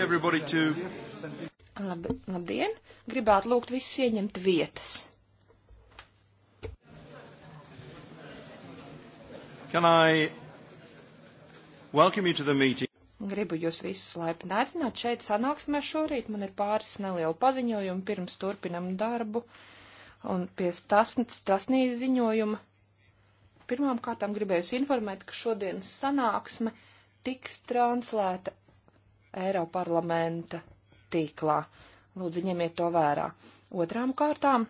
everybody to. Lab, labdien! Gribētu lūgt visus ieņemt vietas. Can I welcome you to the meeting? Gribu jūs visus laipni aicināt šeit sanāksmē šorīt. Man ir pāris nelielu paziņojumu pirms turpinam darbu. Un pie stasnīja ziņojuma pirmām kārtām gribēju informēt, ka šodienas sanāksme tiks translēta Eiroparlamenta tīklā. Lūdzu, ņemiet to vērā. Otrām kārtām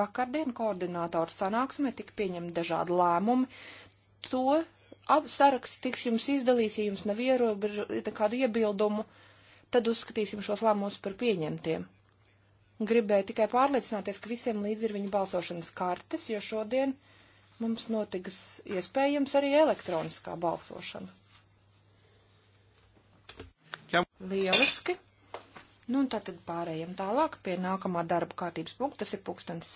vakardien koordinātoru sanāksmē tika pieņemti dažādi lēmumi. To saraksts tiks jums izdalīts, ja jums nav ierobežu kādu iebildumu, tad uzskatīsim šos lēmumus par pieņemtiem. Gribēju tikai pārliecināties, ka visiem līdz ir viņa balsošanas kartes, jo šodien mums notiks iespējams arī elektroniskā balsošana. Lieliski. Nu, un tātad pārējiem tālāk pie nākamā darba kārtības punkta. Tas ir pūkstens,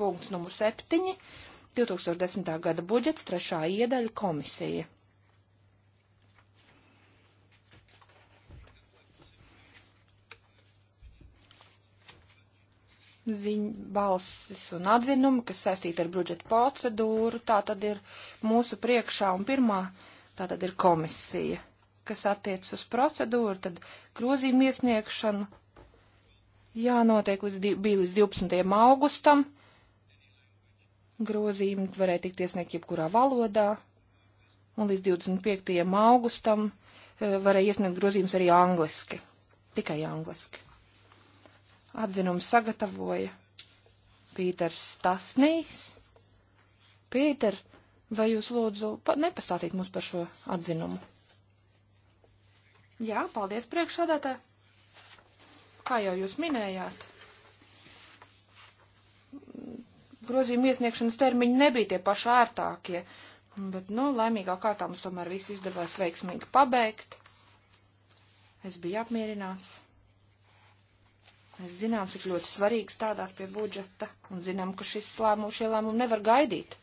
punkts numur 7, 2010. gada budžets, trešā iedaļa komisija. ziņu, balsis un atzinumi, kas saistīti ar budžeta procedūru, tā tad ir mūsu priekšā un pirmā, tā tad ir komisija kas attiecas uz procedūru, tad grozījuma iesniegšanu jānotiek līdz, bija līdz 12. augustam. Grozījumi varēja tikt iesniegt jebkurā valodā, un līdz 25. augustam eh, varēja iesniegt grozījumus arī angliski, tikai angliski. Atzinumu sagatavoja Pīters Stasnīs. Pīter, vai jūs lūdzu nepastāstīt mums par šo atzinumu? Jā, paldies priekšādātā. Kā jau jūs minējāt, grozījuma iesniegšanas termiņi nebija tie paši ērtākie, bet, nu, laimīgā kārtā mums tomēr viss izdevās veiksmīgi pabeigt. Es biju apmierināts. Mēs zinām, cik ļoti svarīgi strādāt pie budžeta, un zinām, ka šis lēmums, šie lēmumi nevar gaidīt.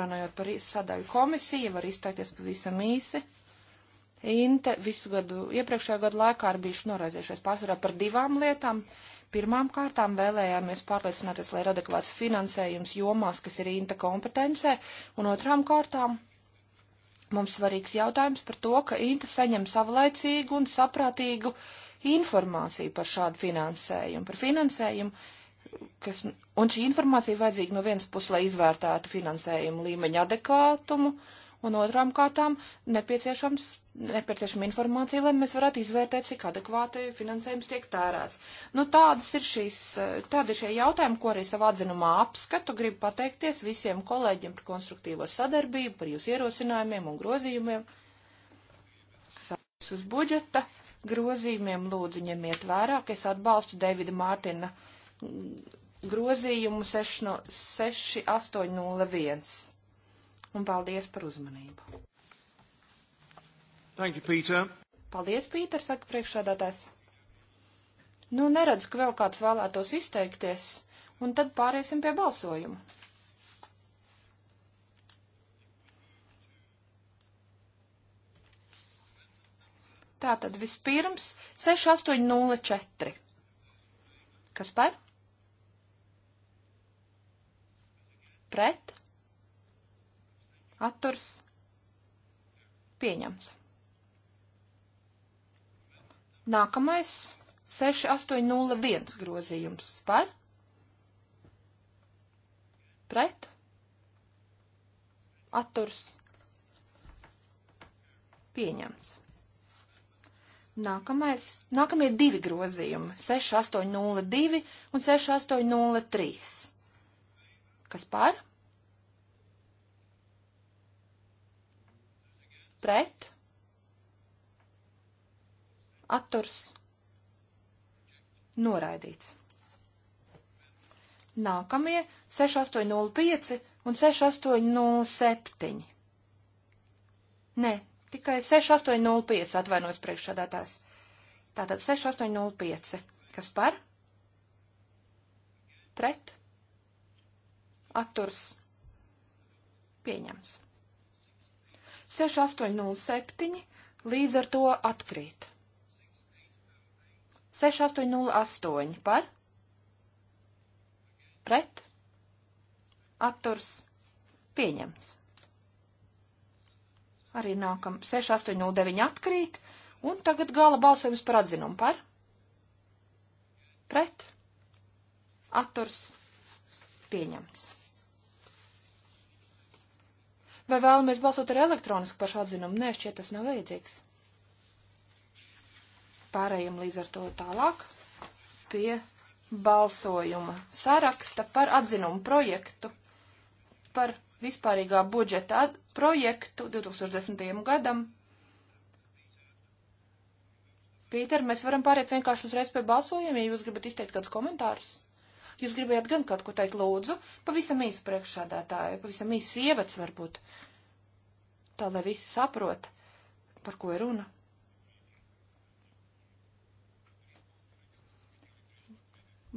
Runājot par sadaļu komisiju, var izteikties pavisam īsi. Inte visu gadu, iepriekšējā gadu laikā ir bijuši noraizējušies pārsvarā par divām lietām. Pirmām kārtām vēlējāmies pārliecināties, lai ir adekvāts finansējums jomās, kas ir Inta kompetencē, un otrām kārtām mums svarīgs jautājums par to, ka Inta saņem savlaicīgu un saprātīgu informāciju par šādu finansējumu, par finansējumu, kas, un šī informācija vajadzīga no vienas puses, lai izvērtētu finansējumu līmeņa adekvātumu, uh, un otrām kārtām nepieciešams, nepieciešama informācija, lai mēs varētu izvērtēt, cik adekvāti finansējums tiek tērēts. Nu, tādas ir šīs, tādi ir šie jautājumi, ko arī savā atzinumā apskatu. Gribu pateikties visiem kolēģiem par konstruktīvo sadarbību, par jūsu ierosinājumiem un grozījumiem. Sāks uz budžeta grozījumiem lūdzu ņemiet vērā, ka es atbalstu Davida Mārtina grozījumu 6801 un paldies par uzmanību. Thank you, Peter. Paldies, Pīter, saka priekšsādātājs. Nu, neredzu, ka vēl kāds vēlētos izteikties, un tad pāriesim pie balsojuma. Tātad vispirms 6804. Kas par? Pret? atturs pieņems. Nākamais 6801 grozījums par pret atturs pieņems. Nākamais, nākamie divi grozījumi - 6802 un 6803. Kas par? pret, atturs, noraidīts. Nākamie 6805 un 6807. Nē, tikai 6805 atvainojas priekšsādātājs. Tātad 6805. Kas par? Pret? Atturs? Pieņems. 6807 līdz ar to atkrīt. 6808 par pret atturs pieņemts. Arī nākam 6809 atkrīt, un tagad gala balsojums par atzinumu par pret atturs pieņemts. Vai vēlamies balsot ar elektronisku pašu atzinumu? Nē, šķiet tas nav vajadzīgs. Pārējiem līdz ar to tālāk pie balsojuma saraksta par atzinumu projektu par vispārīgā budžeta projektu 2010. gadam. Pīter, mēs varam pāriet vienkārši uzreiz pie balsojuma, ja jūs gribat izteikt kādus komentārus. Jūs gribējāt gan kaut ko teikt, lūdzu, pavisam īsi priekšādātāju, pavisam īsi ievads varbūt, tā lai visi saprot, par ko ir runa.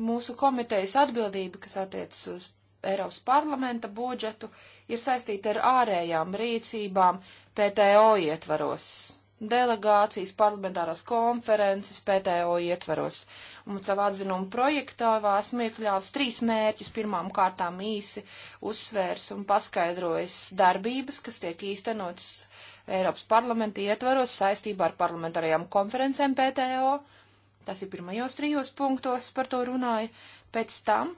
Mūsu komitejas atbildība, kas attiecas uz Eiropas parlamenta budžetu, ir saistīta ar ārējām rīcībām PTO ietvaros delegācijas, parlamentārās konferences, PTO ietvaros un savā atzinuma projektā esmu iekļāvis trīs mērķus. Pirmām kārtām īsi uzsvērs un paskaidrojas darbības, kas tiek īstenotas Eiropas parlamenta ietvaros saistībā ar parlamentārajām konferencēm PTO. Tas ir pirmajos trijos punktos, par to runāju. Pēc tam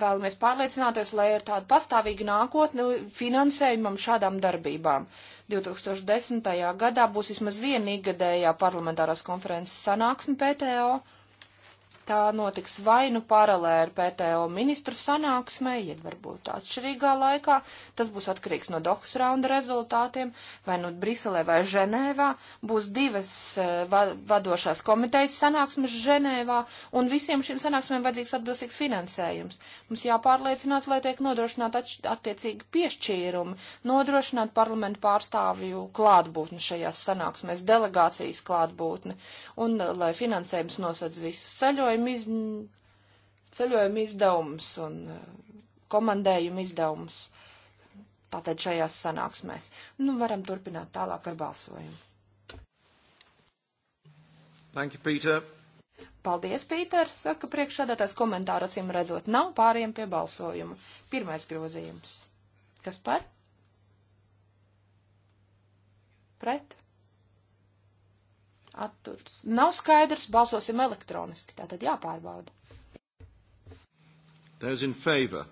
vēlamies pārliecināties, lai ir tāda pastāvīga nākotne finansējumam šādām darbībām. 2010. gadā būs vismaz viena ikgadējā parlamentārās konferences sanāksme PTO Tā notiks vai nu paralēli PTO ministru sanāksmē, ja varbūt atšķirīgā laikā. Tas būs atkarīgs no Dohas raunda rezultātiem, vai nu Briselē vai Ženēvā. Būs divas eh, va vadošās komitejas sanāksmes Ženēvā, un visiem šīm sanāksmēm vajadzīgs atbilstīgs finansējums. Mums jāpārliecinās, lai tiek nodrošināta attiecīgi piešķīrumi, nodrošināt parlamentu pārstāvju klātbūtni šajās sanāksmēs, delegācijas klātbūtni, un eh, lai finansējums nosedz visus ceļojumus ceļojuma, iz, ceļojuma izdevums un eh, komandējuma izdevums. Tātad šajās sanāksmēs. Nu, varam turpināt tālāk ar balsojumu. Thank you, Peter. Paldies, Pīter, saka priekšādātājs komentāru acīm redzot. Nav pāriem pie balsojuma. Pirmais grozījums. Kas par? Pret? Atturs. Nav skaidrs, balsosim elektroniski, tā tad jāpārbauda. Those in favor.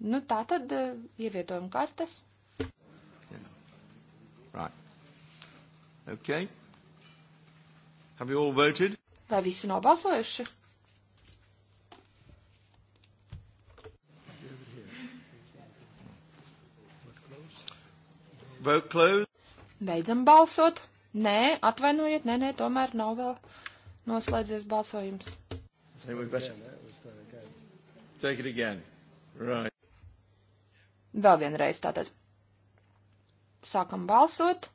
Nu, tā tad uh, eh, ievietojam kartes. Yeah. Right. Okay. Have you all voted? Vai visi nobalsojuši? Vote closed. Beidzam balsot. Nē, atvainojiet, nē, nē, tomēr nav vēl noslēdzies balsojums. Right. Vēl vienreiz tātad. Sākam balsot.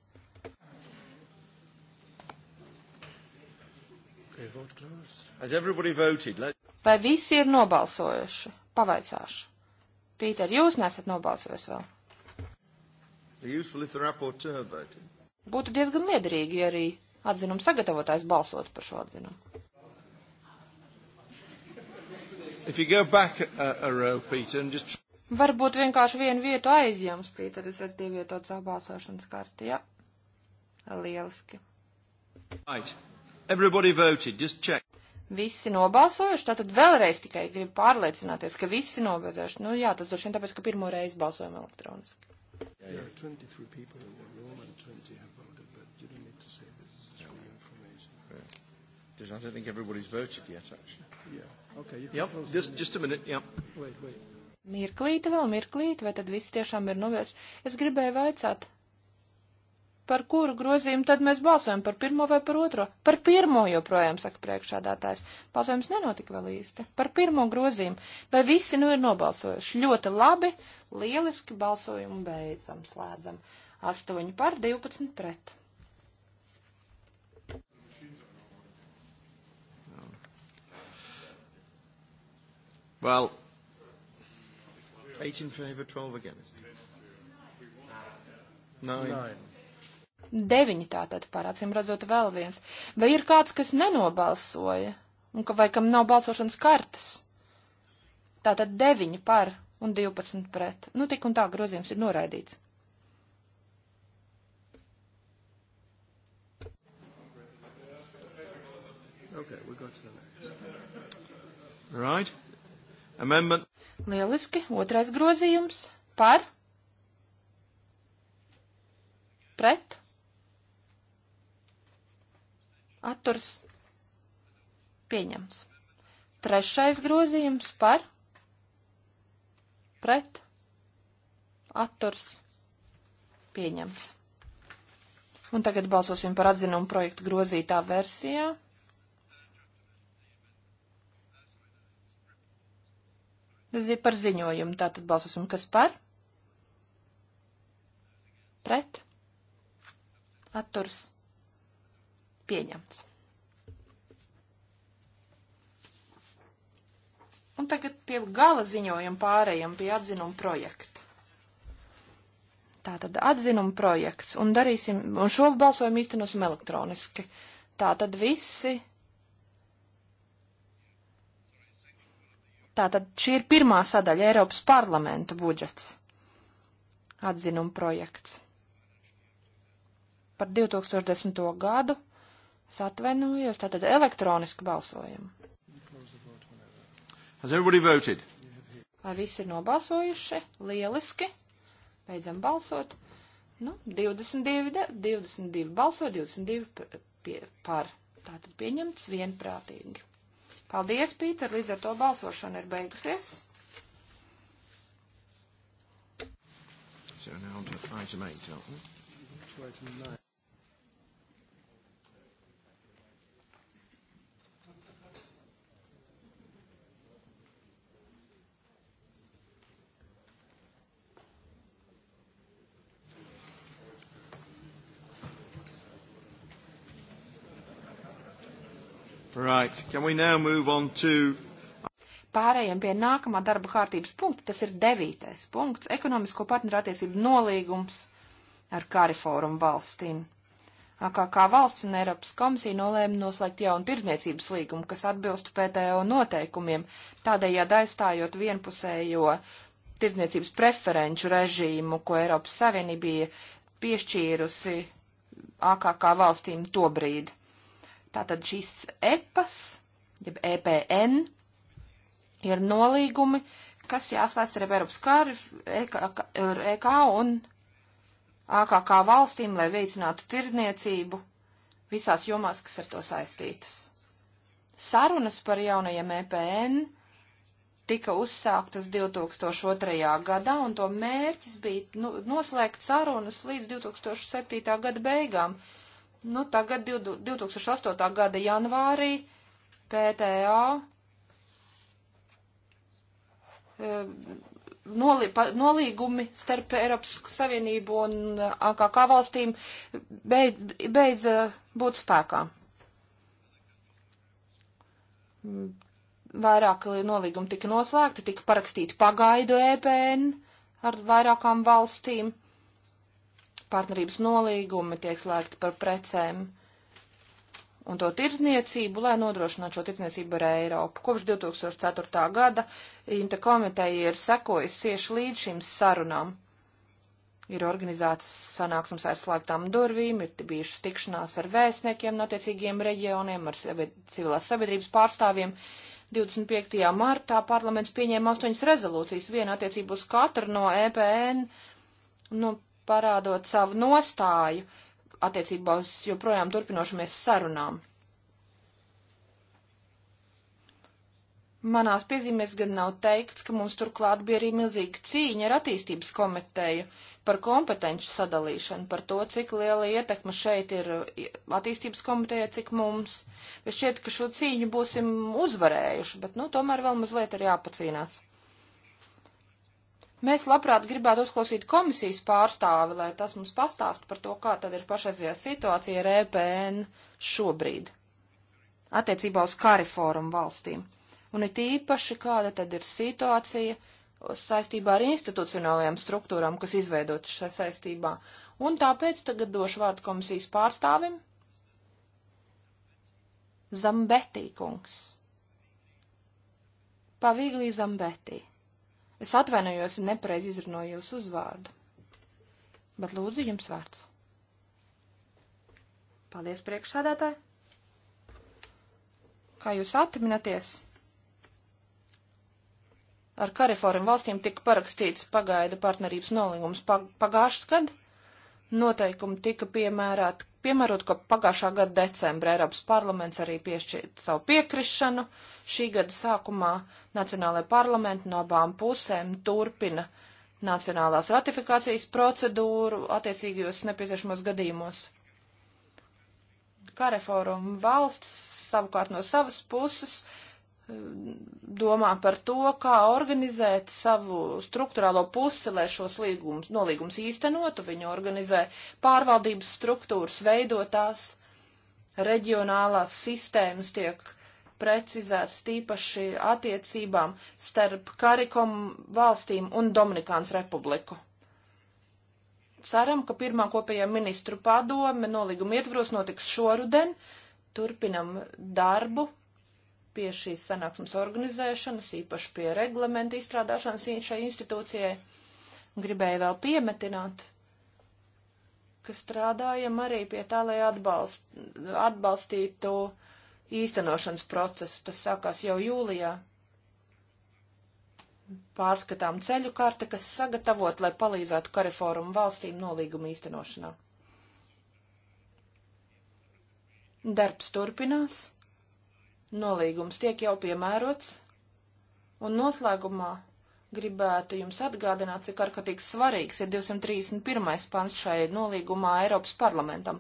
Vai visi ir nobalsojuši? Pavaicāšu. Pīter, jūs nesat nobalsojis vēl. Būtu diezgan liederīgi, ja arī atzinuma sagatavotājs balsotu par šo atzinumu. Just... Varbūt vienkārši vienu vietu aizjams, Pīter, es varu ievietot savu balsošanas karti, jā. Lieliski. Right. Everybody voted, just check. Visi nobalsojuši, tātad vēlreiz tikai gribu pārliecināties, ka visi nobalsojuši. Nu jā, tas droši vien tāpēc, ka pirmo reizi balsojam elektroniski. Yeah, there yeah. are 23 people in the room and 20 have voted, but you don't need to say this. It's yeah. for your information. Yeah. Because I don't think everybody's voted yet, actually. Yeah. Okay. You yep. Just, just a minute. Yep. Wait, wait. Mirklīte vēl, mirklīte, vai tad viss tiešām ir novērts? Es gribēju vaicāt, par kuru grozījumu tad mēs balsojam, par pirmo vai par otro? Par pirmo joprojām, saka priekšādātājs. Balsojums nenotika vēl īsti. Par pirmo grozījumu. Vai visi nu ir nobalsojuši? Ļoti labi, lieliski balsojumu beidzam, slēdzam. 8 par 12 pret. Well, 8 in favor, 12 against. Nine. Nine. Deviņi tātad par acīm redzot vēl viens. Vai ir kāds, kas nenobalsoja? Un ka vai kam nav balsošanas kartas? Tātad deviņi par un 12 pret. Nu, tik un tā grozījums ir noraidīts. Okay, we go to the next. Right. Amendment. Lieliski. Otrais grozījums. Par. Pret atturs pieņems. Trešais grozījums par pret atturs pieņems. Un tagad balsosim par atzinumu projektu grozītā versijā. Tas ir par ziņojumu. Tātad balsosim, kas par? Pret? Atturs. Pieņemts. Un tagad pie gala ziņojuma pārējiem pie atzinuma projekta. Tātad atzinuma projekts, un darīsim, un šo balsojumu īstenosim elektroniski. Tātad visi. Tātad šī ir pirmā sadaļa Eiropas parlamenta budžets. Atzinuma projekts. Par 2010. gadu Es atvainojos, tātad elektroniski balsojam. Vai visi ir nobalsojuši? Lieliski. Beidzam balsot. Nu, 22, 22 balso, 22 pie, par. Tātad pieņemts vienprātīgi. Paldies, Pīter, līdz ar to balsošana ir beigusies. So now on to item 8, aren't we? To item 9. Right. Can we now move on to... Pārējiem pie nākamā darba kārtības punkta, tas ir devītais punkts - ekonomisko partnerattiecību nolīgums ar Kariforum valstīm. AKK valsts un Eiropas komisija nolēma noslēgt jaunu tirdzniecības līgumu, kas atbilstu PTO noteikumiem, tādējādi aizstājot vienpusējo tirdzniecības preferenču režīmu, ko Eiropas Savienība bija piešķīrusi AKK valstīm tobrīd. Tātad šīs EPAS, jeb EPN, ir nolīgumi, kas jāslēst ar Eiropas kāru, e ar EK un AKK valstīm, lai veicinātu tirdniecību visās jomās, kas ar to saistītas. Sarunas par jaunajiem EPN tika uzsāktas 2002. gadā, un to mērķis bija nu, noslēgt sarunas līdz 2007. gada beigām, Nu, tagad 2008. gada janvārī PTA eh, nolī, pa, nolīgumi starp Eiropas Savienību un AKK valstīm beid, beidz eh, būt spēkā. Vairāk nolīgumi tika noslēgti, tika parakstīti pagaidu EPN ar vairākām valstīm partnerības nolīgumi tiek slēgti par precēm un to tirdzniecību, lai nodrošinātu šo tirdzniecību ar Eiropu. Kopš 2004. gada Inta komiteja ir sekojusi cieši līdz šīm sarunām. Ir organizēts sanāksmes aizslēgtām durvīm, ir bijušas tikšanās ar vēstniekiem no attiecīgiem reģioniem, ar civilās sabiedrības pārstāvjiem. 25. martā parlaments pieņēma astoņas rezolūcijas, viena attiecību uz katru no EPN, nu, parādot savu nostāju attiecībā uz joprojām turpinošamies sarunām. Manās piezīmēs gan nav teikts, ka mums turklāt bija arī milzīga cīņa ar attīstības komiteju par kompetenci sadalīšanu, par to, cik liela ietekma šeit ir attīstības komiteja, cik mums. Es šķiet, ka šo cīņu būsim uzvarējuši, bet, nu, tomēr vēl mazliet ir jāpacīnās. Mēs labprāt gribētu uzklausīt komisijas pārstāvi, lai tas mums pastāst par to, kā tad ir pašreizajā situācija ar EPN šobrīd attiecībā uz kariforumu valstīm. Un it īpaši, kāda tad ir situācija saistībā ar institucionālajām struktūrām, kas izveidotas šajā saistībā. Un tāpēc tagad došu vārdu komisijas pārstāvim Zambetī kungs. Pavīglī Zambetī. Es atvainojos, ja nepareiz izrunāju jūsu uzvārdu. Bet lūdzu, jums vārds. Paldies, priekšsādātāji. Kā jūs atminaties, ar Kariforum valstīm tika parakstīts pagaidu partnerības nolīgums pagājušas gadu. Noteikumi tika piemērāti Piemērot, ka pagājušā gada decembrī Eiropas parlaments arī piešķīra savu piekrišanu, šī gada sākumā Nacionālajā parlamentā no abām pusēm turpina nacionālās ratifikācijas procedūru attiecīgajos nepieciešamos gadījumos. Kareforum valsts savukārt no savas puses uh, domā par to, kā organizēt savu struktūrālo pusi, lai šos līgums, nolīgums īstenotu. Viņi organizē pārvaldības struktūras, veidotās, reģionālās sistēmas tiek precizētas tīpaši attiecībām starp Karikom valstīm un Dominikāns republiku. Ceram, ka pirmā kopējā ministru padome nolīguma ietvaros notiks šoruden. Turpinam darbu pie šīs sanāksmes organizēšanas, īpaši pie reglamenta izstrādāšanas šai institūcijai. Gribēju vēl piemetināt, ka strādājam arī pie tā, lai atbalst, atbalstītu īstenošanas procesu. Tas sākās jau jūlijā. Pārskatām ceļu karti, kas sagatavot, lai palīdzētu kariforumu valstīm nolīguma īstenošanā. Darbs turpinās Nolīgums tiek jau piemērots, un noslēgumā gribētu jums atgādināt, cik ārkārtīgi svarīgs ir 231. pants šai nolīgumā Eiropas parlamentam,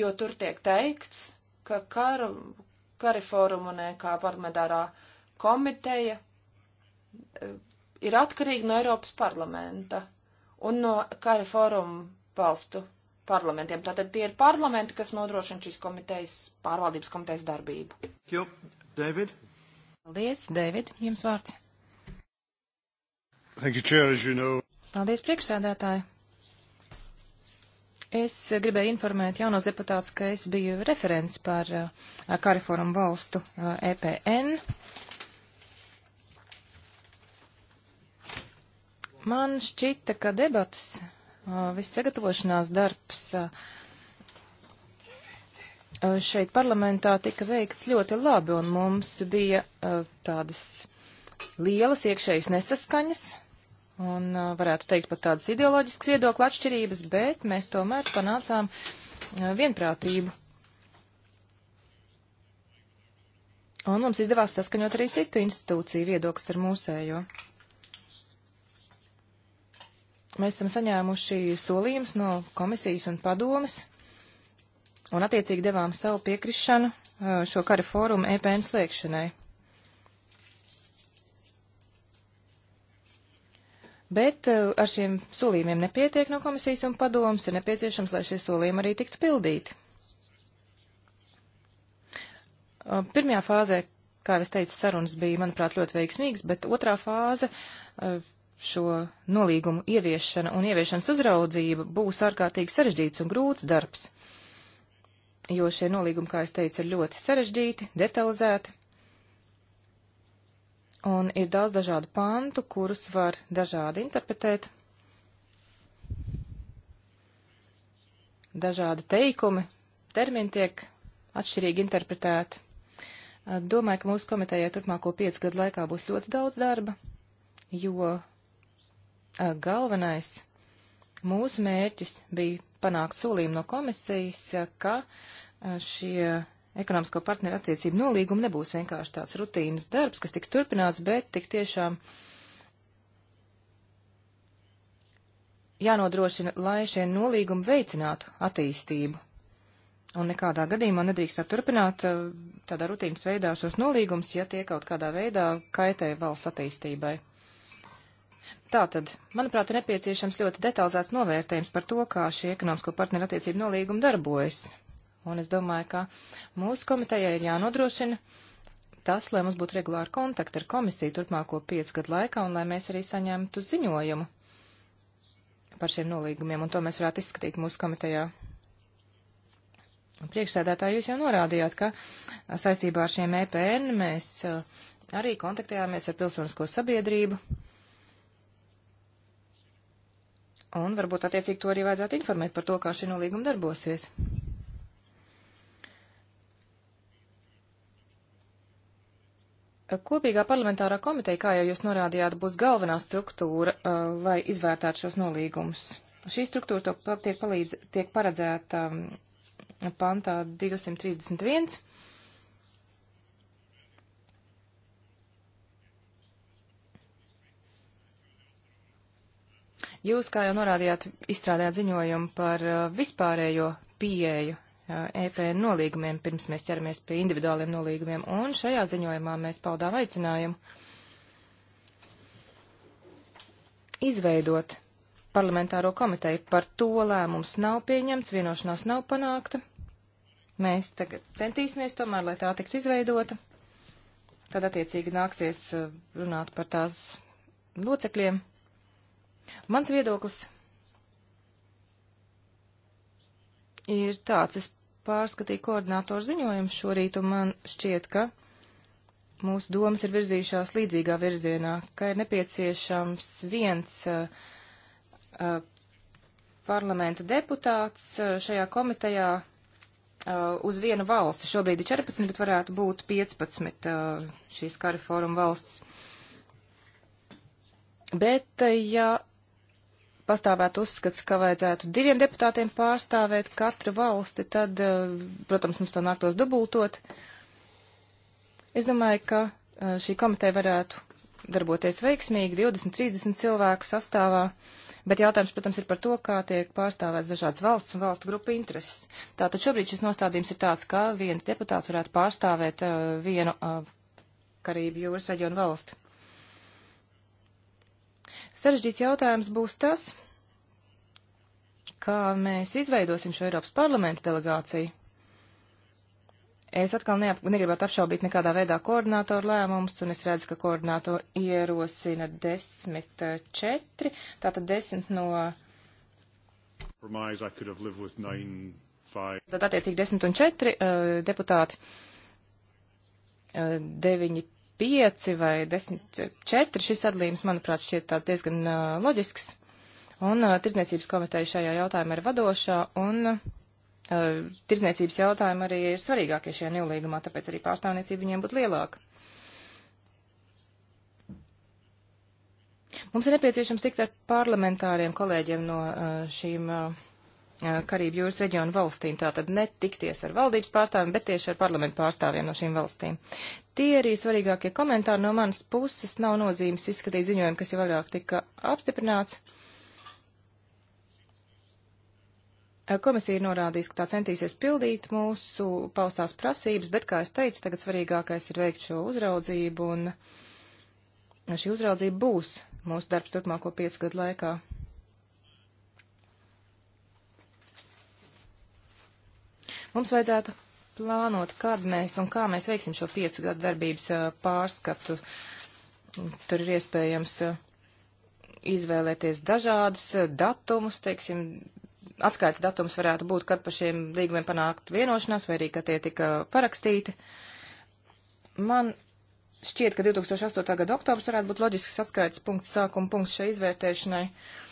jo tur tiek teikts, ka kar, Kariforum un e kā parlamentārā komiteja eh, ir atkarīga no Eiropas parlamenta un no Kariforum valstu parlamentiem. Tātad tie ir parlamenti, kas nodrošina šīs komitejas, pārvaldības komitejas darbību. Jū, David. Paldies, David, jums vārds. Thank you, Chair, as you know. Paldies, priekšsēdētāji. Es gribēju informēt jaunos deputātus, ka es biju referents par uh, Kariforum valstu uh, EPN. Man šķita, ka debatas Uh, viss sagatavošanās darbs uh, uh, šeit parlamentā tika veikts ļoti labi, un mums bija tādas lielas iekšējas nesaskaņas, un varētu teikt pat tādas ideoloģiskas viedokļa atšķirības, bet mēs tomēr panācām vienprātību. Un mums izdevās saskaņot arī citu institūciju viedoklis ar mūsējo. Mēs esam saņēmuši solījums no komisijas un padomas un attiecīgi devām savu piekrišanu šo kara fórumu EPN slēgšanai. Bet ar šiem solījumiem nepietiek no komisijas un padomas, ir nepieciešams, lai šie solījumi arī tiktu pildīti. Pirmajā fāzē, kā jau es teicu, sarunas bija, manuprāt, ļoti veiksmīgas, bet otrā fāze šo nolīgumu ieviešana un ieviešanas uzraudzība būs ārkārtīgi sarežģīts un grūts darbs, jo šie nolīgumi, kā es teicu, ir ļoti sarežģīti, detalizēti, un ir daudz dažādu pantu, kurus var dažādi interpretēt. Dažādi teikumi, termini tiek atšķirīgi interpretēti. Domāju, ka mūsu komitējai turpmāko piecu gadu laikā būs ļoti daudz darba, jo galvenais mūsu mērķis bija panākt solījumu no komisijas, ka šie ekonomisko partneru attiecību nolīgumi nebūs vienkārši tāds rutīnas darbs, kas tiks turpināts, bet tik tiešām jānodrošina, lai šie nolīgumi veicinātu attīstību. Un nekādā gadījumā nedrīkst turpināt tādā rutīnas veidā šos nolīgumus, ja tie kaut kādā veidā kaitē valsts attīstībai. Tātad, manuprāt, ir nepieciešams ļoti detalizēts novērtējums par to, kā šī ekonomisko partneru attiecību nolīguma darbojas. Un es domāju, ka mūsu komitejai ir jānodrošina tas, lai mums būtu regulāri kontakti ar komisiju turpmāko piecu gadu laikā un lai mēs arī saņemtu ziņojumu par šiem nolīgumiem, un to mēs varētu izskatīt mūsu komitejā. Priekšsēdētāji, jūs jau norādījāt, ka saistībā ar šiem EPN mēs eh, arī kontaktējāmies ar pilsonisko sabiedrību Un varbūt attiecīgi to arī vajadzētu informēt par to, kā šī nolīguma darbosies. Kopīgā parlamentārā komiteja, kā jau jūs norādījāt, būs galvenā struktūra, uh, lai izvērtētu šos nolīgumus. Šī struktūra tiek, palīdz, tiek paredzēta um, pantā 231. Jūs, kā jau norādījāt, izstrādājāt ziņojumu par uh, vispārējo pieeju uh, EPN nolīgumiem, pirms mēs ķeramies pie individuāliem nolīgumiem, un šajā ziņojumā mēs paudām aicinājumu izveidot parlamentāro komiteju. Par to lēmums nav pieņemts, vienošanās nav panākta. Mēs tagad centīsimies tomēr, lai tā tiktu izveidota. Tad attiecīgi nāksies uh, runāt par tās locekļiem. Mans viedoklis ir tāds, es pārskatīju koordinātoru ziņojumu šorīt, un man šķiet, ka mūsu domas ir virzījušās līdzīgā virzienā, ka ir nepieciešams viens uh, uh, parlamenta deputāts uh, šajā komitejā uh, uz vienu valsti. Šobrīd ir 14, bet varētu būt 15 uh, šīs kara fóruma valsts. Bet, uh, ja pastāvētu uzskats, ka vajadzētu diviem deputātiem pārstāvēt katru valsti, tad, eh, protams, mums to nāktos dubultot. Es domāju, ka eh, šī komiteja varētu darboties veiksmīgi 20-30 cilvēku sastāvā, bet jautājums, protams, ir par to, kā tiek pārstāvēts dažādas valsts un valstu grupu intereses. Tātad šobrīd šis nostādījums ir tāds, ka viens deputāts varētu pārstāvēt uh, vienu uh, Karību jūras reģionu valsti. Sarežģīts jautājums būs tas, kā mēs izveidosim šo Eiropas parlamenta delegāciju. Es atkal neap, negribētu apšaubīt nekādā veidā koordinātoru lēmumus, un es redzu, ka koordinātori ierosina desmit eh, četri, tātad desmit no. Tad attiecīgi desmit un četri uh, deputāti, uh, deviņi 5 vai 104. Šis atlīmes, manuprāt, šķiet tāds diezgan uh, loģisks. Un uh, tirdzniecības komiteja šajā jautājumā ir vadošā, un uh, tirdzniecības jautājumi arī ir svarīgākie šajā nolīgumā, tāpēc arī pārstāvniecība viņiem būtu lielāka. Mums ir nepieciešams tikt ar parlamentāriem kolēģiem no uh, šīm. Uh, Eh, Karību jūras reģionu valstīm, tātad ne tikties ar valdības pārstāvjiem, bet tieši ar parlamentu pārstāvjiem no šīm valstīm. Tie arī svarīgākie komentāri no manas puses nav nozīmes izskatīt ziņojumu, kas jau agrāk tika apstiprināts. Eh, Komisija ir norādījusi, ka tā centīsies pildīt mūsu paustās prasības, bet, kā es teicu, tagad svarīgākais ir veikt šo uzraudzību, un šī uzraudzība būs mūsu darbs turpmāko piecu gadu laikā. Mums vajadzētu plānot, kad mēs un kā mēs veiksim šo piecu gadu darbības pārskatu. Tur ir iespējams izvēlēties dažādus datumus, teiksim, atskaites datums varētu būt, kad par šiem līgumiem panākt vienošanās, vai arī, kad tie tika parakstīti. Man šķiet, ka 2008. gada oktobrs varētu būt loģisks atskaites punkts, sākuma punkts šai izvērtēšanai. Uh,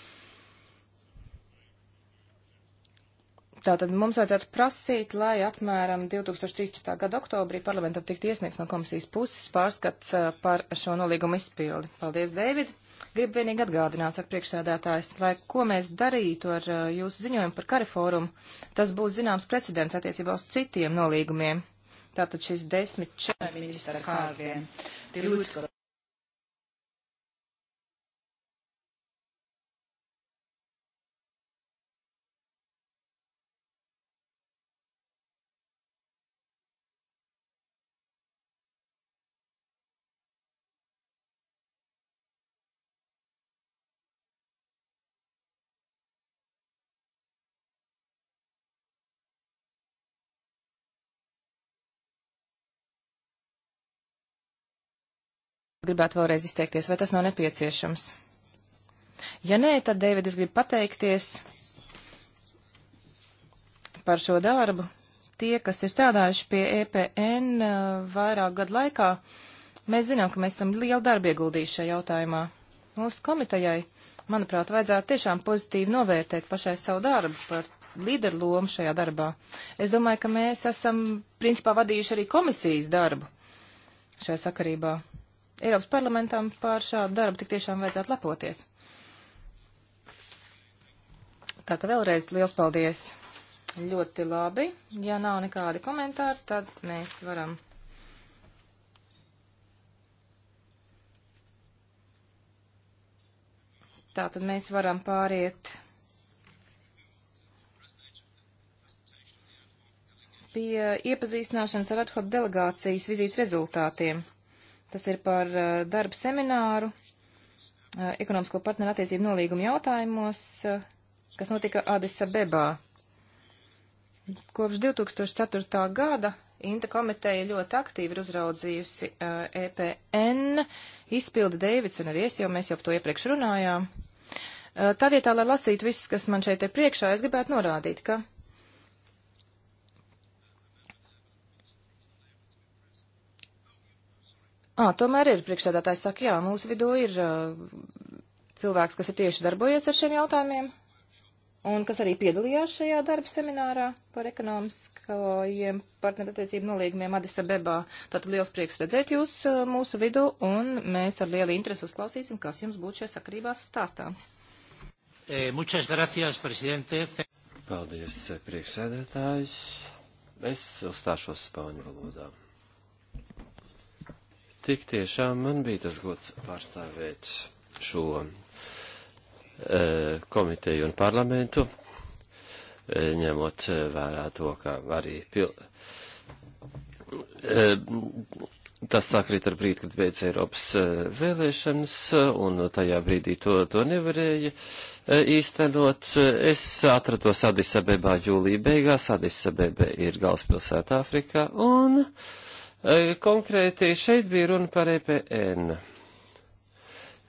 Tātad mums vajadzētu prasīt, lai apmēram 2013. gada oktobrī parlamentam tiktu iesniegts no komisijas puses pārskats par šo nolīgumu izpildi. Paldies, Dēvid! Gribu vienīgi atgādināt, saka priekšsēdētājs, lai ko mēs darītu ar jūsu ziņojumu par kariforumu, tas būs zināms precedents attiecībā uz citiem nolīgumiem. Tātad šis desmit četri ministra kārviem. gribētu vēlreiz izteikties, vai tas nav nepieciešams. Ja nē, tad, Deivid, es gribu pateikties par šo darbu. Tie, kas ir strādājuši pie EPN uh, vairāk gadu laikā, mēs zinām, ka mēs esam lielu darbu ieguldījuši šajā jautājumā. Mūsu komitejai, manuprāt, vajadzētu tiešām pozitīvi novērtēt pašai savu darbu par līderu lomu šajā darbā. Es domāju, ka mēs esam principā vadījuši arī komisijas darbu šajā sakarībā. Eiropas parlamentam par šādu darbu tik tiešām vajadzētu lepoties. Tā ka vēlreiz liels paldies. Ļoti labi. Ja nav nekādi komentāri, tad mēs varam. Tā tad mēs varam pāriet pie iepazīstināšanas ar ad hoc delegācijas vizītes rezultātiem. Tas ir par uh, darba semināru uh, ekonomisko partneru attiecību nolīgumu jautājumos, uh, kas notika Adisa Bebā. Kopš 2004. gada Inta komiteja ļoti aktīvi ir uzraudzījusi EPN izpildi Deivids un arī es, jo mēs jau par to iepriekš runājām. Tā vietā, lai lasītu visus, kas man šeit ir priekšā, es gribētu norādīt, ka Ā, tomēr ir priekšsēdētājs saka, jā, mūsu vidū ir uh, cilvēks, kas ir tieši darbojies ar šiem jautājumiem un kas arī piedalījās šajā darba seminārā par ekonomiskajiem partnerattiecību nolīgumiem Adisa Bebā. Tātad liels prieks redzēt jūs uh, mūsu vidū un mēs ar lielu interesi uzklausīsim, kas jums būtu šajā sakarībās stāstāms. E, muchas gracias, presidente. Paldies, priekšsēdētājs. Es uzstāšos spāņu valodā. Tik tiešām man bija tas gods pārstāvēt šo e, komiteju un parlamentu, e, ņemot e, vērā to, ka arī pil... e, tas sakrīt ar brīdi, kad beidz Eiropas e, vēlēšanas, e, un tajā brīdī to, to nevarēja īstenot. Es atrados Adisabebā jūlija beigās, Adisabebe ir galvaspilsēta Āfrikā, un. E, E, konkrēti šeit bija runa par EPN.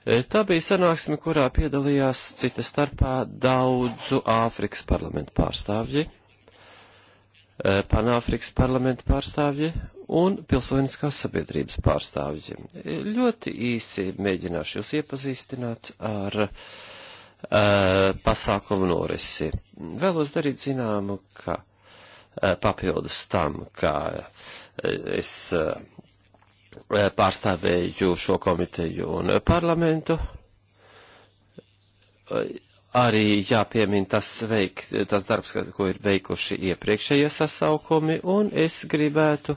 E, tā bija sanāksme, kurā piedalījās cita starpā daudzu Āfrikas parlamentu pārstāvji, e, Panāfrikas parlamentu pārstāvji un pilsoniskās sabiedrības pārstāvji. Ļoti īsi mēģināšu jūs iepazīstināt ar uh, pasākumu norisi. Vēlos darīt zināmu, ka uh, Eh, papildus tam, kā eh, es eh, pārstāvēju šo komiteju un parlamentu. Arī jāpiemin tas, veik, tas darbs, ko ir veikuši iepriekšējie sasaukumi, un es gribētu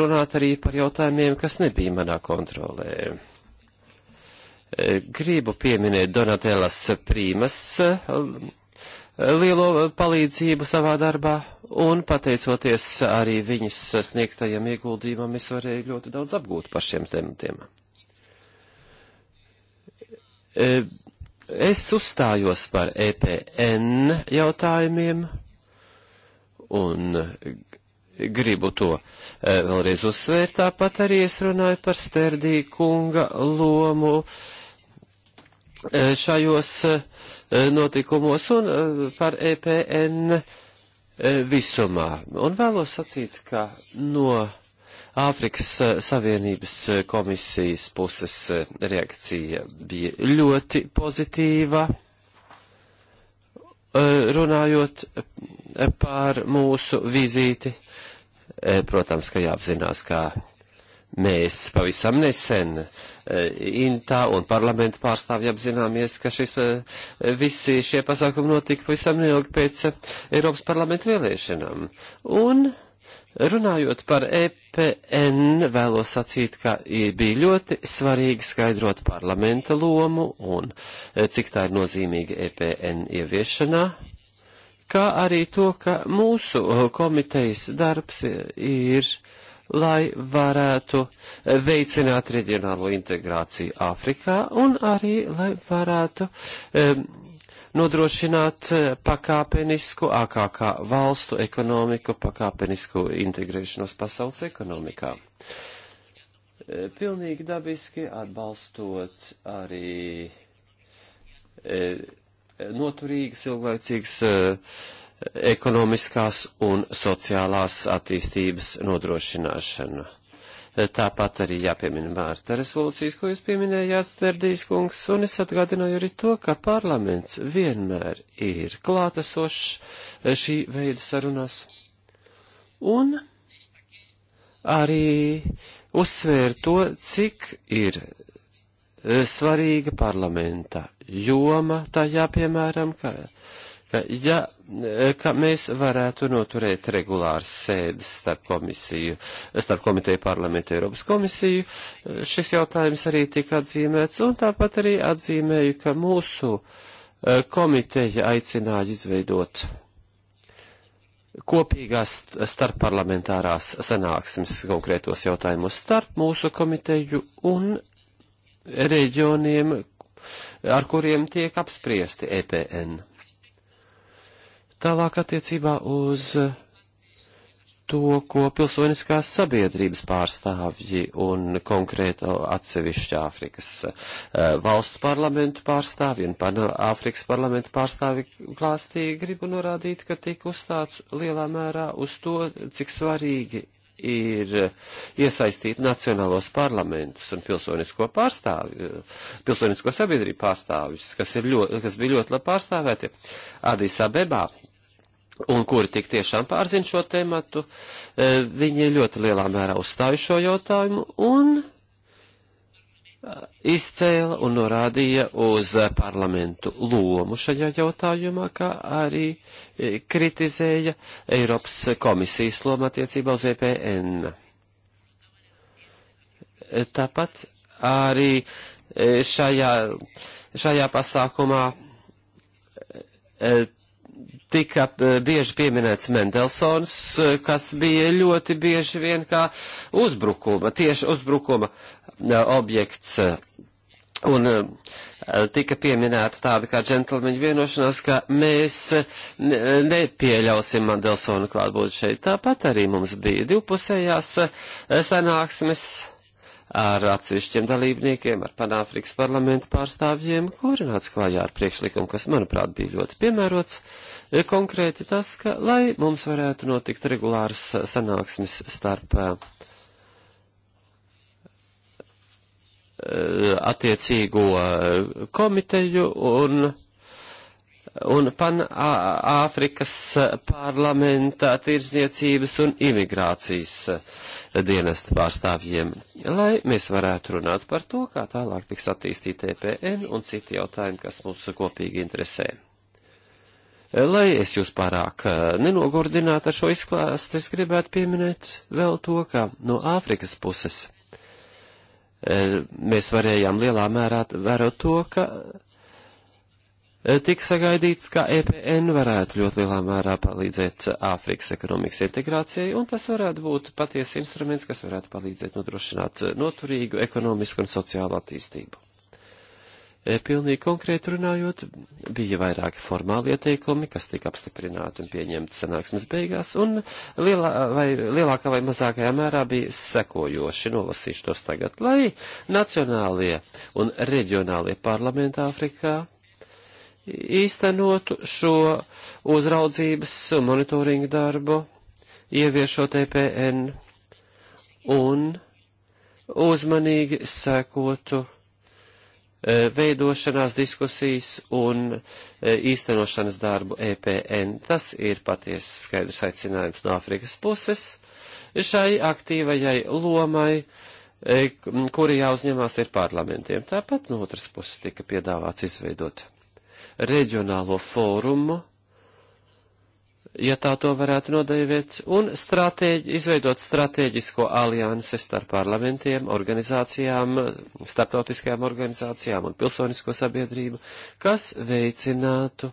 runāt arī par jautājumiem, kas nebija manā kontrolē. Gribu pieminēt Donatellas Prīmas lielo palīdzību savā darbā, un pateicoties arī viņas sniegtajam ieguldījumam, es varēju ļoti daudz apgūt par šiem tematiem. E, es uzstājos par EPN jautājumiem un gribu to e, vēlreiz uzsvērt, tāpat arī es runāju par Sterdī kunga lomu e, šajos Eh, notikumos un eh, par EPN eh, visumā. Un vēlos sacīt, ka no Āfrikas Savienības komisijas puses reakcija bija ļoti pozitīva, runājot par mūsu vizīti. Protams, ka jāapzinās, ka Mēs pavisam nesen e, Intā un parlamenta pārstāvji apzināmies, ka šis, e, visi šie pasākumi notika pavisam neilgi pēc e, Eiropas parlamenta vēlēšanām. Un runājot par EPN, vēlos sacīt, ka bija ļoti svarīgi skaidrot parlamenta lomu un cik tā ir nozīmīga EPN ieviešanā kā arī to, ka mūsu komitejas darbs ir uh, lai varētu veicināt reģionālo integrāciju Āfrikā un arī, lai varētu um, nodrošināt eh, pakāpenisku AKK valstu ekonomiku, pakāpenisku integrēšanos pasaules ekonomikā. Eh, pilnīgi dabiski atbalstot arī e, noturīgas, ilglaicīgas ekonomiskās un sociālās attīstības nodrošināšanu. Tāpat arī jāpiemina mērta rezolūcijas, ko jūs pieminējāt, Sterdīs kungs, un es atgādināju arī to, ka parlaments vienmēr ir klātesošs šī veida sarunās. Un arī uzsvēra to, cik ir svarīga parlamenta joma, tā jāpiemēram, ka ka, ja, ka mēs varētu noturēt regulāras sēdes starp komisiju, starp komiteju parlamentu Eiropas komisiju, šis jautājums arī tika atzīmēts, un tāpat arī atzīmēju, ka mūsu eh, komiteja aicināja izveidot kopīgās starpparlamentārās sanāksmes konkrētos jautājumos starp mūsu komiteju un reģioniem, ar kuriem tiek apspriesti EPN. Tālāk attiecībā uz to, ko pilsoniskās sabiedrības pārstāvji un konkrēto atsevišķu Āfrikas eh, valstu parlamentu pārstāvji un Āfrikas parlamentu pārstāvji klāstī gribu norādīt, ka tika uzstāts lielā mērā uz to, cik svarīgi ir iesaistīt nacionālos parlamentus un pilsonisko pārstāvju, eh, pilsonisko sabiedrību pārstāvjus, kas, ir ļoti, kas bija ļoti labi pārstāvēti. Adis Abebā un kuri tik tiešām pārzina šo tematu, e, viņi ļoti lielā mērā uzstāja šo jautājumu un e, izcēla un norādīja uz parlamentu lomu šajā jautājumā, kā arī e, kritizēja Eiropas komisijas lomu attiecībā uz EPN. Tāpat arī šajā, šajā pasākumā tika eh, bieži pieminēts Mendelsons, eh, kas bija ļoti bieži vien kā uzbrukuma, tieši uzbrukuma eh, objekts. Un tika pieminēta tāda kā džentlmeņa vienošanās, ka mēs nepieļausim Mandelsonu klātbūt šeit. Tāpat arī mums bija divpusējās sanāksmes ar atsevišķiem dalībniekiem, ar Panāfrikas parlamentu pārstāvjiem, kuri nāca klājā ar priekšlikumu, kas, manuprāt, bija ļoti piemērots. E, konkrēti tas, ka, lai mums varētu notikt regulāras sanāksmes starp e, e, attiecīgo komiteju un un Pan-Āfrikas parlamenta tirzniecības un imigrācijas dienesta pārstāvjiem, lai mēs varētu runāt par to, kā tālāk tiks attīstīta EPN un citi jautājumi, kas mums kopīgi interesē. Lai es jūs pārāk eh, nenogurdinātu ar šo izklāstu, es gribētu pieminēt vēl to, ka no Āfrikas puses eh, mēs varējām lielā mērā vērot to, ka Eh, tik sagaidīts, ka EPN varētu ļoti lielā mērā palīdzēt Āfrikas ekonomikas integrācijai, un tas varētu būt patiesi instruments, kas varētu palīdzēt nodrošināt eh, noturīgu ekonomisku un sociālu attīstību. Eh, pilnīgi konkrēti runājot, bija vairāki formāli ieteikumi, kas tika apstiprināti un pieņemti sanāksmes beigās, un lielā vai, lielākā vai mazākajā mērā bija sekojoši, nolasīšu tos tagad, lai nacionālie un reģionālie parlamenti Āfrikā īstenotu šo uzraudzības un monitoringa darbu, ieviešot EPN un uzmanīgi sekotu e, veidošanās diskusijas un e, īstenošanas darbu EPN. Tas ir patiesi skaidrs aicinājums no Āfrikas puses šai aktīvajai lomai, e, kuri jāuzņemās ir parlamentiem. Tāpat no otras puses tika piedāvāts izveidot reģionālo fórumu, ja tā to varētu nodēvēt, un stratēģi, izveidot strateģisko aliansi starp parlamentiem, organizācijām, starptautiskajām organizācijām un pilsonisko sabiedrību, kas veicinātu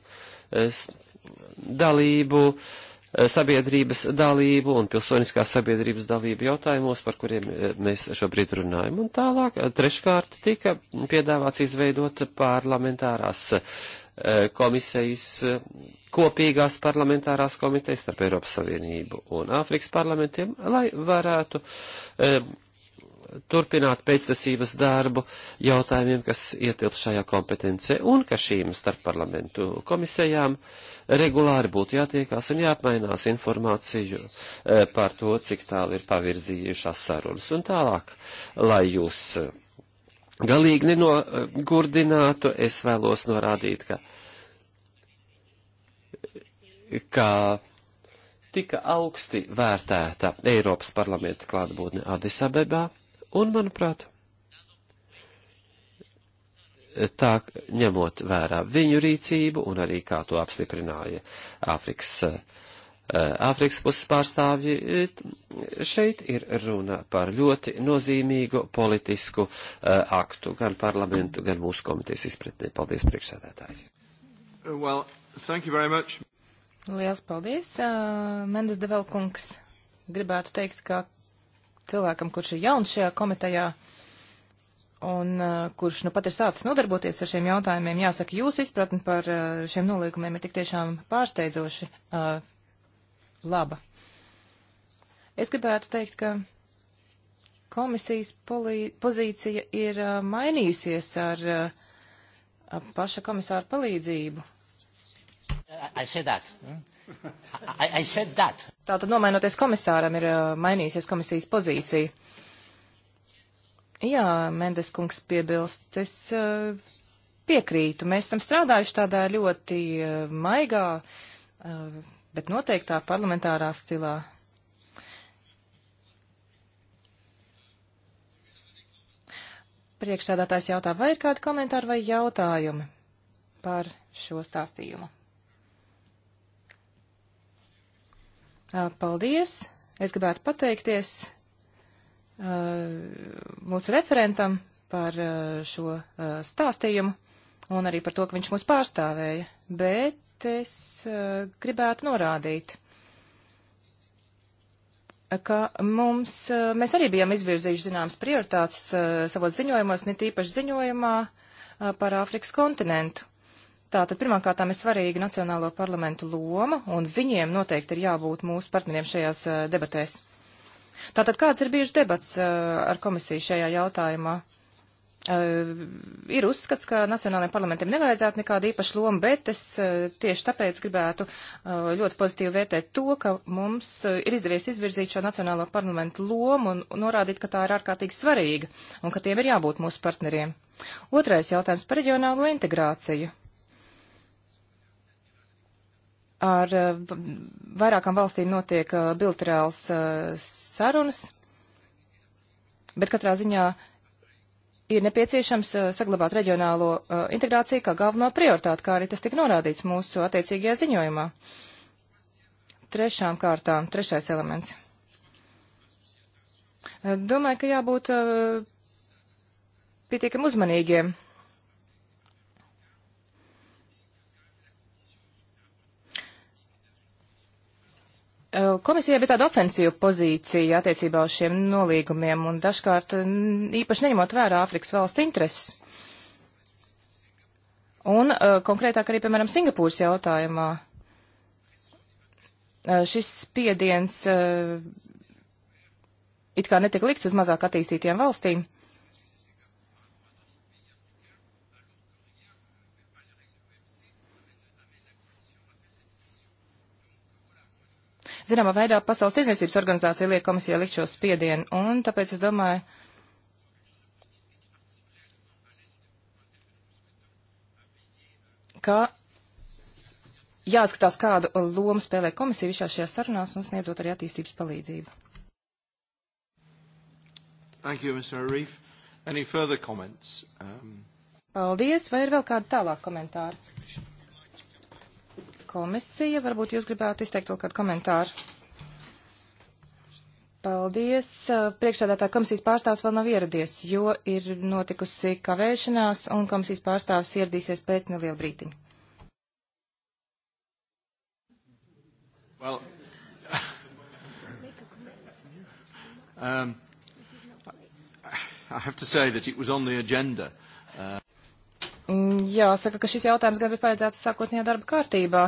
es, eh, dalību uh, sabiedrības dalību un pilsoniskās sabiedrības dalību jautājumos, par kuriem eh, mēs šobrīd runājam. Un tālāk, eh, treškārt, tika piedāvāts izveidot parlamentārās eh, komisijas, kopīgās parlamentārās komitejas starp Eiropas Savienību un Āfrikas parlamentiem, lai varētu turpināt pēctasības darbu jautājumiem, kas ietilp šajā kompetencē, un ka šīm starpparlamentu komisijām regulāri būtu jātiekās un jāapmainās informāciju eh, par to, cik tālu ir pavirzījušās sarunas un tālāk, lai jūs eh, galīgi nenogurdinātu, es vēlos norādīt, ka, ka tika augsti vērtēta Eiropas parlamenta klātbūtne Adisabebā. Un, manuprāt, tā ņemot vērā viņu rīcību un arī kā to apstiprināja Āfrikas, eh, Āfrikas puses pārstāvji, eh, šeit ir runa par ļoti nozīmīgu politisku eh, aktu gan parlamentu, gan mūsu komitejas izpratnē. Paldies, priekšsēdētāji! Well, thank you very much. Liels paldies, uh, Mendes Develkungs. Gribētu teikt, ka cilvēkam, kurš ir jauns šajā komitejā un uh, kurš nu pat ir sācis nodarboties ar šiem jautājumiem, jāsaka, jūsu izpratni par uh, šiem nolīgumiem ir tik tiešām pārsteidzoši uh, laba. Es gribētu teikt, ka komisijas pozīcija ir uh, mainījusies ar uh, paša komisāra palīdzību. I, I I, I said that. Tātad nomainoties komisāram ir uh, mainīsies komisijas pozīcija. Jā, Mendes kungs piebilst, es uh, piekrītu. Mēs esam strādājuši tādā ļoti uh, maigā, uh, bet noteiktā parlamentārā stilā. Priekšsēdātājs jautā, vai ir kādi komentāri vai jautājumi par šo stāstījumu? Paldies! Es gribētu pateikties mūsu referentam par šo stāstījumu un arī par to, ka viņš mūs pārstāvēja. Bet es gribētu norādīt, ka mums, mēs arī bijām izvirzījuši zināmas prioritātes savos ziņojumos, ne tīpaši ziņojumā par Āfrikas kontinentu. Tātad pirmkārtām ir svarīga Nacionālo parlamentu loma, un viņiem noteikti ir jābūt mūsu partneriem šajās uh, debatēs. Tātad kāds ir bijuši debats uh, ar komisiju šajā jautājumā? Uh, ir uzskats, ka nacionālajiem parlamentiem nevajadzētu nekādu īpašu lomu, bet es uh, tieši tāpēc gribētu uh, ļoti pozitīvi vērtēt to, ka mums ir izdevies izvirzīt šo nacionālo parlamentu lomu un, un norādīt, ka tā ir ārkārtīgi svarīga un ka tiem ir jābūt mūsu partneriem. Otrais jautājums par reģionālo integrāciju. Ar eh, vairākām valstīm notiek eh, bilaterāls eh, sarunas, bet katrā ziņā ir nepieciešams saglabāt reģionālo integrāciju kā galveno prioritāti, kā arī tas tika norādīts mūsu attiecīgajā ziņojumā. Trešām kārtām, trešais elements. Domāju, ka jābūt pietiekam uzmanīgiem Eh, komisijai bija tāda ofensīva pozīcija attiecībā uz šiem nolīgumiem un dažkārt mm, īpaši neņemot vērā Āfrikas valstu intereses. Un uh, konkrētāk arī, piemēram, Singapūras jautājumā uh, šis spiediens uh, it kā netika likts uz mazāk attīstītiem valstīm. Zināmā veidā Pasaules tiesniecības organizācija liek komisijai likt šo spiedienu, un tāpēc es domāju, ka jāskatās, kādu lomu spēlē komisija visā šajā sarunās un sniedzot arī attīstības palīdzību. Thank you, Mr. Arif. Any further comments? Um... Paldies, vai ir vēl kādi tālāk komentāri? komisija. Varbūt jūs gribētu izteikt vēl kādu komentāru. Paldies. Priekšsēdētā komisijas pārstāvs vēl nav ieradies, jo ir notikusi kavēšanās, un komisijas pārstāvs ieradīsies pēc neliela brītiņa. Well, um, I have to say that it was on the agenda. Uh... Mm, jāsaka, ka šis jautājums gan bija paredzēts sākotnējā darba kārtībā.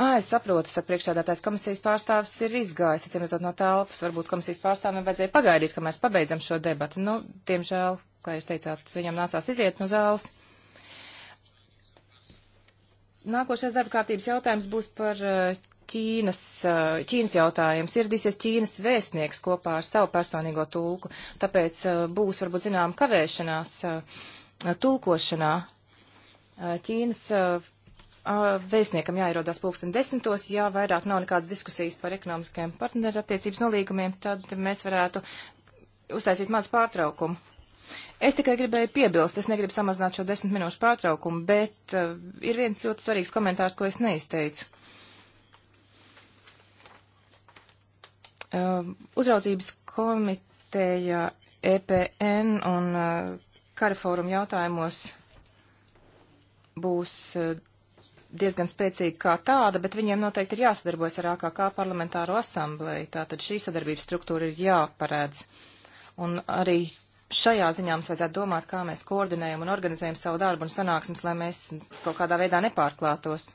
Ā, es saprotu, saka priekšsēdētājs komisijas pārstāvis ir izgājis, atcīmredzot no telpas, varbūt komisijas pārstāvim vajadzēja pagaidīt, ka mēs pabeidzam šo debatu. Nu, diemžēl, kā jūs teicāt, viņam nācās iziet no zāles. Nākošais darba kārtības jautājums būs par Ķīnas, Ķīnas jautājums. Ieradīsies Ķīnas vēstnieks kopā ar savu personīgo tulku, tāpēc būs varbūt zinām kavēšanās tulkošanā. Ķīnas Vēstniekam jāierodās pulksten desmitos, ja vairāk nav nekādas diskusijas par ekonomiskajiem partnerattiecības nolīgumiem, tad mēs varētu uztaisīt mazu pārtraukumu. Es tikai gribēju piebilst, es negribu samazināt šo desmit minūšu pārtraukumu, bet uh, ir viens ļoti svarīgs komentārs, ko es neizteicu. Uh, uzraudzības komiteja EPN un uh, Karaforum jautājumos būs uh, diezgan spēcīga kā tāda, bet viņiem noteikti ir jāsadarbojas ar AKK parlamentāro asambleju. Tātad šī sadarbības struktūra ir jāparēdz. Un arī šajā ziņā mums vajadzētu domāt, kā mēs koordinējam un organizējam savu darbu un sanāksmes, lai mēs kaut kādā veidā nepārklātos.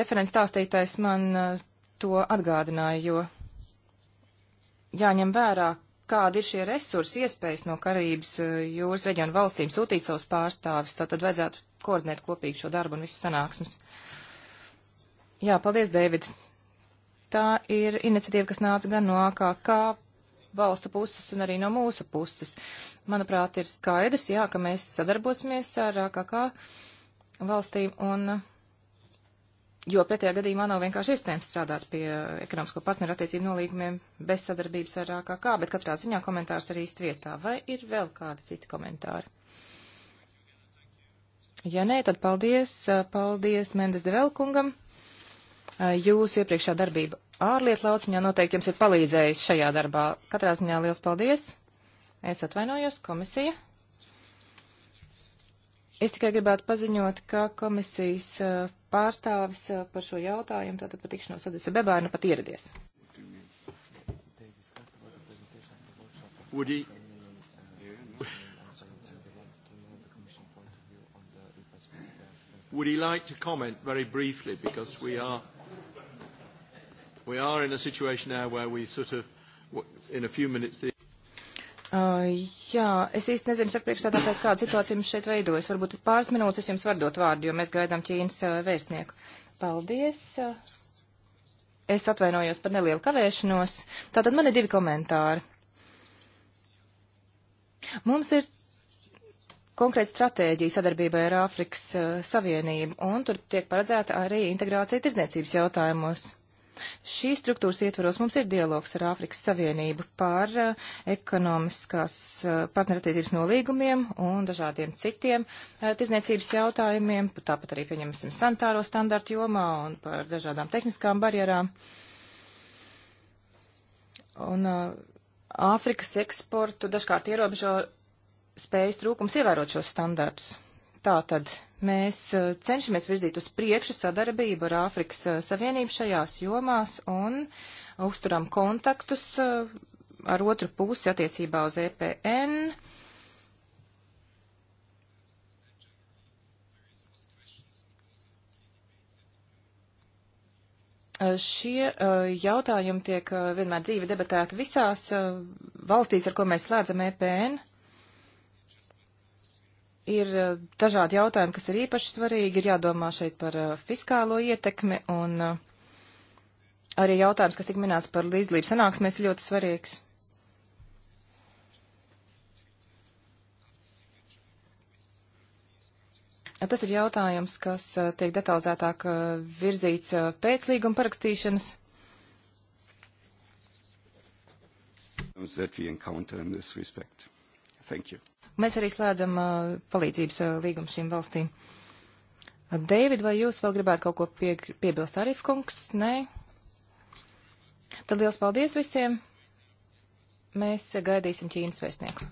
Referents stāstītais man eh, to atgādināja, jo jāņem vērā, kādi ir šie resursi, iespējas no Karības eh, jūras reģionu valstīm sūtīt savus pārstāvis, tad vajadzētu koordinēt kopīgi šo darbu un visas sanāksmes. Jā, paldies, Dēvid. Tā ir iniciatīva, kas nāca gan no AKK valstu puses un arī no mūsu puses. Manuprāt, ir skaidrs, jā, ka mēs sadarbosimies ar AKK valstīm un. Jo pretējā gadījumā nav vienkārši iespējams strādāt pie ekonomisko partneru attiecību nolīgumiem bez sadarbības ar AKK, bet katrā ziņā komentārs arī īsti vietā. Vai ir vēl kādi citi komentāri? Ja nē, tad paldies, paldies Mendes Develkungam. Jūsu iepriekšā darbība ārlietu lauciņā noteikti jums ir palīdzējis šajā darbā. Katrā ziņā liels paldies. Es atvainojos, komisija. Es tikai gribētu paziņot, ka komisijas pārstāvis par šo jautājumu, tātad par tikšanos Adisa Bebā, nu pat ieradies. Would he Would he like to comment very briefly? Because we are, we are in a situation now where we sort of, in a few minutes, the Uh, jā, es īsti nezinu, saka priekšstādātājs, kāda situācija mums šeit veidojas. Varbūt pāris minūtes es jums varu dot vārdu, jo mēs gaidām Ķīnas uh, vēstnieku. Paldies. Uh, es atvainojos par nelielu kavēšanos. Tātad man ir divi komentāri. Mums ir konkrēta stratēģija sadarbībai ar Āfrikas uh, Savienību, un tur tiek paredzēta arī integrācija tirdzniecības jautājumos. Šīs struktūras ietvaros mums ir dialogs ar Āfrikas Savienību par uh, ekonomiskās uh, partnerattiecības nolīgumiem un dažādiem citiem tirdzniecības jautājumiem, tāpat arī pieņemsim santāro standartu jomā un par dažādām tehniskām barjerām. Un Āfrikas eksportu dažkārt ierobežo spējas trūkums ievērot šos standartus. Tātad mēs eh, cenšamies virzīt uz priekšu sadarbību ar Āfrikas eh, Savienību šajās jomās un uzturam kontaktus eh, ar otru pusi attiecībā uz EPN. Šie jautājumi tiek vienmēr dzīvi debatēti visās valstīs, ar ko mēs slēdzam EPN ir e, dažādi jautājumi, kas ir īpaši svarīgi. Ir jādomā šeit par e, fiskālo ietekmi un e, arī jautājums, kas tik minēts par līdzlību sanāksmēs, ļoti svarīgs. Tas ir jautājums, kas tiek detalizētāk virzīts pēc līguma parakstīšanas. That we encounter in this respect. Thank you. Mēs arī slēdzam uh, palīdzības uh, līgumu šīm valstīm. Deivid, vai jūs vēl gribētu kaut ko pie, piebilst, Arif kungs? Nē? Tad liels paldies visiem! Mēs gaidīsim Ķīnas vēstnieku.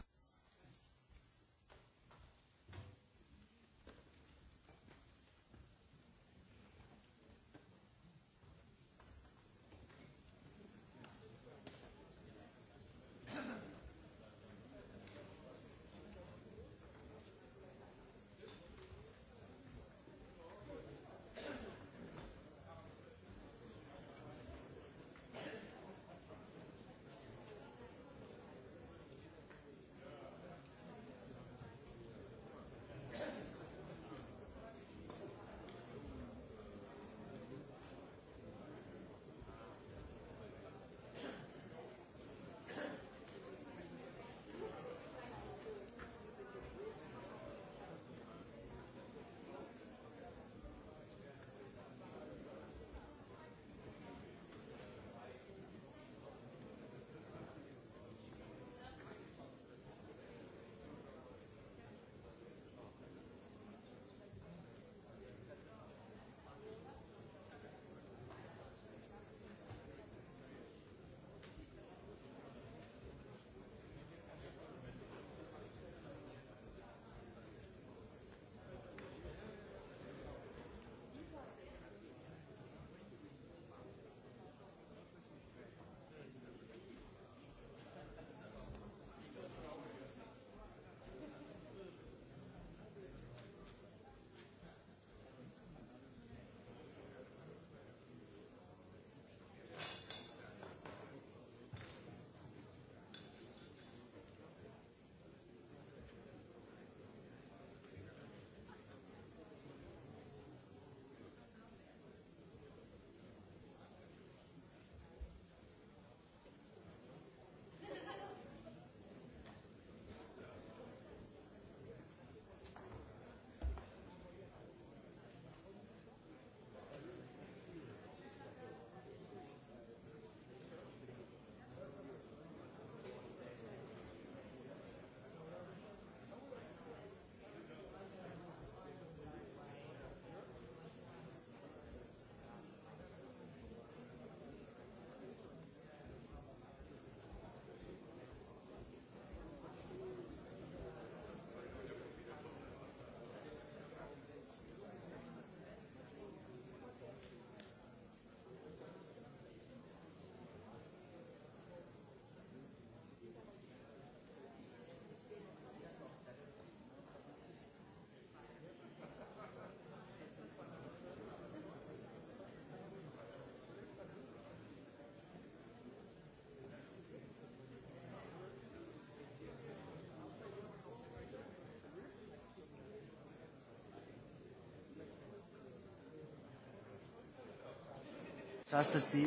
Das ist die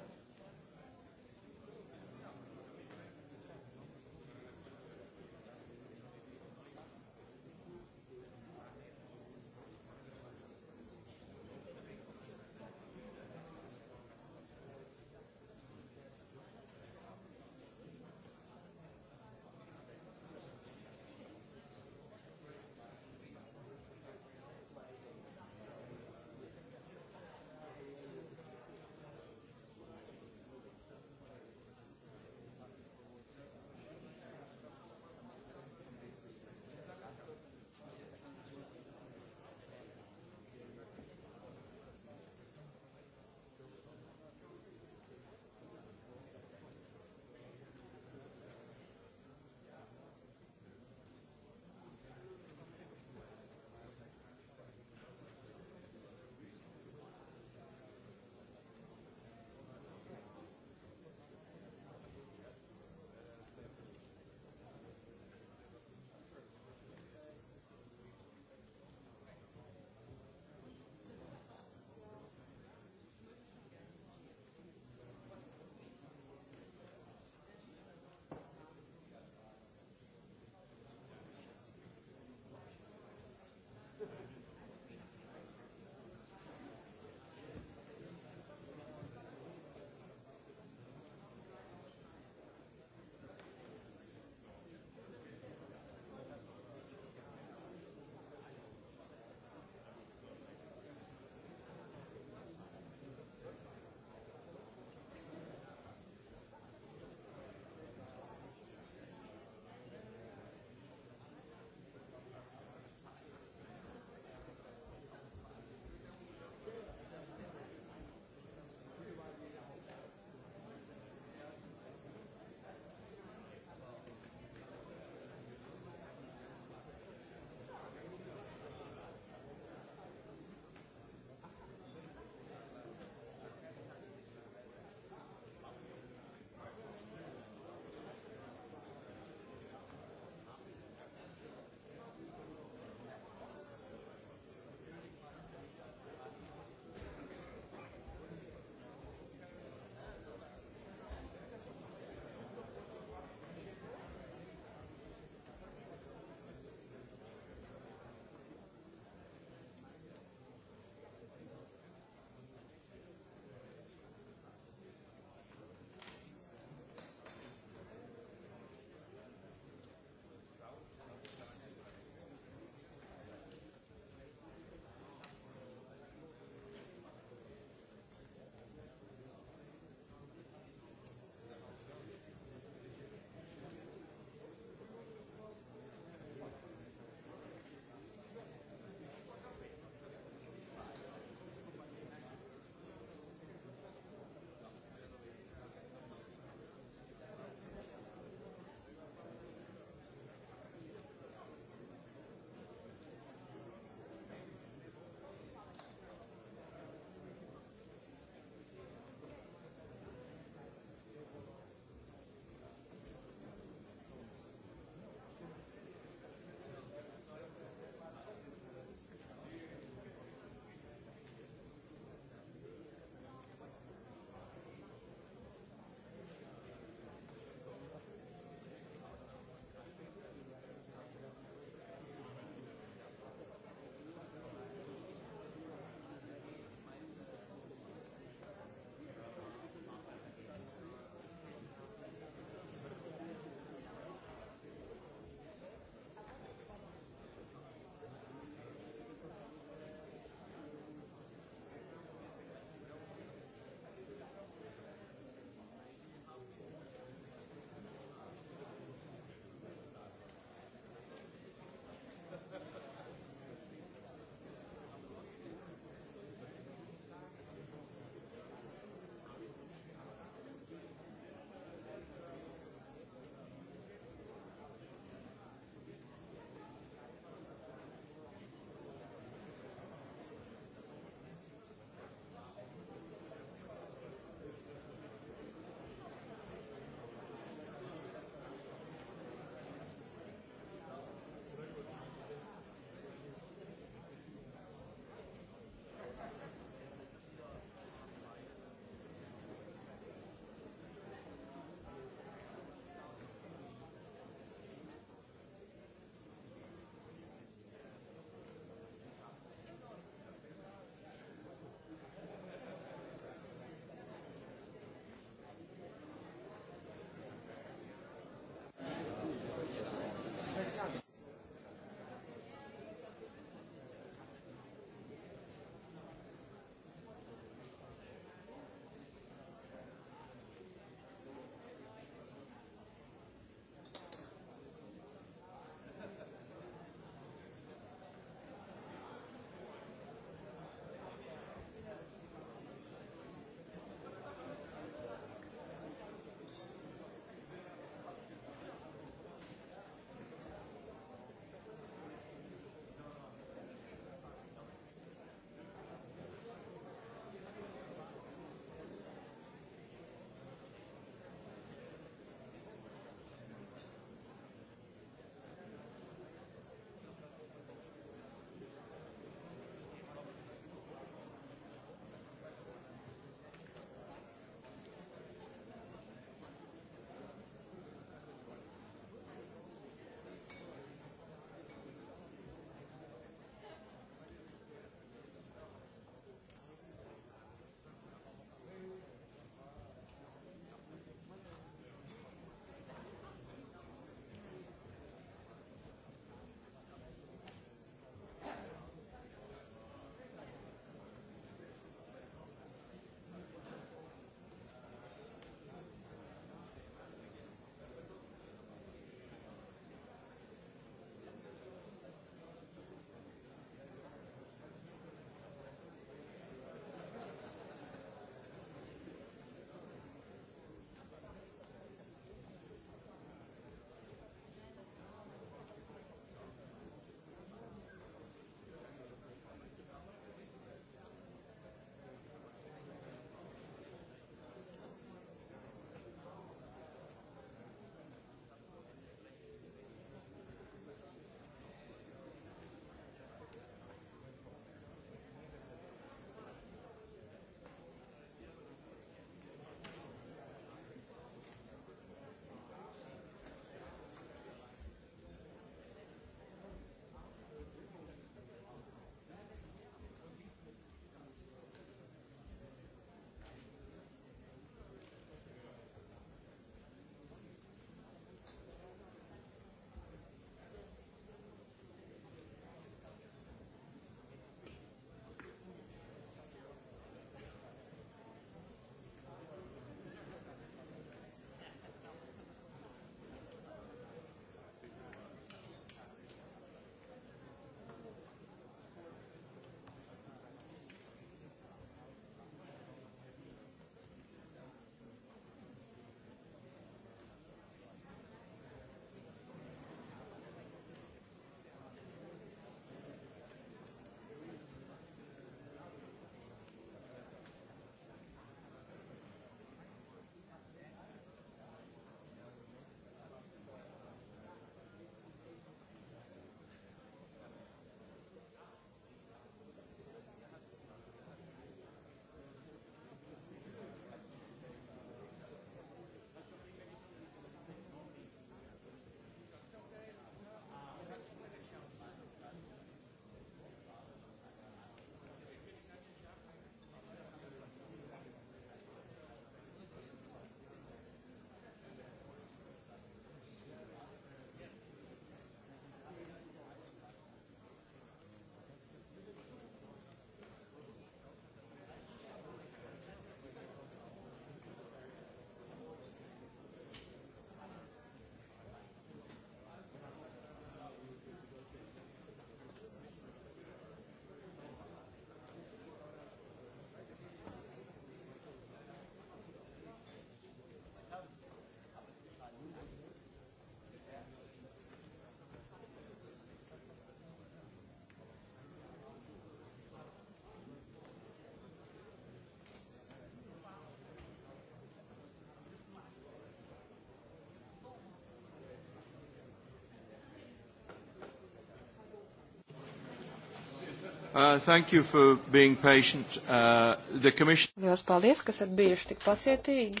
Uh, thank you for being patient. Uh, the commission... Lielas paldies, kas ir bijuši tik pacietīgi.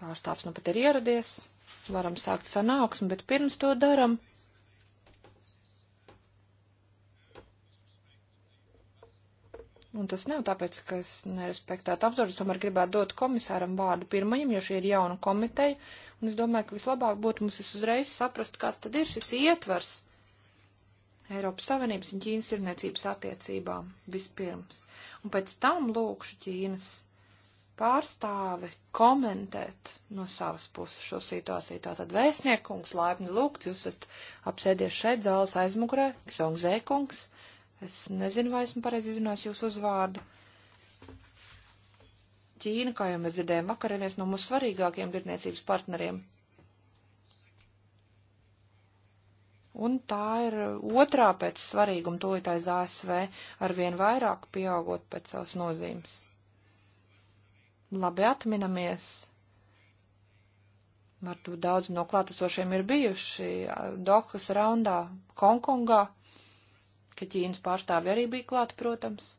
Pārstāvs nu pat ir ieradies. Varam sākt sanāksmi, bet pirms to daram. Un tas nav tāpēc, ka es nerespektētu apsvērus, tomēr gribētu dot komisāram vārdu pirmajam, jo šī ir jauna komiteja. Un es domāju, ka vislabāk būtu mums uzreiz saprast, kāds tad ir šis ietvers Eiropas Savienības un Ķīnas tirniecības attiecībām vispirms. Un pēc tam lūkšu Ķīnas pārstāvi komentēt no savas puses šo situāciju. Tātad vēstniekungs laipni lūgts, jūs esat apsēdies šeit zāles aizmugurē, Ksong Zēkungs. Es nezinu, vai esmu pareizi izrunājis jūsu uzvārdu. Ķīna, kā jau mēs dzirdējām vakar, ir viens no mūsu svarīgākajiem tirniecības partneriem. Un tā ir otrā pēc svarīguma tūlītais ASV, arvien vairāk pieaugot pēc savas nozīmes. Labi atminamies. Ar to daudz no klātesošiem ir bijuši Dohas raundā Hongkongā, ka Ķīnas pārstāvi arī bija klāt, protams.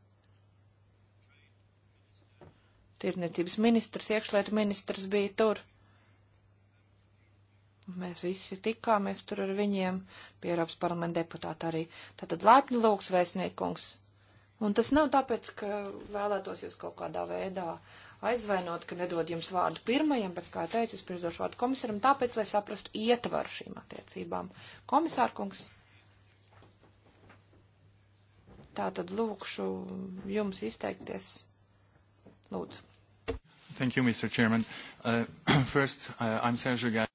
Tirniecības ministrs, iekšlietu ministrs bija tur. Mēs visi tikāmies tur ar viņiem, pie Eiropas parlamenta deputāta arī. Tātad laipni lūgts vēstniekungs. Un tas nav tāpēc, ka vēlētos jūs kaut kādā veidā aizvainot, ka nedod jums vārdu pirmajam, bet, kā teicu, es pirms došu vārdu komisaram, tāpēc, lai saprastu ietvaru šīm attiecībām. Komisārkungs, tā tad lūkšu jums izteikties. Lūdzu. Thank you, Mr. Chairman. Uh, first, uh, I'm Sergio Gai.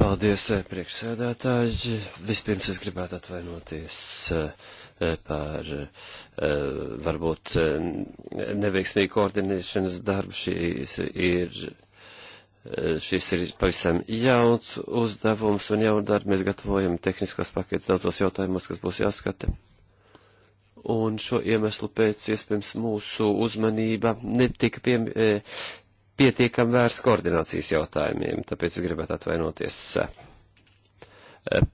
Paldies, eh, priekšsēdētāji. Vispirms es gribētu atvainoties eh, eh, par varbūt neveiksmīgu koordinēšanas darbu. Šis ir, šis ir pavisam jauns uzdevums un jaunu darbu. Mēs gatavojam tehniskās paketes daudzos jautājumos, kas būs jāskata. Un šo iemeslu pēc iespējams mūsu uzmanība netika pie, pietiekam vērsts koordinācijas jautājumiem, tāpēc es gribētu atvainoties eh,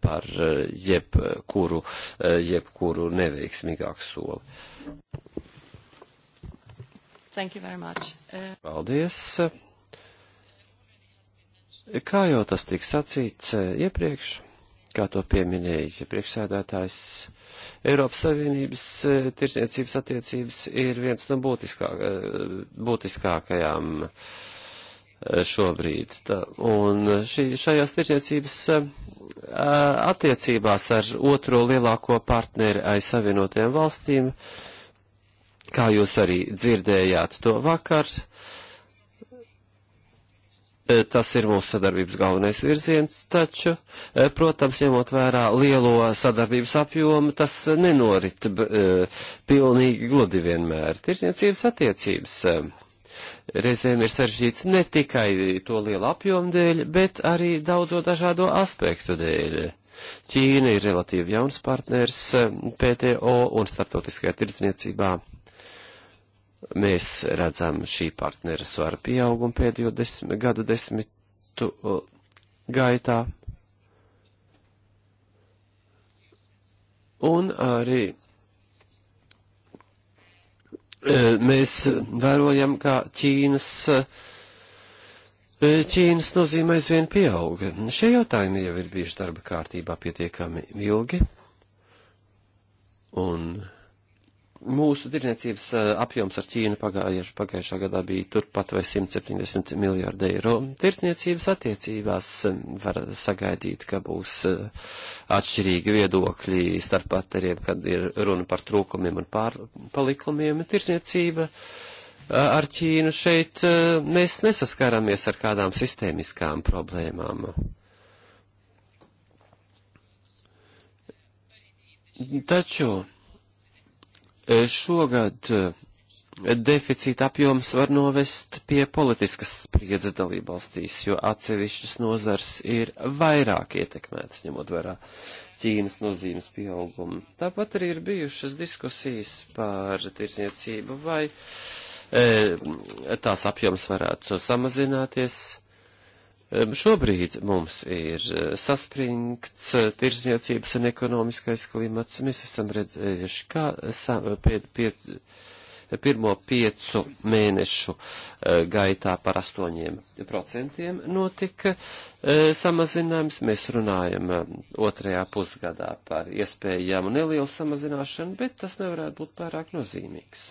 par eh, jebkuru, eh, jebkuru neveiksmīgāku soli. Thank you very much. Paldies. Kā jau tas tika sacīts iepriekš, kā to pieminēja priekšsēdētājs, Eiropas Savienības e, tirsniecības attiecības ir viens no būtiskā, e, būtiskākajām e, šobrīd. Tā, un šī, šajās tirsniecības attiecībās ar otro lielāko partneri aiz Savienotajām valstīm, kā jūs arī dzirdējāt to vakar, uh, E, tas ir mūsu sadarbības galvenais virziens, taču, e, protams, ņemot vērā lielo sadarbības apjomu, tas nenorit e, pilnīgi gludi vienmēr. Tirzniecības attiecības reizēm ir saržģīts ne tikai to lielu apjomu dēļ, bet arī daudzo dažādo aspektu dēļ. Ķīna ir relatīvi jauns partners PTO un starptautiskajā tirdzniecībā Mēs redzam šī partnera svara pieaugumu pēdējo desmit, gadu desmitu gaitā. Un arī e, mēs vērojam, ka Ķīnas, e, Ķīnas nozīme aizvien pieaug. Šie jautājumi jau ir bijuši darba kārtībā pietiekami ilgi. Un Mūsu tirdzniecības eh, apjoms ar Ķīnu pagājuši, pagājušā gadā bija turpat vai 170 miljārdi eiro. Tirdzniecības attiecībās eh, var sagaidīt, ka būs eh, atšķirīgi viedokļi starp patēriem, kad ir runa par trūkumiem un pārpalikumiem. Tirdzniecība ar Ķīnu šeit mēs nesaskaramies ar kādām sistēmiskām problēmām. Taču Eh, šogad eh, deficīta apjoms var novest pie politiskas spriedzes dalībvalstīs, jo atsevišķas nozars ir vairāk ietekmētas, ņemot vērā Ķīnas nozīmes pieaugumu. Tāpat arī ir bijušas diskusijas par tirsniecību, vai e, tās apjoms varētu samazināties Šobrīd mums ir e, saspringts e, tirzniecības un ekonomiskais klimats. Mēs esam redzējuši, kā sa, pie, pie, pirmo piecu mēnešu e, gaitā par astoņiem procentiem notika E, samazinājums. Mēs runājam e, otrajā pusgadā par iespējamu nelielu samazināšanu, bet tas nevarētu būt pārāk nozīmīgs.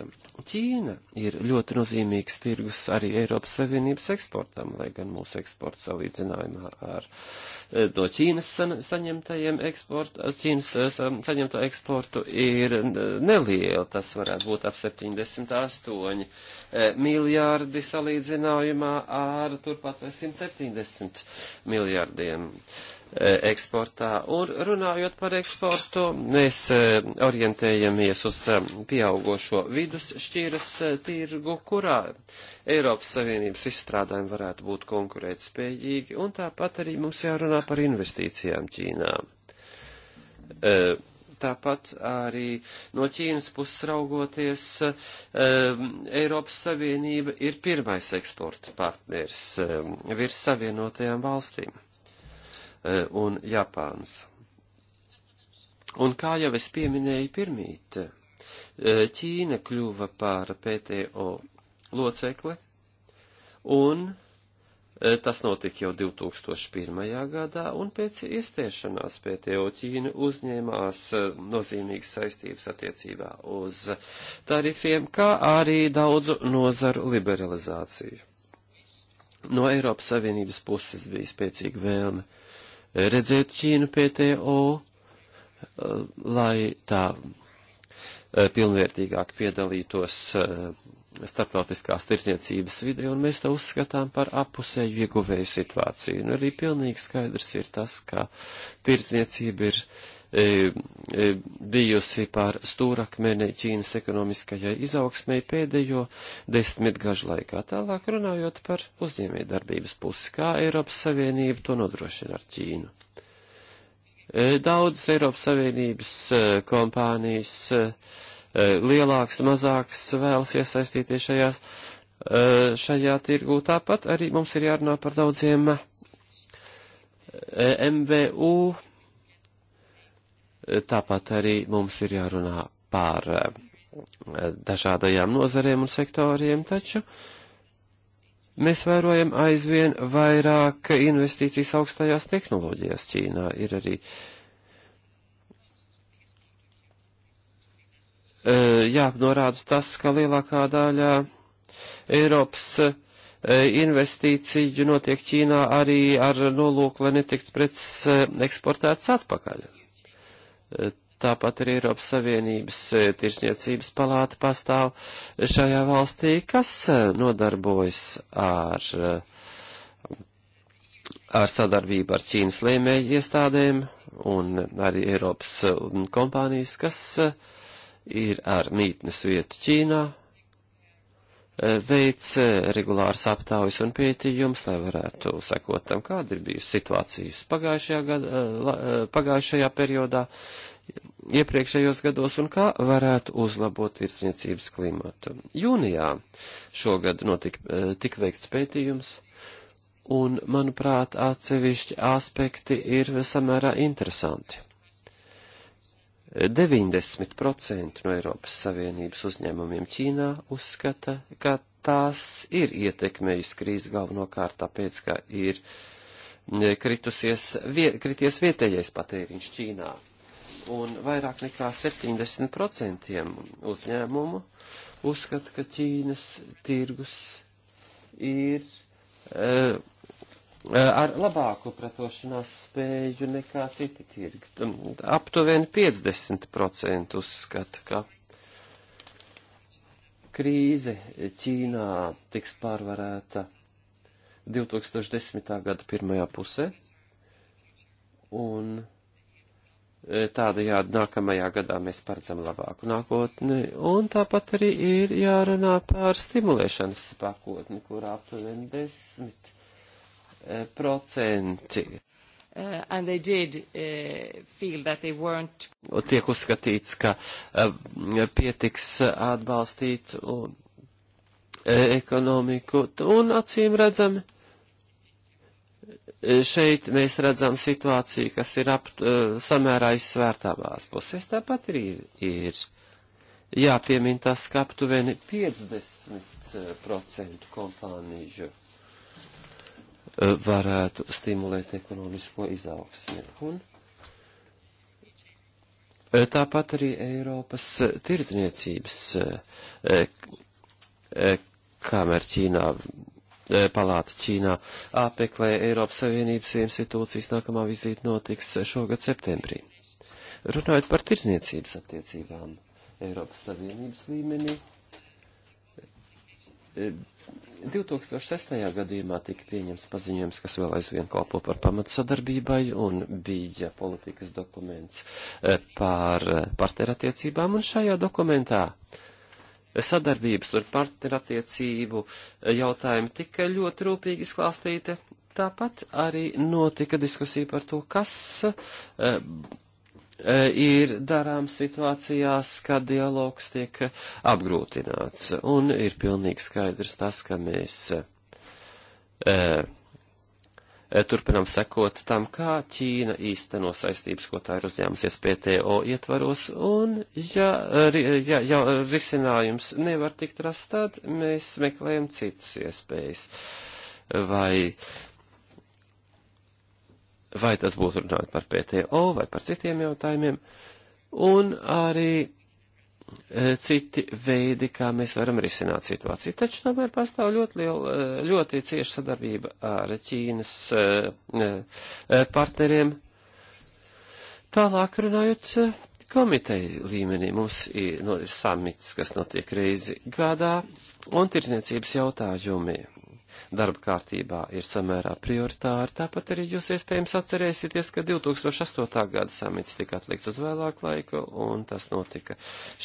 Ķīna ir ļoti nozīmīgs tirgus arī Eiropas Savienības eksportam, lai gan mūsu eksports salīdzinājumā ar e, no Ķīnas saņemtajiem eksportu, Ķīnas saņemto eksportu ir neliela. Tas varētu būt ap 78 miljārdi salīdzinājumā ar turpat vai 170 miljardiem e, eksportā. Un runājot par eksportu, mēs e, orientējamies uz e, pieaugošo vidusšķīras tirgu, kurā Eiropas Savienības izstrādājumi varētu būt konkurētspējīgi, un tāpat arī mums jārunā par investīcijām Ķīnā. Tāpat arī no Ķīnas puses raugoties, Eiropas Savienība ir pirmais eksporta partners virs Savienotajām valstīm un Japānas. Un kā jau es pieminēju pirmīt, Ķīna kļuva par PTO locekli un E, tas notika jau 2001. gadā, un pēc iestiešanās PTO Ķīna uzņēmās e, nozīmīgas saistības attiecībā uz tarifiem, kā arī daudzu nozaru liberalizāciju. No Eiropas Savienības puses bija spēcīga vēlme redzēt Ķīnu PTO, e, lai tā pilnvērtīgāk piedalītos starptautiskās tirsniecības vidi, un mēs to uzskatām par apusēju ieguvēju situāciju. Un nu, arī pilnīgi skaidrs ir tas, ka tirsniecība ir e, e, bijusi par stūrakmeni Ķīnas ekonomiskajai izaugsmai pēdējo desmitgažu laikā. Tālāk runājot par uzņēmējdarbības pusi, kā Eiropas Savienība to nodrošina ar Ķīnu. E, Daudzas Eiropas Savienības e, kompānijas e, E, lielāks, mazāks vēlas iesaistīties šajā, e, šajā tirgū. Tāpat arī mums ir jārunā par daudziem e, MBU. Tāpat arī mums ir jārunā par dažādajām nozarēm un sektoriem, taču mēs vērojam aizvien vairāk investīcijas augstajās tehnoloģijās Ķīnā. Ir arī uh, Eh, jānorāda tas, ka lielākā daļa Eiropas eh, investīciju notiek Ķīnā arī ar nolūku, lai netiktu preces eh, eksportētas atpakaļ. Tāpat arī Eiropas Savienības tirsniecības palāta pastāv šajā valstī, kas nodarbojas ar, ar sadarbību ar Ķīnas lēmēju iestādēm un arī Eiropas kompānijas, kas uh, ir ar mītnes vietu Ķīnā, e, veic e, regulārs aptaujas un pētījums, lai varētu sekot tam, kāda ir bijusi situācijas pagājušajā, gada, e, pagājušajā periodā, iepriekšējos gados un kā varētu uzlabot virsniecības klimatu. Jūnijā šogad notika tik veikts pētījums, un, manuprāt, atsevišķi aspekti ir samērā interesanti. 90% no Eiropas Savienības uzņēmumiem Ķīnā uzskata, ka tās ir ietekmējusi krīze galvenokārt tāpēc, ka ir kritusies, viet, krities vietējais patēriņš Ķīnā. Un vairāk nekā 70% uzņēmumu uzskata, ka Ķīnas tirgus ir. Uh, e, Eh, ar labāku pretošanās spēju nekā citi tirgi. Aptuveni 50% uzskata, ka krīze Ķīnā tiks pārvarēta 2010. gada pirmajā pusē, un eh, tādajādi nākamajā gadā mēs paredzam labāku nākotni, un tāpat arī ir jārunā par stimulēšanas pakotni, kurā aptuveni 10 procenti. Uh, and they did uh, feel that they weren't. Tiek uzskatīts, ka uh, pietiks atbalstīt un, uh, ekonomiku, un acīm redzami, uh, šeit mēs redzam situāciju, kas ir ap, uh, samērā izsvērtā abās puses. Tāpat arī ir, ir jāpiemina tas, ka aptuveni 50% uh, kompāniju Eh, varētu stimulēt ekonomisko izaugsmi. Un eh, tāpat arī Eiropas tirdzniecības eh, kamera Ķīnā, palāta Ķīnā apmeklē Eiropas Savienības institūcijas nākamā vizīte notiks šogad septembrī. Runājot par tirdzniecības attiecībām Eiropas Savienības līmenī, 2006. gadījumā tika pieņems paziņojums, kas vēl aizvien kalpo par pamatu sadarbībai un bija politikas dokuments e, par e, partnerattiecībām un šajā dokumentā sadarbības un partnerattiecību e, jautājumi tika ļoti rūpīgi izklāstīti. Tāpat arī notika diskusija par to, kas E, ir darāms situācijās, kad dialogs tiek apgrūtināts. Un ir pilnīgi skaidrs tas, ka mēs e, e turpinam sekot tam, kā Ķīna īsteno saistības, ko tā ir uzņēmusies PTO ietvaros, un ja, ja, ja risinājums nevar tikt rast, tad mēs meklējam citas iespējas. Vai vai tas būtu runāt par PTO vai par citiem jautājumiem, un arī e, citi veidi, kā mēs varam risināt situāciju. Taču tomēr pastāv ļoti, liela, e, ļoti cieša sadarbība ar Ķīnas e, partneriem. Tālāk runājot komiteju līmenī, mums ir no, samits, kas notiek reizi gadā, un tirzniecības jautājumi darba kārtībā ir samērā prioritāri. Tāpat arī jūs iespējams atcerēsieties, ka 2008. gada samits tika atlikts uz vēlāku laiku, un tas notika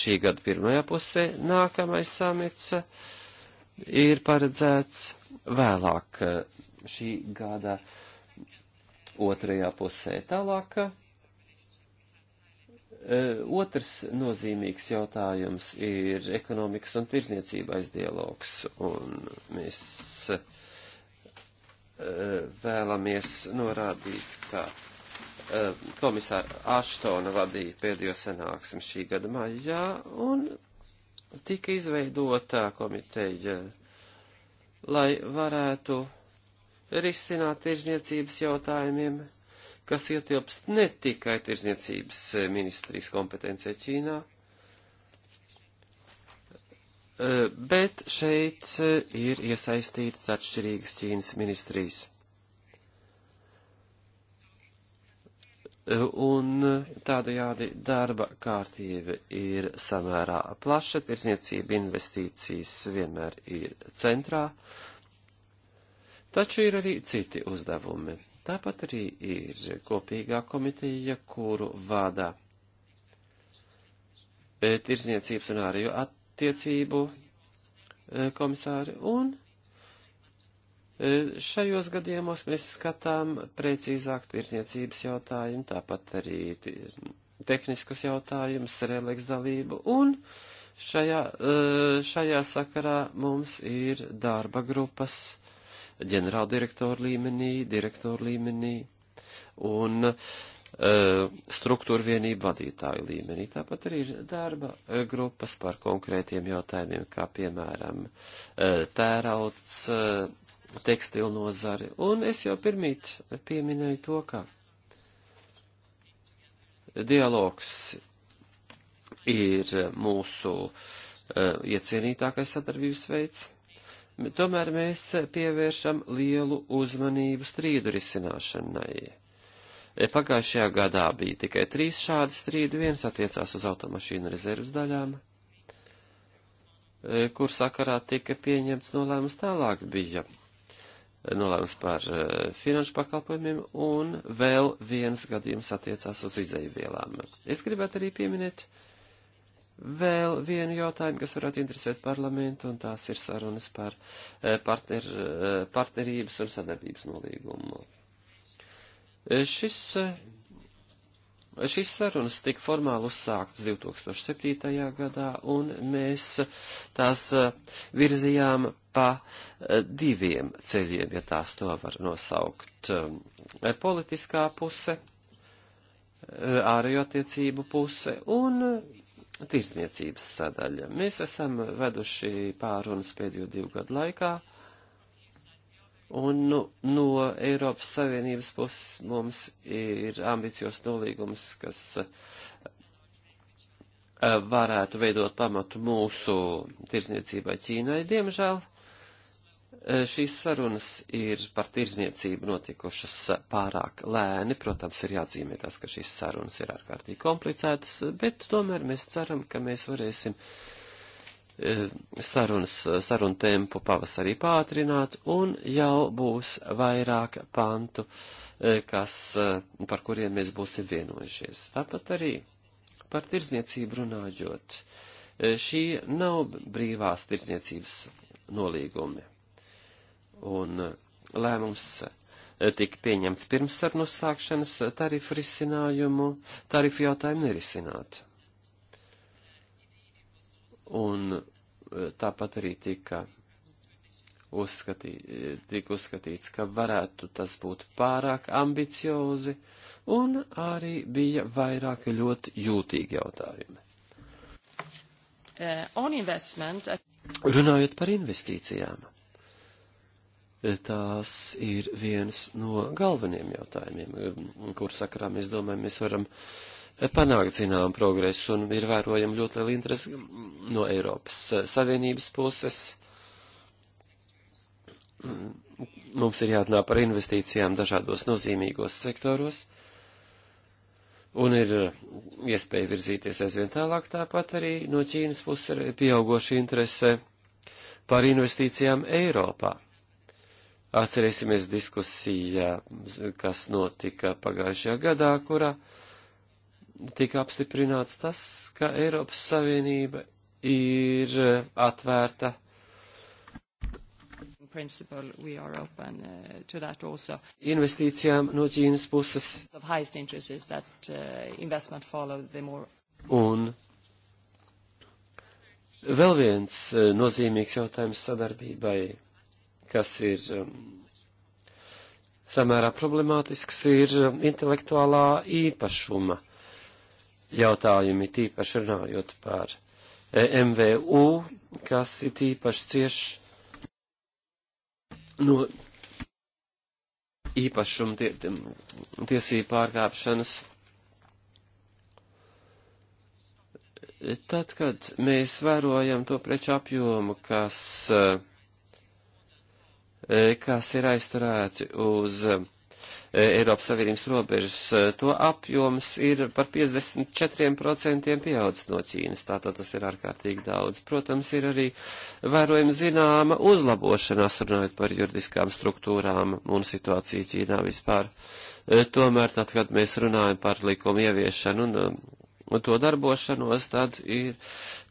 šī gada pirmajā pusē. Nākamais samits ir paredzēts vēlāk šī gada otrajā pusē. Tālāk Eh, otrs nozīmīgs jautājums ir ekonomikas un tirzniecības dialogs, un mēs eh, vēlamies norādīt, ka eh, komisāra Aštona vadīja pēdējo sanāksmi šī gada maijā, un tika izveidota komiteja, lai varētu risināt tirzniecības jautājumiem kas ietilpst ne tikai tirzniecības eh, ministrijas kompetencija Ķīnā, eh, bet šeit eh, ir iesaistītas atšķirīgas Ķīnas ministrijas. Un tādajādi darba kārtība ir samērā plaša, tirsniecība investīcijas vienmēr ir centrā, taču ir arī citi uzdevumi. Tāpat arī ir kopīgā komiteja, kuru vada tirzniecības un ārējo attiecību e, komisāri, un e, šajos gadījumos mēs skatām precīzāk tirzniecības jautājumu, tāpat arī tehniskus jautājumus, releks dalību, un šajā, e, šajā sakarā mums ir darba grupas ģenerāldirektoru līmenī, direktoru līmenī un uh, struktūra vienību vadītāju līmenī. Tāpat arī ir darba e, grupas par konkrētiem jautājumiem, kā piemēram uh, tērauts, uh, tekstilu nozari. Un es jau pirmīt pieminēju to, ka dialogs ir mūsu uh, iecienītākais sadarbības veids. Tomēr mēs pievēršam lielu uzmanību strīdu risināšanai. Pagājušajā gadā bija tikai trīs šādi strīdi, viens attiecās uz automašīnu rezervas daļām, kur sakarā tika pieņemts nolēmums tālāk bija nolēmums par eh, finanšu pakalpojumiem, un vēl viens gadījums attiecās uz izaivielām. Es gribētu arī pieminēt uh, vēl vienu jautājumu, kas varētu interesēt parlamentu, un tās ir sarunas par eh, partner, eh, partnerības un sadarbības nolīgumu. Eh, šis, šis sarunas tika formāli uzsāktas 2007. gadā, un mēs tās virzījām pa diviem ceļiem, ja tās to var nosaukt. Politiskā puse, ārējo attiecību puse un tirsniecības sadaļa. Mēs esam veduši pārunas pēdējo divu gadu laikā, un nu, no Eiropas Savienības puses mums ir ambicios nolīgums, kas eh, varētu veidot pamatu mūsu tirsniecībai Ķīnai. Diemžēl E, šīs sarunas ir par tirzniecību notikušas pārāk lēni. Protams, ir jāatzīmē tas, ka šīs sarunas ir ārkārtīgi komplicētas, bet tomēr mēs ceram, ka mēs varēsim e, sarunas, sarunu tempu pavasarī pātrināt un jau būs vairāk pantu, e, kas, par kuriem mēs būsim vienojušies. Tāpat arī par tirzniecību runājot. Šī nav brīvās tirzniecības nolīgumi un uh, lēmums uh, tika pieņemts pirms sarunas sākšanas tarifu risinājumu, tarifu jautājumu nerisināt. Un uh, tāpat arī tika, uzskatī, tika uzskatīts, ka varētu tas būt pārāk ambiciozi, un arī bija vairāk ļoti jūtīgi jautājumi. Uh, Runājot par investīcijām tās ir viens no galveniem jautājumiem, um, kur sakarā mēs domājam, mēs varam eh, panākt zinām progresu un ir vērojama ļoti liela interese no Eiropas eh, Savienības puses. Mm, mums ir jārunā par investīcijām dažādos nozīmīgos sektoros. Un ir eh, iespēja virzīties aizvien tālāk, tāpat arī no Ķīnas puses ir pieaugoša interese par investīcijām Eiropā. Atcerēsimies diskusiju, kas notika pagājušajā gadā, kurā tika apstiprināts tas, ka Eiropas Savienība ir eh, atvērta. Eh, Investīcijām no Ķīnas puses. Eh, Un vēl viens nozīmīgs jautājums sadarbībai kas ir um, samērā problemātisks, ir um, intelektuālā īpašuma jautājumi, tīpaši runājot par e MVU, kas ir tīpaši cieši no īpašuma tie, tiesību pārkāpšanas. Tad, kad mēs vērojam to preču apjomu, kas uh, E, kas ir aizturēti uz e, Eiropas Savienības robežas, e, to apjoms ir par 54% pieaudzis no Ķīnas, tātad tas ir ārkārtīgi daudz. Protams, ir arī vērojama zināma uzlabošanās runājot par juridiskām struktūrām un situāciju Ķīnā vispār. Tomēr tad, kad mēs runājam par likumu ieviešanu un to darbošanos, tad ir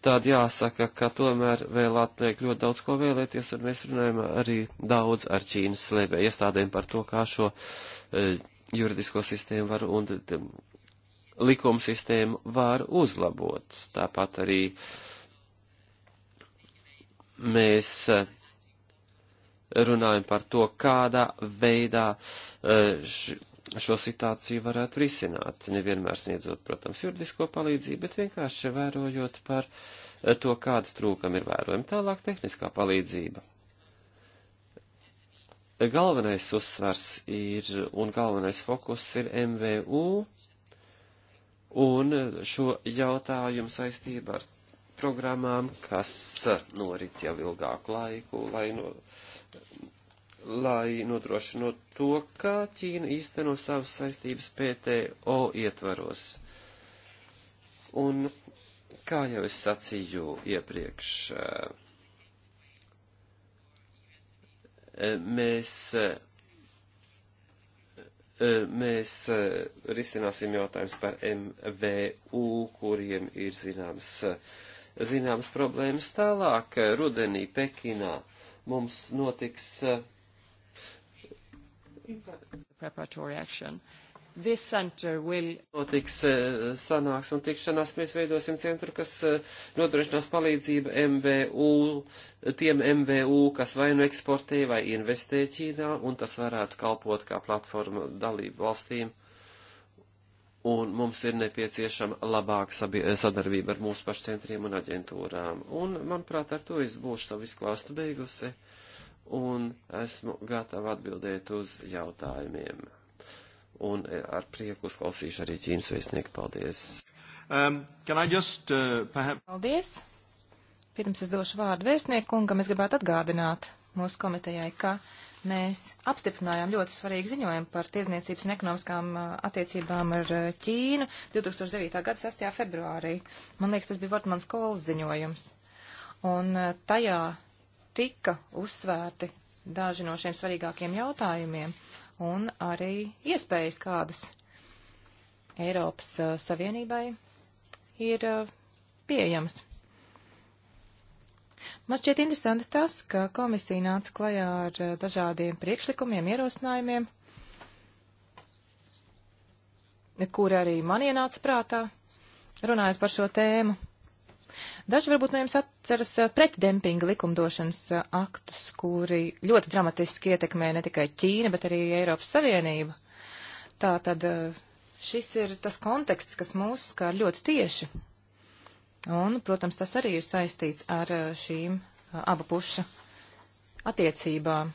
tad jāsaka, ka tomēr vēl atliek ļoti daudz ko vēlēties, un mēs runājam arī daudz ar Ķīnas slēpē iestādēm par to, kā šo e, juridisko sistēmu var un t, likuma sistēmu var uzlabot. Tāpat arī mēs e, runājam par to, kādā veidā e, š, šo situāciju varētu risināt, nevienmēr sniedzot, protams, juridisko palīdzību, bet vienkārši vērojot par eh, to, kādas trūkumi ir vērojami. Tālāk tehniskā palīdzība. Galvenais uzsvars ir un galvenais fokus ir MVU un šo jautājumu saistībā ar programmām, kas norit jau ilgāku laiku, lai no, lai nodrošinot to, kā Ķīna īsteno savas saistības PTO ietvaros. Un, kā jau es sacīju iepriekš, eh, eh, mēs, eh, mēs risināsim jautājums par MVU, kuriem ir zināmas, zināmas problēmas tālāk. Rudenī Pekinā mums notiks preparatory action. This center will... Notiks eh, sanāks un tikšanās, mēs veidosim centru, kas eh, nodrošinās palīdzību MVU, tiem MVU, kas vai nu eksportē vai investē Ķīnā, un tas varētu kalpot kā platforma dalību valstīm. Un mums ir nepieciešama labāka sadarbība ar mūsu pašu centriem un aģentūrām. Un, manuprāt, ar to es būšu savu izklāstu beigusi. Uh, un esmu gatava atbildēt uz jautājumiem. Un eh, ar prieku uzklausīšu arī Ķīnas vēstnieku. Paldies! Um, just, uh, perhaps... Paldies! Pirms es došu vārdu vēstniekungam, es gribētu atgādināt mūsu komitejai, ka mēs apstiprinājām ļoti svarīgu ziņojumu par tiesniecības un ekonomiskām uh, attiecībām ar uh, Ķīnu 2009. gada 6. februārī. Man liekas, tas bija Vortmans Kols ziņojums. Un uh, tajā tika uzsvērti daži no šiem svarīgākiem jautājumiem un arī iespējas, kādas Eiropas uh, Savienībai ir uh, pieejamas. Man šķiet interesanti tas, ka komisija nāca klajā ar uh, dažādiem priekšlikumiem, ierosinājumiem, kuri arī man ienāca prātā, runājot par šo tēmu. Daži varbūt no jums atceras eh, pretdempinga likumdošanas eh, aktus, kuri ļoti dramatiski ietekmē ne tikai Ķīnu, bet arī Eiropas Savienību. Tā tad eh, šis ir tas konteksts, kas mūs skar ļoti tieši. Un, protams, tas arī ir saistīts ar šīm abu pušu attiecībām.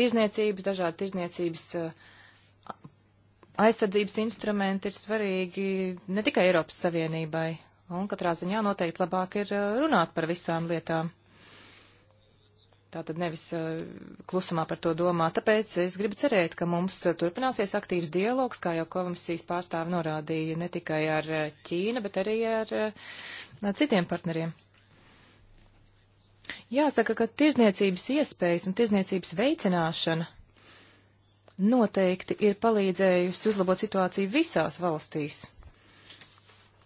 Tirzniecība, dažādi tirzniecības aizsardzības instrumenti ir svarīgi ne tikai Eiropas Savienībai, Un katrā ziņā noteikti labāk ir eh, runāt par visām lietām. Tātad nevis uh, klusumā par to domā. Tāpēc es gribu cerēt, ka mums eh, turpināsies aktīvs dialogs, kā jau komisijas pārstāvi norādīja, ne tikai ar Ķīnu, bet arī ar, ar citiem partneriem. Jāsaka, ka tirzniecības iespējas un tirzniecības veicināšana noteikti ir palīdzējusi uzlabot situāciju visās valstīs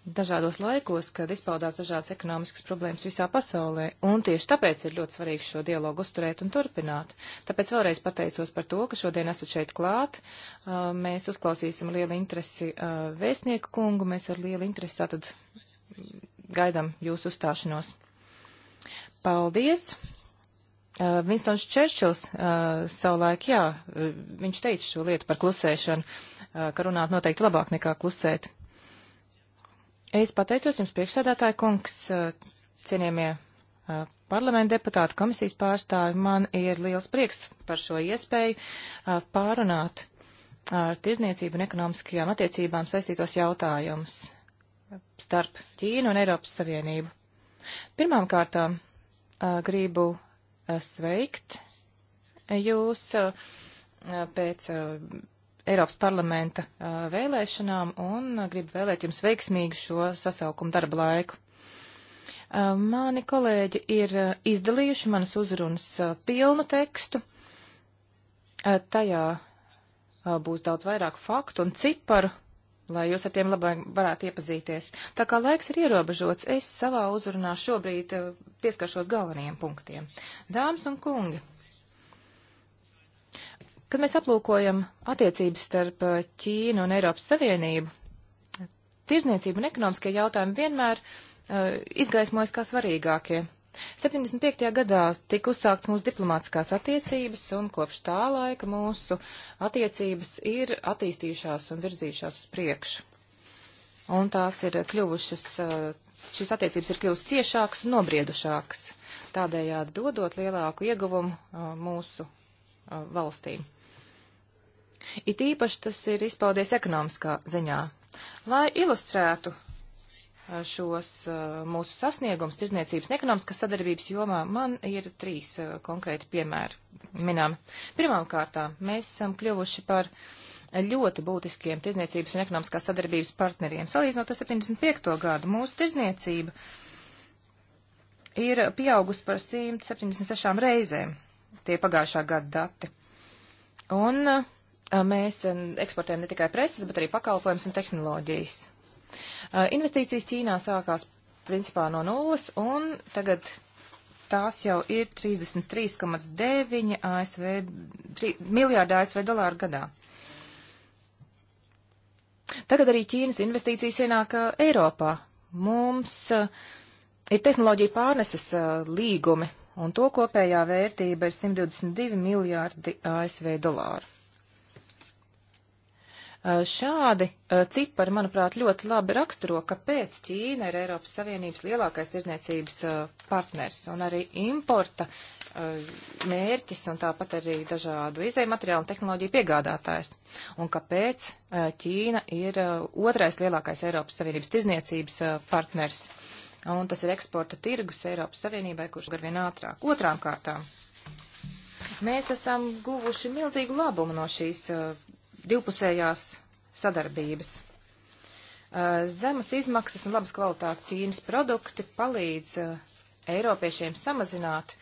dažādos laikos, kad izpaudās dažādas ekonomiskas problēmas visā pasaulē, un tieši tāpēc ir ļoti svarīgi šo dialogu uzturēt un turpināt. Tāpēc vēlreiz pateicos par to, ka šodien esat šeit klāt. Uh, mēs uzklausīsim lielu interesi uh, vēstnieku kungu, mēs ar lielu interesi tātad gaidām jūsu uzstāšanos. Paldies! Uh, Vinstons Čerčils uh, savulaik, jā, uh, viņš teica šo lietu par klusēšanu, uh, ka runāt noteikti labāk nekā klusēt. Es pateicos jums priekšsēdētāju kungs, cienījamie parlamenta deputāti, komisijas pārstāvi. Man ir liels prieks par šo iespēju pārunāt ar tirzniecību un ekonomiskajām attiecībām saistītos jautājumus starp Ķīnu un Eiropas Savienību. Pirmām kārtām gribu sveikt jūs pēc Eiropas parlamenta vēlēšanām un gribu vēlēt jums veiksmīgu šo sasaukumu darba laiku. Mani kolēģi ir izdalījuši manas uzrunas pilnu tekstu. Tajā būs daudz vairāk faktu un ciparu, lai jūs ar tiem labāk varētu iepazīties. Tā kā laiks ir ierobežots, es savā uzrunā šobrīd pieskaršos galvenajiem punktiem. Dāmas un kungi! Kad mēs aplūkojam attiecības starp eh, Ķīnu un Eiropas Savienību, tirzniecība un ekonomiskie jautājumi vienmēr uh, izgaismojas kā svarīgākie. 75. gadā tika uzsākts mūsu diplomātiskās attiecības, un kopš tā laika mūsu attiecības ir attīstījušās un virzījušās uz priekšu. Un tās ir kļuvušas, uh, šīs attiecības ir kļuvušas ciešākas un nobriedušākas, tādējādi dodot lielāku ieguvumu uh, mūsu valstīm. It īpaši tas ir izpaudies ekonomiskā ziņā. Lai ilustrētu šos mūsu sasniegums tirzniecības un ekonomiskas sadarbības jomā, man ir trīs konkrēti piemēri minām. Pirmām kārtām mēs esam kļuvuši par ļoti būtiskiem tirzniecības un ekonomiskās sadarbības partneriem. Salīdzinot ar 75. gadu, mūsu tirzniecība ir pieaugusi par 176 reizēm. Tie pagājušā gada dati. Un uh, Mēs eksportējam ne tikai preces, bet arī pakalpojumus un tehnoloģijas. Investīcijas Ķīnā sākās principā no nulles, un tagad tās jau ir 33,9 ASV, miljārda ASV dolāru gadā. Tagad arī Ķīnas investīcijas ienāk uh, Eiropā. Mums uh, ir tehnoloģija pārneses uh, līgumi, un to kopējā vērtība ir 122 miljārdi ASV dolāru. Eh, šādi eh, cipari, manuprāt, ļoti labi raksturo, kāpēc Ķīna ir Eiropas Savienības lielākais tirzniecības eh, partners un arī importa mērķis un tāpat arī dažādu izēju materiālu un tehnoloģiju piegādātājs. Un kāpēc Ķīna ir otrais lielākais Eiropas Savienības tirzniecības partners. Un tas ir eksporta tirgus Eiropas Savienībai, kurš garvien ātrāk. Otrām kārtām. Mēs esam guvuši milzīgu labumu no šīs uh, divpusējās sadarbības. Zemas izmaksas un labas kvalitātes Ķīnas produkti palīdz Eiropiešiem samazināt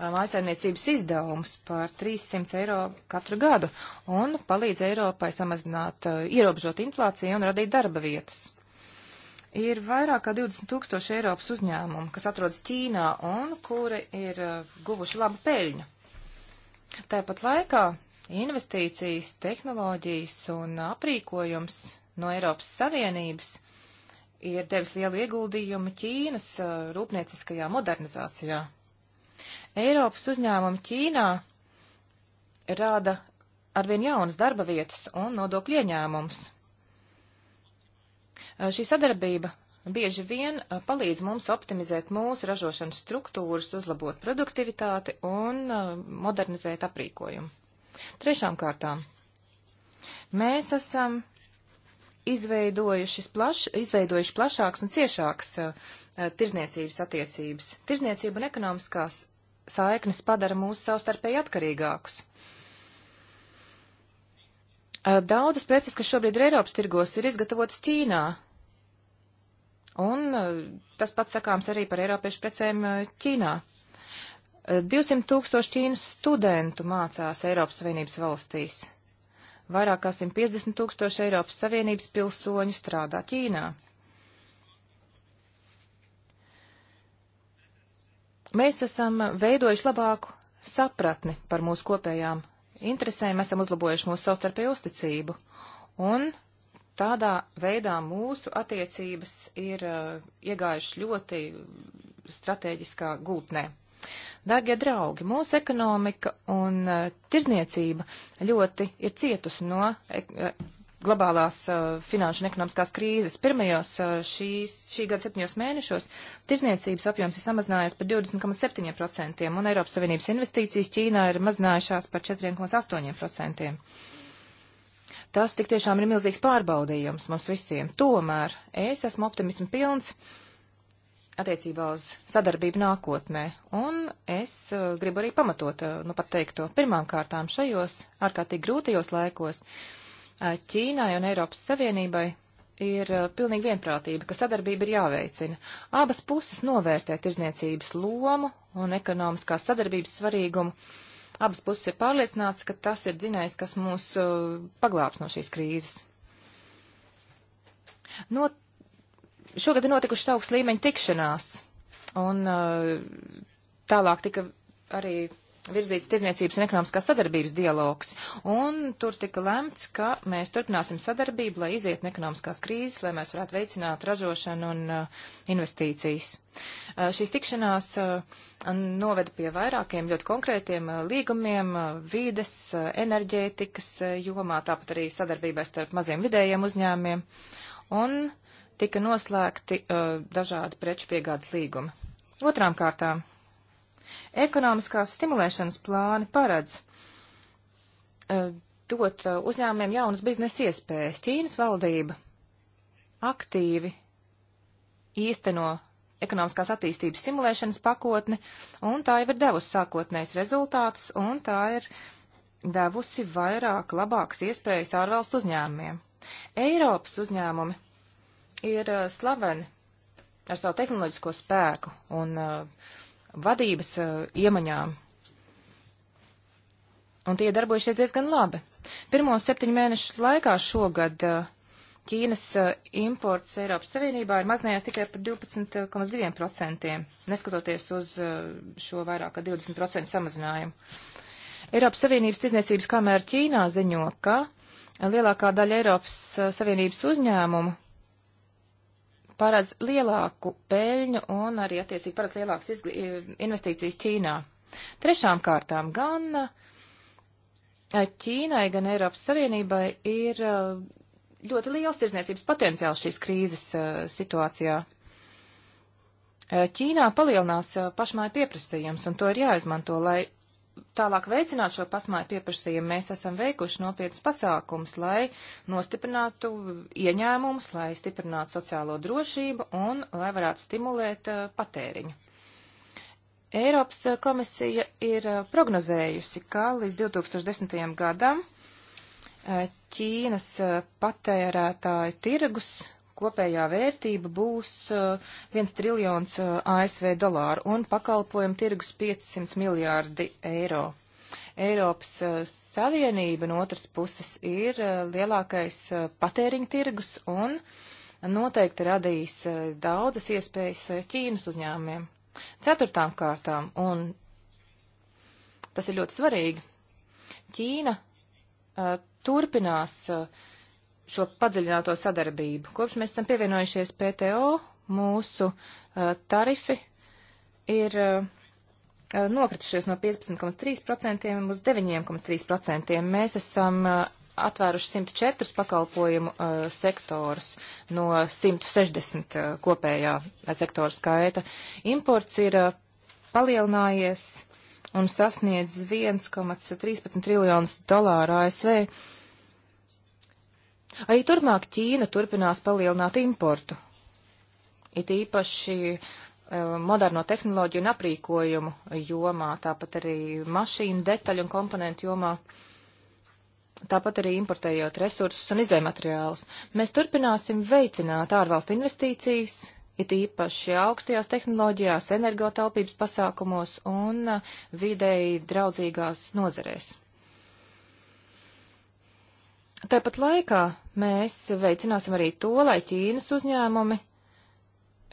mājasaimniecības izdevumus par 300 eiro katru gadu un palīdz Eiropai samazināt, ierobežot inflāciju un radīt darba vietas. Ir vairāk kā 20 tūkstoši Eiropas uzņēmumu, kas atrodas Ķīnā un kuri ir guvuši labu peļņu. Tāpat laikā investīcijas, tehnoloģijas un aprīkojums no Eiropas Savienības ir devis lielu ieguldījumu Ķīnas uh, rūpnieciskajā modernizācijā. Eiropas uzņēmumi Ķīnā rāda arvien jaunas darba vietas un nodokļu ieņēmums. Uh, šī sadarbība bieži vien uh, palīdz mums optimizēt mūsu ražošanas struktūras, uzlabot produktivitāti un modernizēt aprīkojumu. Trešām kārtām. Mēs esam izveidojuši, plaš, izveidojuši plašāks un ciešāks uh, tirzniecības attiecības. Tirzniecība un ekonomiskās saiknes padara mūs savstarpēji atkarīgākus. Uh, daudzas preces, kas šobrīd ir Eiropas tirgos, ir izgatavotas Ķīnā. Un uh, tas pats sakāms arī par Eiropiešu precēm Ķīnā. 200 tūkstoši Ķīnas studentu mācās Eiropas Savienības valstīs. Vairāk kā 150 tūkstoši Eiropas Savienības pilsoņu strādā Ķīnā. Mēs esam veidojuši labāku sapratni par mūsu kopējām interesēm, esam uzlabojuši mūsu savstarpēju uzticību, un tādā veidā mūsu attiecības ir uh, iegājušas ļoti strateģiskā gultnē. Dārgie draugi, mūsu ekonomika un uh, tirzniecība ļoti ir cietusi no uh, globālās uh, finanšu un ekonomiskās krīzes. Pirmajos šīs, šī gada septiņos mēnešos tirzniecības apjoms ir samazinājies par 20,7% un Eiropas Savienības investīcijas Ķīnā ir mazinājušās par 4,8%. Tas tik tiešām ir milzīgs pārbaudījums mums visiem. Tomēr es esmu optimismu pilns. Uh, attiecībā uz sadarbību nākotnē, un es uh, gribu arī pamatot, uh, nu pat teikt to, pirmām kārtām šajos ārkārtīgi grūtajos laikos uh, Ķīnai un Eiropas Savienībai ir uh, pilnīgi vienprātība, ka sadarbība ir jāveicina. Abas puses novērtē tirzniecības lomu un ekonomiskās sadarbības svarīgumu. Abas puses ir pārliecināts, ka tas ir dzinējs, kas mūs uh, paglābs no šīs krīzes. Not Šogad ir notikušas augsts līmeņa tikšanās, un uh, tālāk tika arī virzīts tirdzniecības un ekonomiskās sadarbības dialogs, un tur tika lemts, ka mēs turpināsim sadarbību, lai iziet no ekonomiskās krīzes, lai mēs varētu veicināt ražošanu un uh, investīcijas. Uh, šīs tikšanās uh, noveda pie vairākiem ļoti konkrētiem uh, līgumiem uh, vīdes, enerģētikas jomā, tāpat arī sadarbībai starp maziem vidējiem uzņēmiem. Un uh, tika noslēgti uh, dažādi preču piegādes līgumi. Otrām kārtām, ekonomiskās stimulēšanas plāni paredz uh, dot uh, uzņēmumiem jaunas biznesa iespējas. Ķīnas valdība aktīvi īsteno ekonomiskās attīstības stimulēšanas pakotni, un tā jau ir devusi sākotnējs rezultātus, un tā ir devusi vairāk labākas iespējas ārvalstu uzņēmumiem. Eiropas uzņēmumi ir uh, slaveni ar savu tehnoloģisko spēku un uh, vadības uh, iemaņām. Un tie darbojušies diezgan labi. Pirmo septiņu mēnešu laikā šogad uh, Ķīnas imports Eiropas Savienībā ir mazinājies tikai par 12,2%, neskatoties uz šo vairāk kā 20% samazinājumu. Eiropas Savienības tirdzniecības kamēra Ķīnā ziņo, ka lielākā daļa Eiropas Savienības uzņēmumu paredz lielāku peļņu un arī attiecīgi paredz lielākas investīcijas Ķīnā. Trešām kārtām gan Ķīnai, gan Eiropas Savienībai ir ļoti liels tirzniecības potenciāls šīs krīzes situācijā. Ķīnā palielinās pašmāju pieprasījums, un to ir jāizmanto, lai tālāk veicināt šo pasmāju pieprasījumu, mēs esam veikuši nopietnus pasākums, lai nostiprinātu ieņēmumus, lai stiprinātu sociālo drošību un lai varētu stimulēt uh, patēriņu. Eiropas eh, komisija ir eh, prognozējusi, ka līdz 2010. gadam Ķīnas patērētāju tirgus kopējā vērtība būs 1 eh, triljons eh, ASV dolāru un pakalpojumu tirgus 500 miljārdi eiro. Eiropas eh, Savienība no otras puses ir lielākais patēriņa tirgus un noteikti radīs daudzas iespējas Ķīnas uzņēmumiem. Ceturtām kārtām, un tas ir ļoti svarīgi, Ķīna turpinās uh, šo padziļināto sadarbību. Kopš mēs esam pievienojušies PTO, mūsu uh, tarifi ir uh, uh nokritušies no 15,3% uz 9,3%. Mēs esam uh, atvēruši 104 pakalpojumu uh, sektors no 160 uh, kopējā uh, sektora skaita. Imports ir uh, palielinājies un sasniedz 1,13 triljonus dolāru ASV. Uh, Arī turpmāk Ķīna turpinās palielināt importu, it īpaši eh, moderno tehnoloģiju un aprīkojumu jomā, tāpat arī mašīnu detaļu un komponentu jomā, tāpat arī importējot resursus un izējumateriālus. Mēs turpināsim veicināt ārvalstu investīcijas, it īpaši augstajās tehnoloģijās, energotaupības pasākumos un eh, videi draudzīgās nozerēs. Tāpat laikā mēs veicināsim arī to, lai Ķīnas uzņēmumi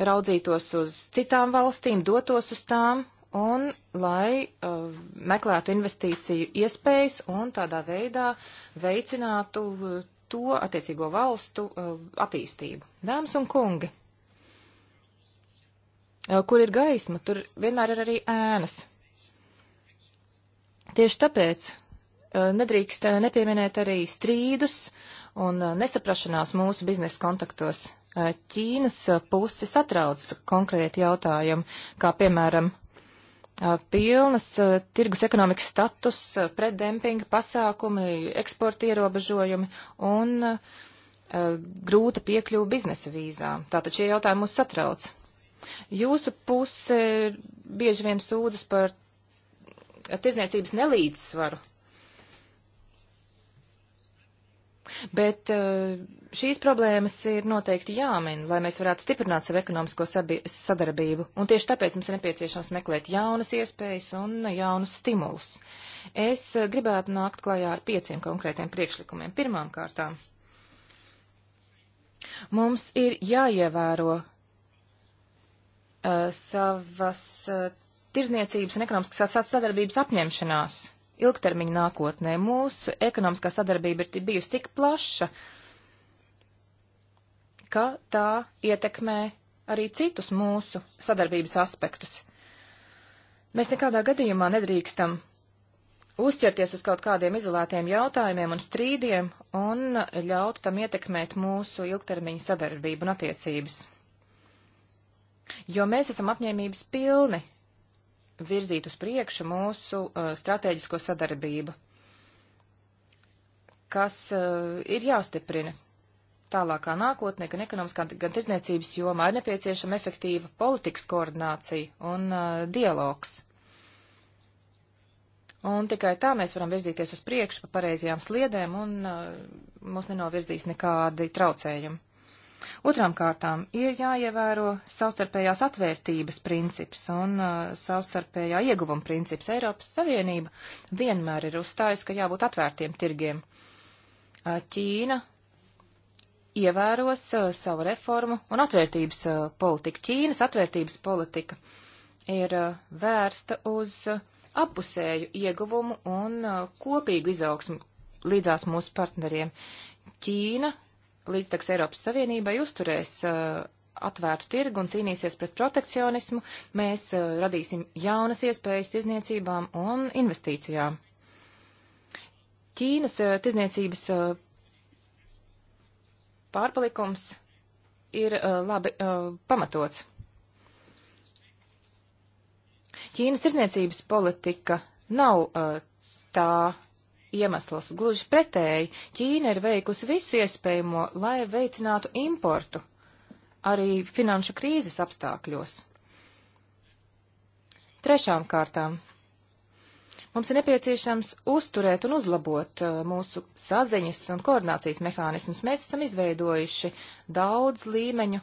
raudzītos uz citām valstīm, dotos uz tām un lai uh, meklētu investīciju iespējas un tādā veidā veicinātu uh, to attiecīgo valstu uh, attīstību. Dāmas un kungi, uh, kur ir gaisma, tur vienmēr ir arī ēnas. Tieši tāpēc Eh, nedrīkst eh, nepieminēt arī strīdus un eh, nesaprašanās mūsu biznesa kontaktos. Ķīnas pusi satrauc konkrēti jautājumi, kā piemēram pilnas tirgus ekonomikas status, preddempinga pasākumi, eksporta ierobežojumi un grūta piekļuva biznesa vīzām. Tātad šie jautājumi mūs satrauc. Jūsu puse bieži vien sūdzas par tirzniecības nelīdzsvaru bet eh, šīs problēmas ir noteikti jāmin, lai mēs varētu stiprināt savu ekonomisko sadarbību, un tieši tāpēc mums ir nepieciešams meklēt jaunas iespējas un jaunus stimulus. Es eh, gribētu nākt klajā ar pieciem konkrētiem priekšlikumiem. Pirmām kārtām mums ir jāievēro uh, savas uh, tirzniecības un ekonomiskas sadarbības apņemšanās ilgtermiņa nākotnē. Mūsu ekonomiskā sadarbība ir bijusi tik plaša, ka tā ietekmē arī citus mūsu sadarbības aspektus. Mēs nekādā gadījumā nedrīkstam uzķerties uz kaut kādiem izolētiem jautājumiem un strīdiem un ļaut tam ietekmēt mūsu ilgtermiņa sadarbību un attiecības. Jo mēs esam apņēmības pilni virzīt uz priekšu mūsu uh, strateģisko sadarbību, kas uh, ir jāstiprina tālākā nākotnē, gan ekonomiskā, gan tirdzniecības jomā ir nepieciešama efektīva politikas koordinācija un uh, dialogs. Un tikai tā mēs varam virzīties uz priekšu pa pareizajām sliedēm un uh, mūs nenovirzīs nekādi traucējumi. Otrām kārtām ir jāievēro savstarpējās atvērtības princips un uh, savstarpējā ieguvuma princips. Eiropas Savienība vienmēr ir uzstājusi, ka jābūt atvērtiem tirgiem. Uh, Ķīna ievēros uh, savu reformu un atvērtības uh, politiku. Ķīnas atvērtības politika ir uh, vērsta uz uh, apusēju ieguvumu un uh, kopīgu izaugsmu līdzās mūsu partneriem. Ķīna līdztaks Eiropas Savienībai uzturēs uh, atvērtu tirgu un cīnīsies pret protekcionismu, mēs uh, radīsim jaunas iespējas tirzniecībām un investīcijām. Ķīnas uh, tirzniecības uh, pārpalikums ir uh, labi uh, pamatots. Ķīnas tirzniecības politika nav tā iemesls. Gluži pretēji, Ķīna ir veikusi visu iespējamo, lai veicinātu importu arī finanšu krīzes apstākļos. Trešām kārtām. Mums ir nepieciešams uzturēt un uzlabot uh, mūsu saziņas un koordinācijas mehānismus. Mēs esam izveidojuši daudz līmeņu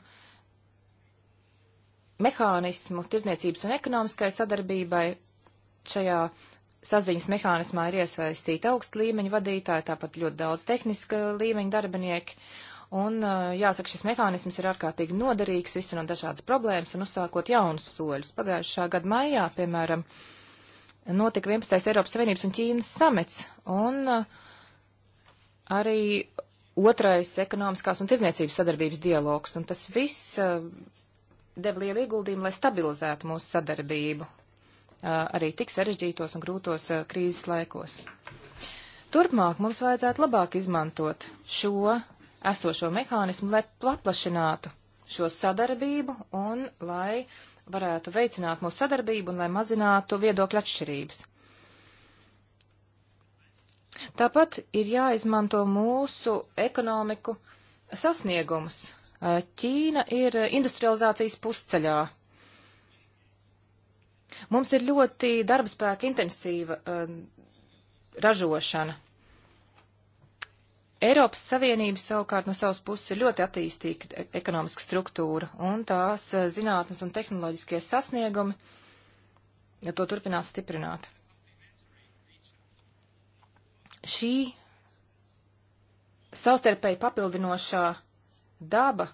mehānismu tirzniecības un ekonomiskai sadarbībai šajā saziņas mehānismā ir iesaistīti augsta līmeņa vadītāji, tāpat ļoti daudz tehniska līmeņa darbinieki. Un, uh, jāsaka, šis mehānisms ir ārkārtīgi noderīgs, izsinot dažādas problēmas un uzsākot jaunus soļus. Pagājušā gada maijā, piemēram, notika 11. Eiropas Savienības un Ķīnas samets, un uh, arī otrais ekonomiskās un tirzniecības sadarbības dialogs, un tas viss uh, deva lielu ieguldījumu, lai stabilizētu mūsu sadarbību arī tik sarežģītos un grūtos krīzes laikos. Turpmāk mums vajadzētu labāk izmantot šo esošo mehānismu, lai paplašinātu šo sadarbību un lai varētu veicināt mūsu sadarbību un lai mazinātu viedokļu atšķirības. Tāpat ir jāizmanto mūsu ekonomiku sasniegumus. Ķīna ir industrializācijas pusceļā, Mums ir ļoti darba spēka intensīva uh, ražošana. Eiropas Savienība savukārt no savas puses ir ļoti attīstīta ekonomiska struktūra, un tās uh, zinātnes un tehnoloģiskie sasniegumi ja to turpinās stiprināt. Šī savstarpēji papildinošā daba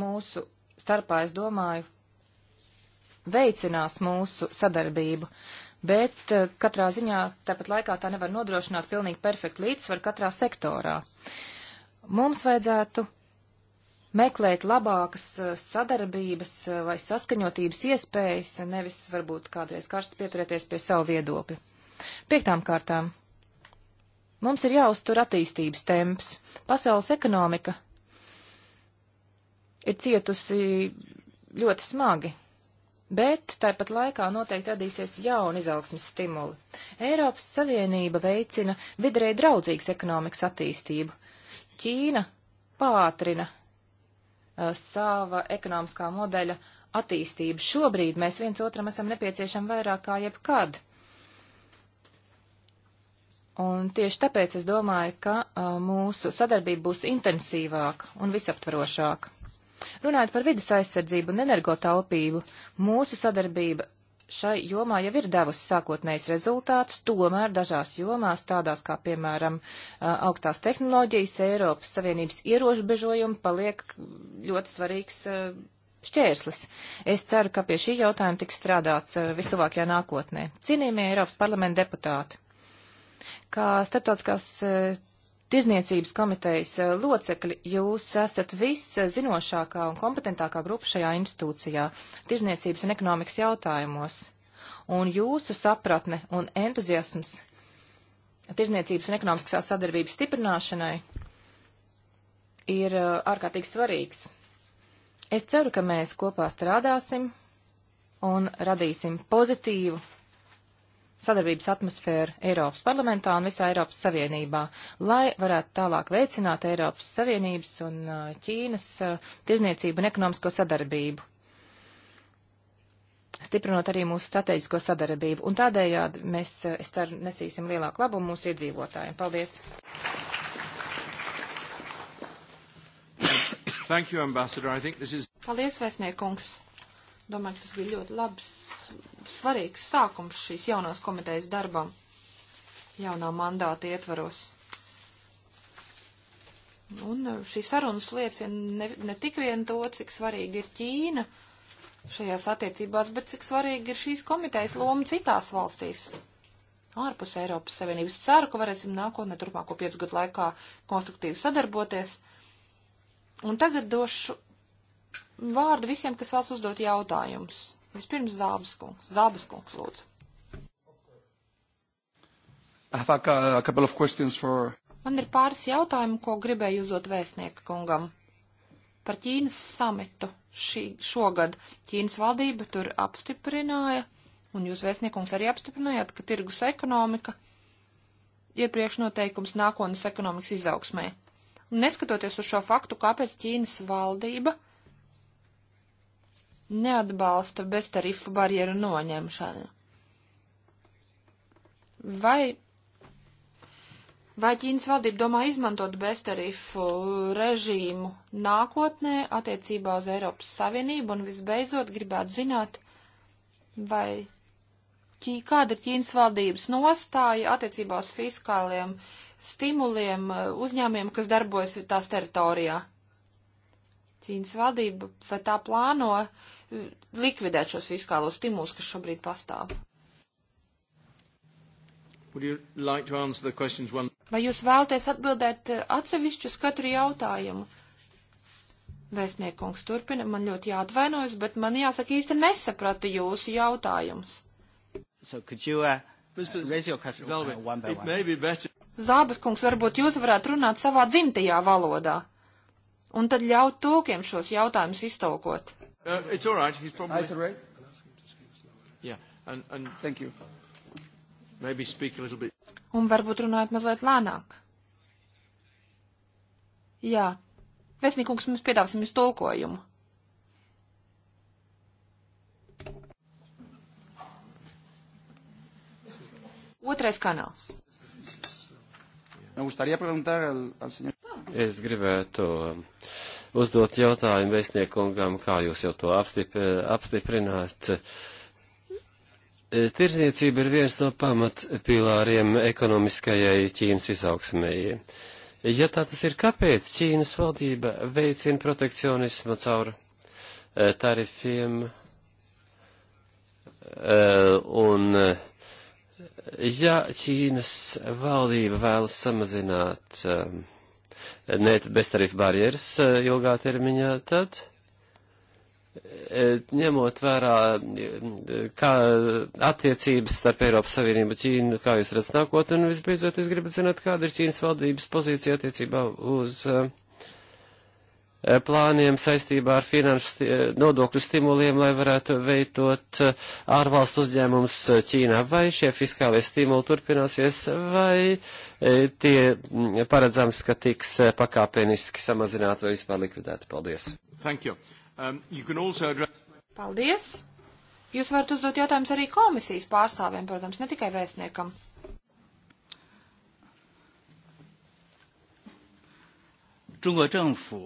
mūsu starpā, es domāju, veicinās mūsu sadarbību. Bet eh, katrā ziņā tāpat laikā tā nevar nodrošināt pilnīgi perfektu līdzsvaru katrā sektorā. Mums vajadzētu meklēt labākas eh, sadarbības eh, vai saskaņotības iespējas, nevis varbūt kādreiz karsti pieturēties pie savu viedokļu. Piektām kārtām. Mums ir jāuztur attīstības temps. Pasaules ekonomika ir cietusi ļoti smagi bet tāpat laikā noteikti radīsies jauni izaugsmes stimuli. Eiropas Savienība veicina vidrē draudzīgas ekonomikas attīstību. Ķīna pātrina uh, sava ekonomiskā modeļa attīstību. Šobrīd mēs viens otram esam nepieciešami vairāk kā jebkad. Un tieši tāpēc es domāju, ka uh, mūsu sadarbība būs intensīvāka un visaptvarošāka. Runājot par vidas aizsardzību un energotaupību, mūsu sadarbība šai jomā jau ir devusi sākotnējs rezultāts, tomēr dažās jomās, tādās kā, piemēram, augstās tehnoloģijas, Eiropas Savienības ierobežojumi paliek ļoti svarīgs šķērslis. Es ceru, ka pie šī jautājuma tiks strādāts vistuvākajā nākotnē. Cienījamie Eiropas parlamenta deputāti, kā starptautiskās tirzniecības komitejas eh, locekļi, jūs esat viszinošākā un kompetentākā grupa šajā institūcijā tirzniecības un ekonomikas jautājumos. Un jūsu sapratne un entuziasms tirzniecības un ekonomiskās sadarbības stiprināšanai ir eh, ārkārtīgi svarīgs. Es ceru, ka mēs kopā strādāsim un radīsim pozitīvu sadarbības atmosfēru Eiropas parlamentā un visā Eiropas Savienībā, lai varētu tālāk veicināt Eiropas Savienības un uh, Ķīnas uh, tirzniecību un ekonomisko sadarbību, stiprinot arī mūsu strateģisko sadarbību. Un tādējādi mēs, uh, es ceru, nesīsim lielāku labumu mūsu iedzīvotājiem. Paldies! Thank you, Ambassador. I think this is... Paldies, Vēsniekungs. Domāju, tas bija ļoti labs svarīgs sākums šīs jaunās komitejas darbam, jaunā mandāta ietvaros. Un uh, šī sarunas liecina ne, ne tik vien to, cik svarīgi ir Ķīna šajās attiecībās, bet cik svarīgi ir šīs komitejas loma citās valstīs ārpus Eiropas Savienības. Ceru, ka varēsim nākotnē turpmāko piecu gadu laikā konstruktīvi sadarboties. Un tagad došu vārdu visiem, kas vēlas uzdot jautājumus. Vispirms Zābas kungs. Zābas kungs, lūdzu. For... Man ir pāris jautājumu, ko gribēju uzdot vēstnieku kungam. Par Ķīnas samitu šī, šogad Ķīnas valdība tur apstiprināja, un jūs vēstniekums arī apstiprinājāt, ka tirgus ekonomika ir priekšnoteikums nākotnes ekonomikas izaugsmē. Un neskatoties uz šo faktu, kāpēc Ķīnas valdība neatbalsta beztarifu barjeru noņemšanu. Vai, vai Ķīnas valdība domā izmantot beztarifu režīmu nākotnē attiecībā uz Eiropas Savienību un visbeidzot gribētu zināt, vai ķī, kāda ir Ķīnas valdības nostāja attiecībā uz fiskāliem stimuliem uh, uzņēmiem, kas darbojas tās teritorijā? Ķīnas valdība vai tā plāno uh, likvidēt šos fiskālos stimulus, kas šobrīd pastāv. Like one... Vai jūs vēlaties atbildēt eh, atsevišķu uz katru jautājumu? Vēstniekungs turpina, man ļoti jāatvainojas, bet man jāsaka īsti nesapratu jūsu jautājumus. So could you uh, uh raise your question well, uh, one by one? It may be better. Zābas kungs, varbūt jūs varētu runāt savā dzimtajā valodā, un tad ļaut tulkiem šos jautājumus iztolkot. Uh, it's all right. He's probably. Is it right? Yeah, and, and Thank you. Maybe speak a little bit. Un varbūt runājot mazliet lēnāk. Jā, Vesnīkungs, mums piedāvāsim jūs tulkojumu. Otrais kanāls. Es gribētu uzdot jautājumu vēstniekungam, kā jūs jau to apstip, apstiprināt. Tirzniecība ir viens no pamatpilāriem ekonomiskajai Ķīnas izaugsmēji. Ja tā tas ir, kāpēc Ķīnas valdība veicina protekcionismu caur e, tarifiem e, un e, ja Ķīnas valdība vēlas samazināt uh, ne beztarifu barjeras eh, ilgā termiņā, tad eh, ņemot vērā eh, kā attiecības starp Eiropas Savienību un Ķīnu, kā jūs redzat nākotnē, un visbeidzot es gribu zināt, kāda ir Ķīnas valdības pozīcija attiecībā uz uh, Eh, plāniem saistībā ar finanšu sti eh, nodokļu stimuliem, lai varētu veidot eh, ārvalstu uzņēmumus Ķīnā. Vai šie fiskālie stimuli turpināsies, vai tie mm, paredzams, ka tiks pakāpeniski samazināti vai vispār likvidēti? Paldies! You. Um, you also... Paldies! Jūs varat uzdot jautājumus arī komisijas pārstāvjiem, protams, ne tikai vēstniekam. Zhongguo 政府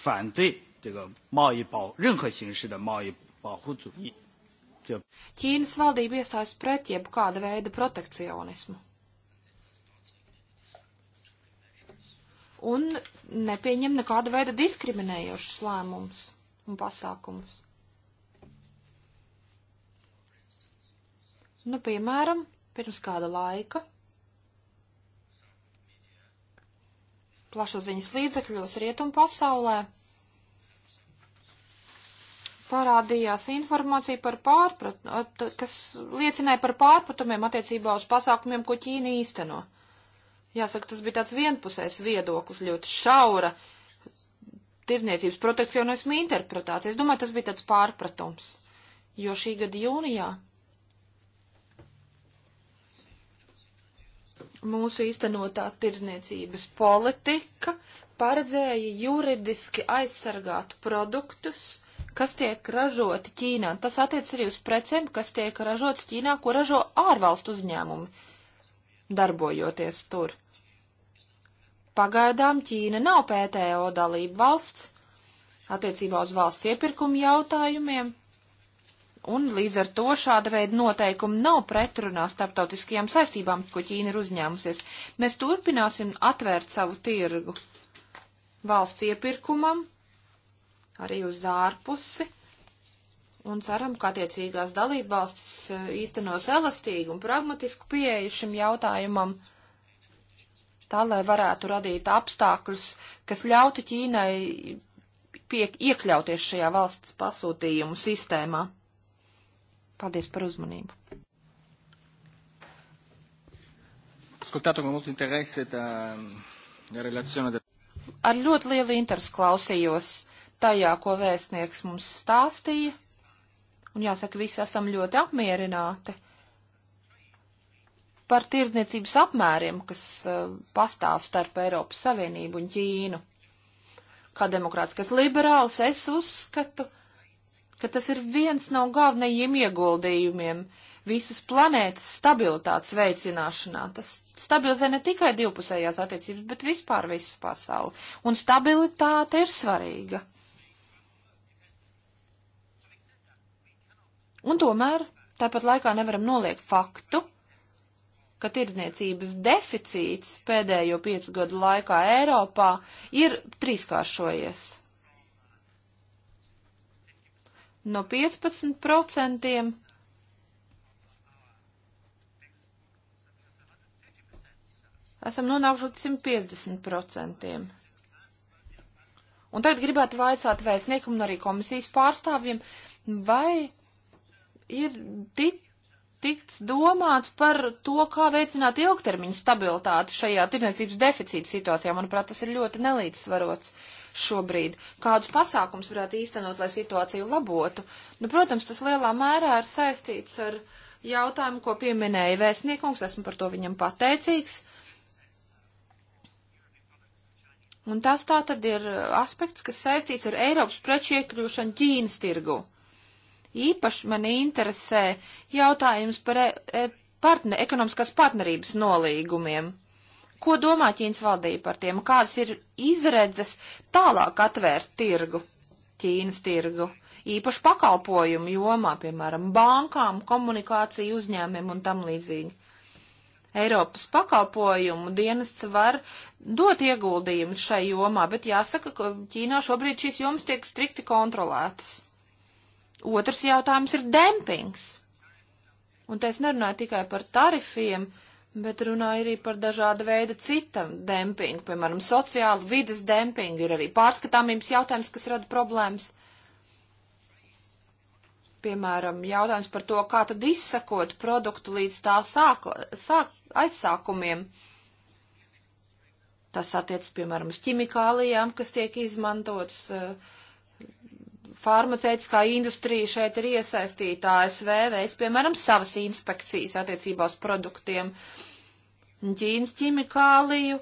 反对这个贸易保任何形式的贸易保护主义。就 Ķīnas valdība iestājas pret jebkāda veida protekcionismu. Un nepieņem nekāda veida diskriminējošus lēmumus un pasākumus. Nu, piemēram, pirms kāda laika plašsaziņas līdzekļos rietumu pasaulē parādījās informācija par pārprat, kas liecināja par pārpratumiem attiecībā uz pasākumiem, ko Ķīna īsteno. Jāsaka, tas bija tāds vienpusējs viedoklis, ļoti šaura tirniecības protekcionismu interpretācija. Es domāju, tas bija tāds pārpratums, jo šī gada jūnijā mūsu īstenotā tirdzniecības politika paredzēja juridiski aizsargāt produktus, kas tiek ražoti Ķīnā. Tas attiec arī uz precēm, kas tiek ražotas Ķīnā, ko ražo ārvalstu uzņēmumi darbojoties tur. Pagaidām Ķīna nav PTO dalība valsts attiecībā uz valsts iepirkumu jautājumiem, un līdz ar to šāda veida noteikumi nav pretrunā starptautiskajām saistībām, ko Ķīna ir uzņēmusies. Mēs turpināsim atvērt savu tirgu valsts iepirkumam, arī uz ārpusi, un ceram, ka attiecīgās dalībvalstis eh, īstenos elastīgu un pragmatisku pieeju šim jautājumam, tā lai varētu radīt apstākļus, kas ļautu Ķīnai pie, iekļauties šajā valsts pasūtījumu sistēmā. Paldies par uzmanību. Ehm, Ar ļoti lielu interesi klausījos tajā, ko vēstnieks mums stāstīja, un jāsaka, visi esam ļoti apmierināti par tirdzniecības apmēriem, kas uh, pastāv starp Eiropas Savienību un Ķīnu. Kā demokrāts, kas liberāls, es uzskatu, ka tas ir viens no galvenajiem ieguldījumiem visas planētas stabilitātes veicināšanā. Tas stabilizē ne tikai divpusējās attiecības, bet vispār visu pasauli. Un stabilitāte ir svarīga. Un tomēr tāpat laikā nevaram noliegt faktu, ka tirdzniecības deficīts pēdējo piecu gadu laikā Eiropā ir trīskāršojies no 15% esam nonākuši līdz 150%. Un tagad gribētu vaicāt vēstniekam un arī komisijas pārstāvjiem, vai ir tic, tiks domāts par to, kā veicināt ilgtermiņa stabilitāti šajā tirdzniecības deficīta situācijā. Manuprāt, tas ir ļoti nelīdzsvarots šobrīd. Kādus pasākums varētu īstenot, lai situāciju labotu? Nu, protams, tas lielā mērā ir saistīts ar jautājumu, ko pieminēja vēstniekums. Esmu par to viņam pateicīgs. Un tas tā tad ir aspekts, kas saistīts ar Eiropas preču iekļūšanu Ķīnas tirgu. Uh, Īpaši mani interesē jautājums par e, e, partne, ekonomiskās partnerības nolīgumiem. Ko domā Ķīnas valdība par tiem? Kādas ir izredzes tālāk atvērt tirgu, Ķīnas tirgu? Īpaši pakalpojumu jomā, piemēram, bankām, komunikāciju uzņēmiem un tam līdzīgi. Eiropas pakalpojumu dienests var dot ieguldījumu šai jomā, bet jāsaka, ka Ķīnā šobrīd šīs jomas tiek strikti kontrolētas. Otrs jautājums ir dempings. Un te es nerunāju tikai par tarifiem, bet runāju arī par dažāda veida cita dempingu, piemēram, sociālu vides dempingu, ir arī pārskatāmības jautājums, kas rada problēmas. Piemēram, jautājums par to, kā tad izsakot produktu līdz tā sāko, sāk, aizsākumiem. Tas attiec, piemēram, uz ķimikālijām, kas tiek izmantotas. Uh, farmaceitiskā industrija šeit ir iesaistīta ASV, veids, piemēram, savas inspekcijas attiecībā uz produktiem. Ķīnas ķimikāliju,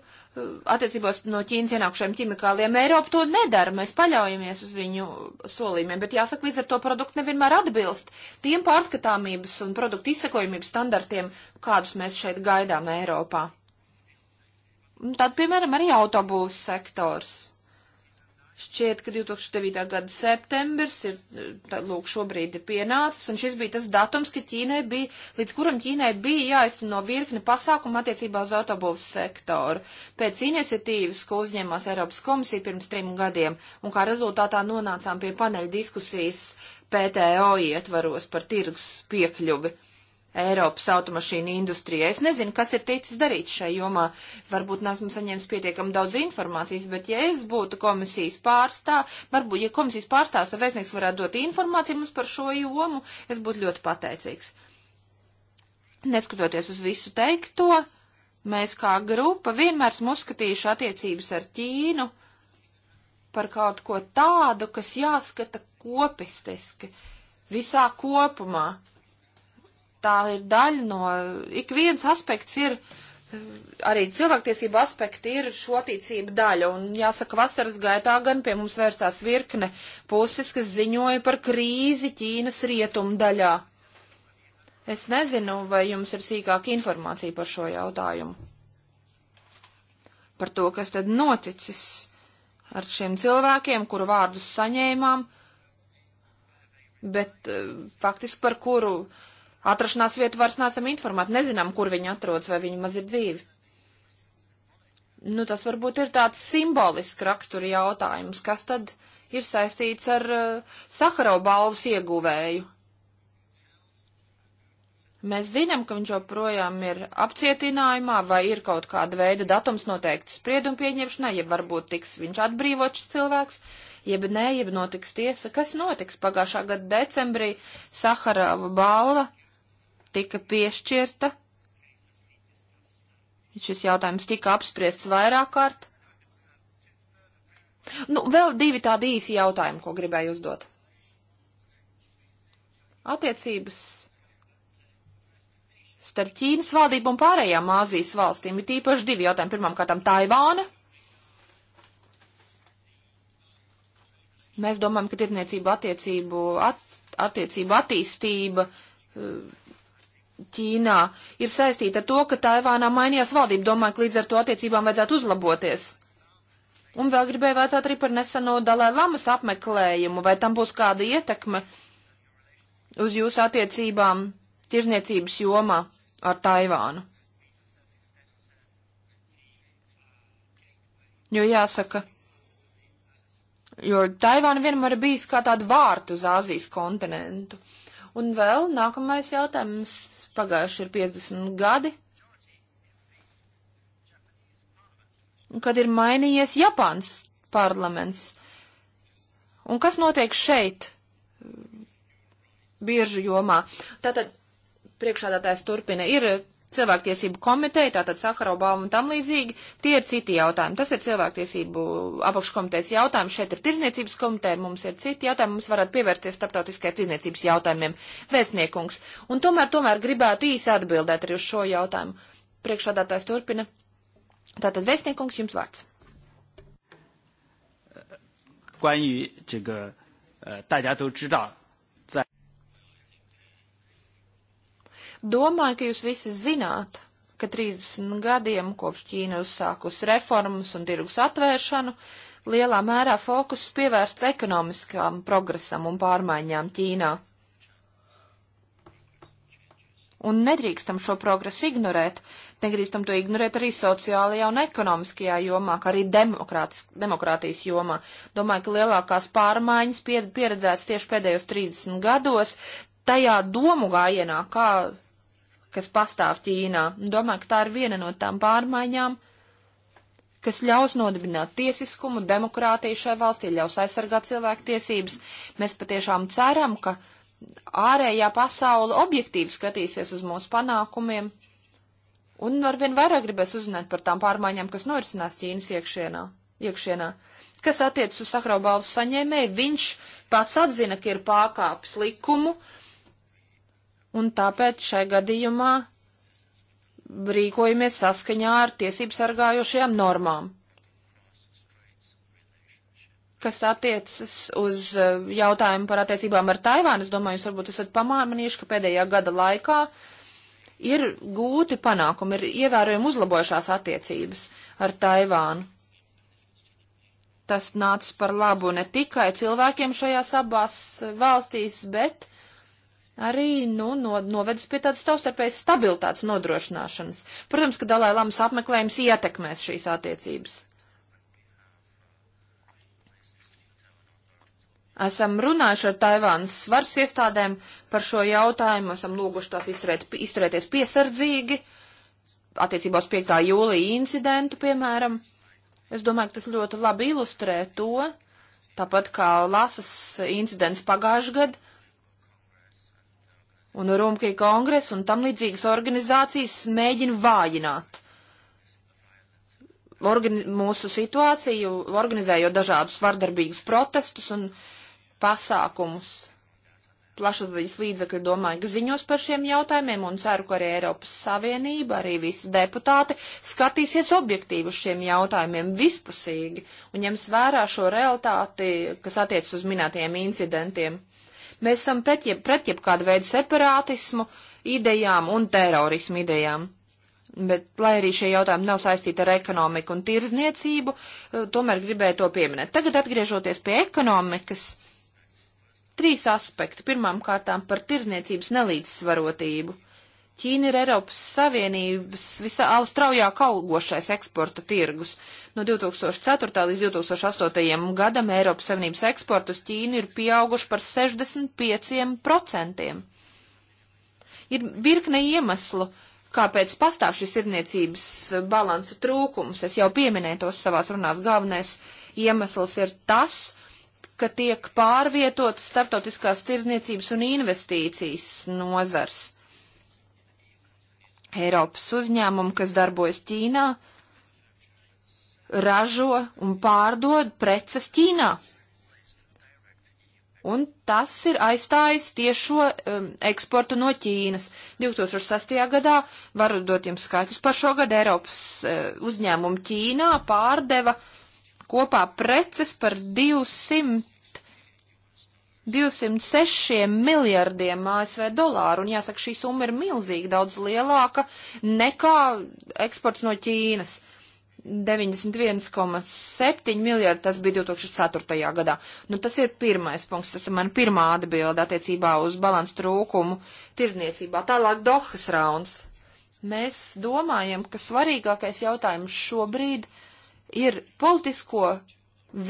attiecībā no Ķīnas ienākušajiem ķimikāliem Eiropa to nedara, mēs paļaujamies uz viņu solījumiem, bet jāsaka, līdz ar to produktu nevienmēr atbilst tiem pārskatāmības un produktu izsakojumības standartiem, kādus mēs šeit gaidām Eiropā. Un tad, piemēram, arī autobūvas sektors Šķiet, ka 2009. gada septembris ir, eh, tā, lūk, šobrīd ir pienācis, un šis bija tas datums, ka Ķīnai bija, līdz kuram Ķīnai bija jāizteno virkni pasākumu attiecībā uz autobūvas sektoru. Pēc iniciatīvas, ko uzņēmās Eiropas komisija pirms trim gadiem, un kā rezultātā nonācām pie paneļa diskusijas PTO ietvaros par tirgus piekļuvi. Eiropas automašīnu industrijai. Es nezinu, kas ir ticis darīts šai jomā. Varbūt nesmu saņēmis pietiekami daudz informācijas, bet ja es būtu komisijas pārstā, varbūt, ja komisijas pārstāvs vai vēstnieks varētu dot informāciju mums par šo jomu, es būtu ļoti pateicīgs. Neskatoties uz visu teikto, mēs kā grupa vienmēr esam uzskatījuši attiecības ar Ķīnu par kaut ko tādu, kas jāskata kopistiski, visā kopumā tā ir daļa no, ik viens aspekts ir, arī cilvēktiesība aspekti ir šo attīcību daļa, un jāsaka, vasaras gaitā gan pie mums vērsās virkne puses, kas ziņoja par krīzi Ķīnas rietumu daļā. Es nezinu, vai jums ir sīkāka informācija par šo jautājumu. Par to, kas tad noticis ar šiem cilvēkiem, kuru vārdus saņēmām, bet eh, faktiski par kuru uh, Atrašanās vietu vairs nesam informēti, nezinām, kur viņi atrodas, vai viņi maz ir dzīvi. Nu, tas varbūt ir tāds simbolisks rakstura jautājums, kas tad ir saistīts ar uh, Saharau balvas ieguvēju. Mēs zinām, ka viņš joprojām ir apcietinājumā, vai ir kaut kāda veida datums noteikti spriedumu pieņemšanai, ja varbūt tiks viņš atbrīvots cilvēks, jeb nē, jeb notiks tiesa. Kas notiks? Pagājušā gada decembrī Saharava balva tika piešķirta. Šis jautājums tika apspriests vairāk kārt. Nu, vēl divi tādi īsi jautājumi, ko gribēju uzdot. Attiecības starp Ķīnas valdību un pārējām Āzijas valstīm ir tīpaši divi jautājumi. Pirmkārt, Taivāna. Mēs domājam, ka tirniecību attiecību, at, attiecību attīstība eh, Ķīnā ir saistīta ar to, ka Taivānā mainījās valdība. Domāju, ka līdz ar to attiecībām vajadzētu uzlaboties. Un vēl gribēju vajadzētu arī par neseno Dalai Lamas apmeklējumu, vai tam būs kāda ietekme uz jūsu attiecībām tirzniecības jomā ar Taivānu. Jo jāsaka, jo Taivāna vienmēr bijis kā tāda vārta uz Āzijas kontinentu. Uh, Un vēl nākamais jautājums. Pagājuši ir 50 gadi, kad ir mainījies Japāns parlaments. Un kas notiek šeit, biežu jomā? Tātad priekšādātājs turpina. Ir cilvēktiesību komiteja, tātad Sakarobalva un tam līdzīgi, tie ir citi jautājumi. Tas ir cilvēktiesību apakškomitejas jautājums, šeit ir tirzniecības komiteja, mums ir citi jautājumi, mums varētu pievērsties starptautiskajai tirzniecības jautājumiem, vēstniekums. Un tomēr, tomēr gribētu īsi atbildēt arī uz šo jautājumu. Priekšādātājs turpina. Tātad vēstniekums, jums vārds. 关于这个，呃，大家都知道，Domāju, ka jūs visi zināt, ka 30 gadiem kopš Ķīna uzsākus reformas un tirgus atvēršanu, lielā mērā fokus pievērsts ekonomiskām progresam un pārmaiņām Ķīnā. Un nedrīkstam šo progresu ignorēt, nedrīkstam to ignorēt arī sociālajā un ekonomiskajā jomā, kā arī demokrātijas jomā. Domāju, ka lielākās pārmaiņas pieredzētas tieši pēdējos 30 gados tajā domu gājienā, kā kas pastāv Ķīnā. Domāju, ka tā ir viena no tām pārmaiņām, kas ļaus nodibināt tiesiskumu, demokrātiju šai valstī, ļaus aizsargāt cilvēku tiesības. Mēs patiešām ceram, ka ārējā pasaule objektīvi skatīsies uz mūsu panākumiem un arvien vairāk gribēs uzzināt par tām pārmaiņām, kas norisinās Ķīnas iekšienā. iekšienā. Kas attiecas uz Sahraubalvas saņēmēju, viņš pats atzina, ka ir pārkāpis likumu un tāpēc šai gadījumā rīkojamies saskaņā ar tiesību sargājošajām normām, kas attiecas uz eh, jautājumu par attiecībām ar Taivānu. Es domāju, jūs varbūt esat pamānījuši, ka pēdējā gada laikā ir gūti panākumi, ir ievērojami uzlabojušās attiecības ar Taivānu. Tas nācis par labu ne tikai cilvēkiem šajās abās valstīs, bet arī nu, no, novedis pie tādas savstarpējas stabilitātes nodrošināšanas. Protams, ka Dalai Lamas apmeklējums ietekmēs šīs attiecības. Esam runājuši ar Taivānas svars iestādēm par šo jautājumu, esam lūguši tās izturēt, izturēties piesardzīgi, attiecībā uz 5. jūlija incidentu, piemēram. Es domāju, ka tas ļoti labi ilustrē to, tāpat kā Lasas incidents pagājušajā gadā, un Rumkija kongres un tam līdzīgas organizācijas mēģina vājināt organi mūsu situāciju, organizējot dažādus vardarbīgus protestus un pasākumus. Plašsaziņas līdzekļi domāju, ka ziņos par šiem jautājumiem un ceru, ka arī Eiropas Savienība, arī visi deputāti skatīsies objektīvi uz šiem jautājumiem vispusīgi un ņems vērā šo realitāti, kas attiec uz minētajiem incidentiem. Mēs esam pret, jeb, pret jebkādu veidu separātismu idejām un terorismu idejām. Bet, lai arī šie jautājumi nav saistīti ar ekonomiku un tirzniecību, eh, tomēr gribēju to pieminēt. Tagad atgriežoties pie ekonomikas, trīs aspekti. Pirmām kārtām par tirzniecības nelīdzsvarotību. Ķīna ir Eiropas Savienības visā austraujāk augošais eksporta tirgus. Uh, No 2004. līdz 2008. gadam Eiropas Savienības eksports uz Ķīnu ir pieauguši par 65%. Ir virkne iemeslu, kāpēc pastāv šis irniecības eh, balansu trūkums. Es jau pieminēju tos savās runās. Galvenais iemesls ir tas, ka tiek pārvietotas starptautiskās tirdzniecības un investīcijas nozars. Eiropas uzņēmumi, kas darbojas Ķīnā, uh, ražo un pārdod preces Ķīnā. Un tas ir aizstājis tiešo um, eksportu no Ķīnas. 2006. gadā, varu dot jums skaitļus par šo gadu, Eiropas uh, uzņēmumu Ķīnā pārdeva kopā preces par 200, 206 miljardiem ASV dolāru. Un jāsaka, šī summa ir milzīga, daudz lielāka nekā eksports no Ķīnas. Uh, 91,7 miljardi, tas bija 2004. gadā. Nu, tas ir pirmais punkts, tas ir man pirmā atbilda attiecībā uz balans trūkumu tirdzniecībā. Tālāk Dohas rauns. Mēs domājam, ka svarīgākais jautājums šobrīd ir politisko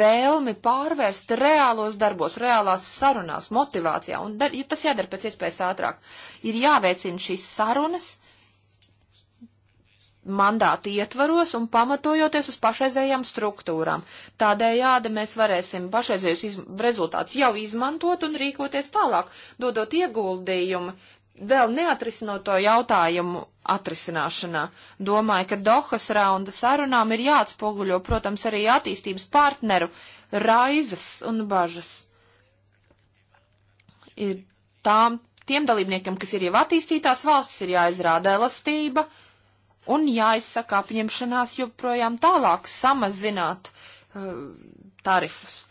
vēlmi pārvērst reālos darbos, reālās sarunās, motivācijā, un dar, ja tas jādara pēc iespējas ātrāk. Ir jāveicina šīs sarunas, mandāti ietvaros un pamatojoties uz pašreizējām struktūrām. Tādējādi mēs varēsim pašreizējus iz... rezultātus jau izmantot un rīkoties tālāk, dodot ieguldījumu vēl neatrisinot to jautājumu atrisināšanā. Domāju, ka Dohas raunda sarunām ir jāatspoguļo, protams, arī attīstības partneru raizes un bažas. Ir tām, tiem dalībniekiem, kas ir jau attīstītās valstis, ir jāizrāda elastība, uh, un jāizsaka apņemšanās joprojām tālāk samazināt uh, tarifus.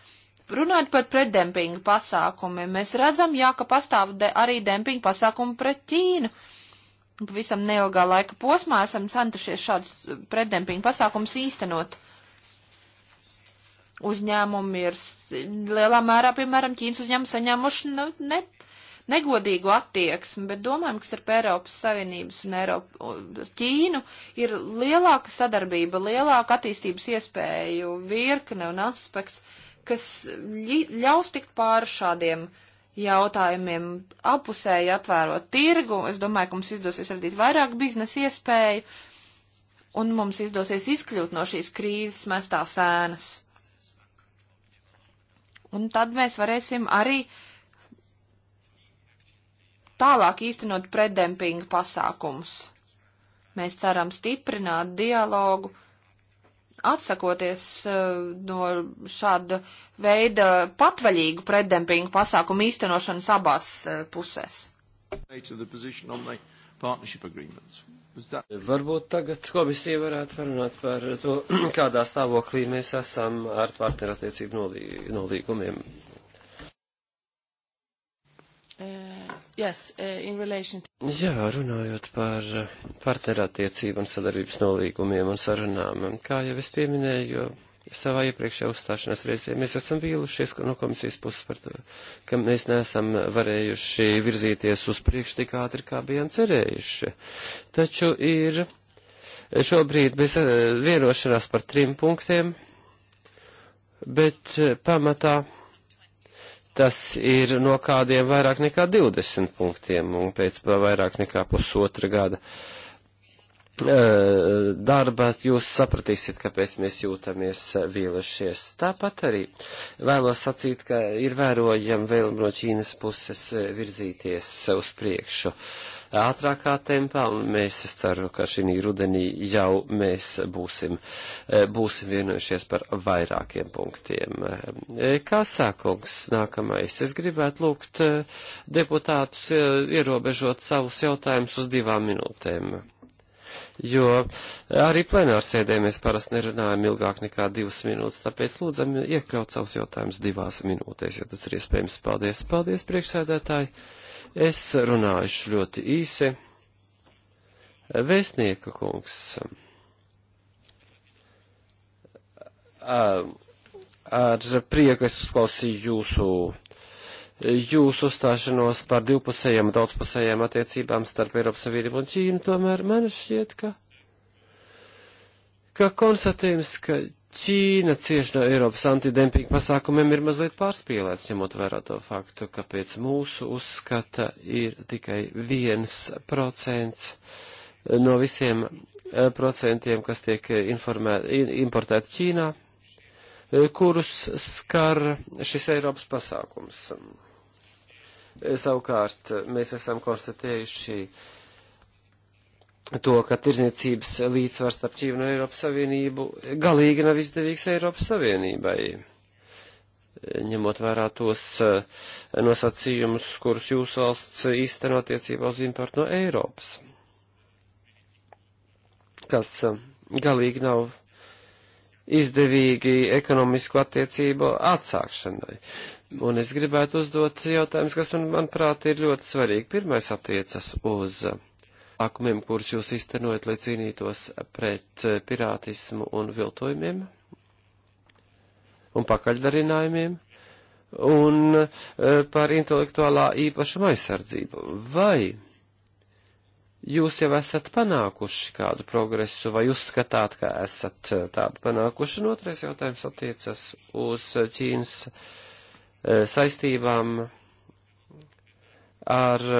Runājot par pretdempinga pasākumiem, mēs redzam, jā, ka pastāv de arī dempinga pasākumi pret Ķīnu. Pavisam neilgā laika posmā esam centušies šādus pretdempinga pasākumus īstenot. Uzņēmumi ir lielā mērā, piemēram, Ķīnas uzņēmumi saņēmuši nu, ne, ne negodīgu attieksmi, bet domājam, ka starp Eiropas Savienības un Eiropu, Ķīnu ir lielāka sadarbība, lielāka attīstības iespēju virkne un aspekts, kas ļaus tikt pāri šādiem jautājumiem, apusēji atvērot tirgu. Es domāju, ka mums izdosies radīt vairāk biznesa iespēju un mums izdosies izkļūt no šīs krīzes mestā sēnas. Un tad mēs varēsim arī uh, tālāk īstenot preddempinga pasākumus. Mēs ceram stiprināt dialogu, atsakoties uh, no šāda veida patvaļīgu preddempinga pasākumu īstenošanas abās uh, pusēs. That... Varbūt tagad komisija varētu parunāt par to, kādā stāvoklī mēs esam ar partnerattiecību nolīgumiem. Uh yes, uh, in relation to... Jā, runājot par eh, partnerattiecību un sadarbības nolīgumiem un sarunām, kā jau es pieminēju, savā iepriekšējā uzstāšanās reizē mēs esam vīlušies no komisijas puses par to, ka mēs neesam varējuši virzīties uz priekšu tik ātri, kā bijām cerējuši. Taču ir eh, šobrīd bez eh, vienošanās par trim punktiem, bet pamatā tas ir no kādiem vairāk nekā 20 punktiem, un pēc vairāk nekā pusotra gada uh, Eh, darba, jūs sapratīsiet, kāpēc mēs jūtamies eh, vīlušies. Tāpat arī vēlos sacīt, ka ir vērojam vēl no Ķīnas puses eh, virzīties uz priekšu ātrākā tempā, un mēs, es ceru, ka šī rudenī jau mēs būsim, būsim vienojušies par vairākiem punktiem. Kā sākums nākamais? Es gribētu lūgt deputātus ierobežot savus jautājumus uz divām minūtēm jo arī plenārsēdē mēs parasti nerunājam ilgāk nekā divas minūtes, tāpēc lūdzam iekļaut savus jautājumus divās minūtēs, ja tas ir iespējams. Paldies, paldies, priekšsēdētāji. Es runājuši ļoti īsi. Vēstnieka kungs. Ar prieku es uzklausīju jūsu jūsu uzstāšanos par divpusējām, daudzpusējām attiecībām starp Eiropas Savienību un Ķīnu, tomēr man šķiet, ka, ka konstatējums, ka Ķīna cieši no Eiropas antidempinga pasākumiem ir mazliet pārspīlēts, ņemot vērā to faktu, ka pēc mūsu uzskata ir tikai viens procents no visiem eh, procentiem, kas tiek eh, informē, importēti Ķīnā, eh, kurus skar šis Eiropas pasākums. Savukārt mēs esam konstatējuši to, ka tirzniecības līdzsvars starp Ķīnu un Eiropas Savienību galīgi nav izdevīgs Eiropas Savienībai ņemot vērā tos eh, nosacījumus, kurus jūsu valsts īsteno attiecībā uz importu no Eiropas, kas eh, galīgi nav izdevīgi ekonomisku attiecību atsākšanai. Un es gribētu uzdot jautājumus, kas man, manuprāt, ir ļoti svarīgi. Pirmais attiecas uz akumiem, kurus jūs iztenojat, lai cīnītos pret pirātismu un viltojumiem un pakaļdarinājumiem un e, par intelektuālā īpašuma aizsardzību. Vai jūs jau esat panākuši kādu progresu, vai uzskatāt, ka esat e, tādu panākuši? Un otrais jautājums attiecas uz Ķīnas E, saistībām ar e,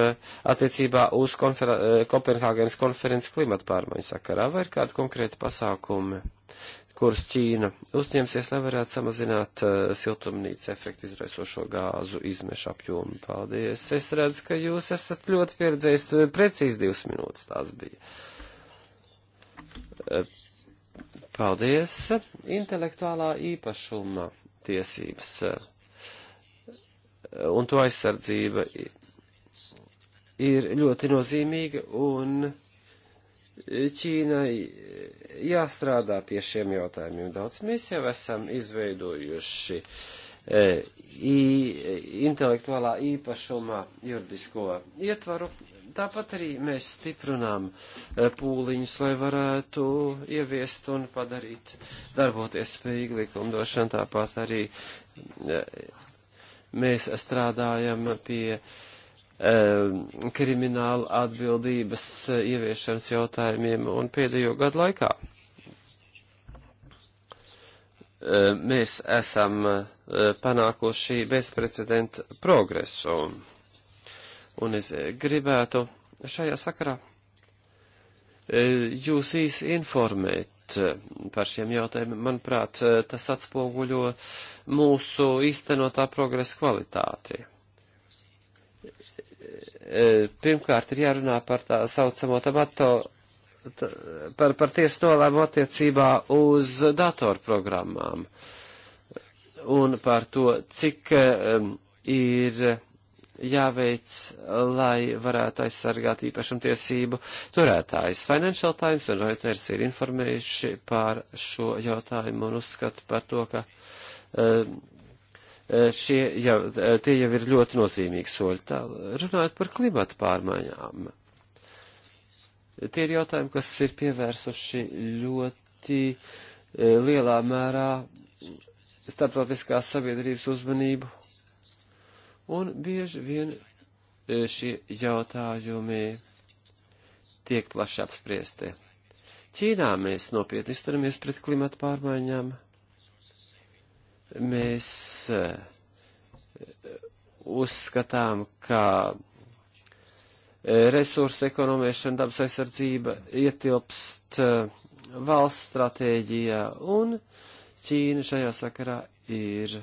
attiecībā uz konfer e, Kopenhāgenes konferences klimata pārmaiņu sakarā, vai ir kādi konkrēti pasākumi, kurus Ķīna uzņemsies, lai varētu samazināt uh, siltumnīca efektu izraisošo gāzu izmešu apjomu. Paldies! Es redzu, ka jūs esat ļoti pieredzējis, precīzi divas minūtes tās bija. Paldies! Intelektuālā īpašuma tiesības. Uh, un to aizsardzība ir ļoti nozīmīga, un Ķīnai jāstrādā pie šiem jautājumiem daudz. Mēs jau esam izveidojuši e, intelektuālā īpašumā juridisko ietvaru. Tāpat arī mēs stiprinām e, pūliņus, lai varētu ieviest un padarīt darboties spējīgi likumdošanu. Tāpat arī e, mēs strādājam pie eh, krimināla atbildības eh, ieviešanas jautājumiem un pēdējo gadu laikā. Eh, mēs esam panākuši bezprecedenta progresu. Un es gribētu šajā sakarā jūs īsi informēt runāt eh, par šiem jautājumiem. Manuprāt, eh, tas atspoguļo mūsu īstenotā progresa kvalitāti. Eh, pirmkārt, ir jārunā par tā saucamo tabato, par, par tiesu nolēmu attiecībā uz datorprogrammām un par to, cik ir jāveic, lai varētu aizsargāt īpašumtiesību turētājus. Financial Times un Reuters ir informējuši par šo jautājumu un uzskata par to, ka eh, eh, šie jau, eh, tie jau ir ļoti nozīmīgi soļi. Tā, runājot par klimatu pārmaiņām. Tie ir jautājumi, kas ir pievērsuši ļoti lielā mērā starptautiskās sabiedrības uzmanību Un bieži vien e, šie jautājumi tiek plaši apspriesti. Ķīnā mēs nopietni izturamies pret klimatu pārmaiņām. Mēs e, uzskatām, ka e, resursu ekonomēšana, dabas aizsardzība ietilpst valsts stratēģijā, un Ķīna šajā sakarā ir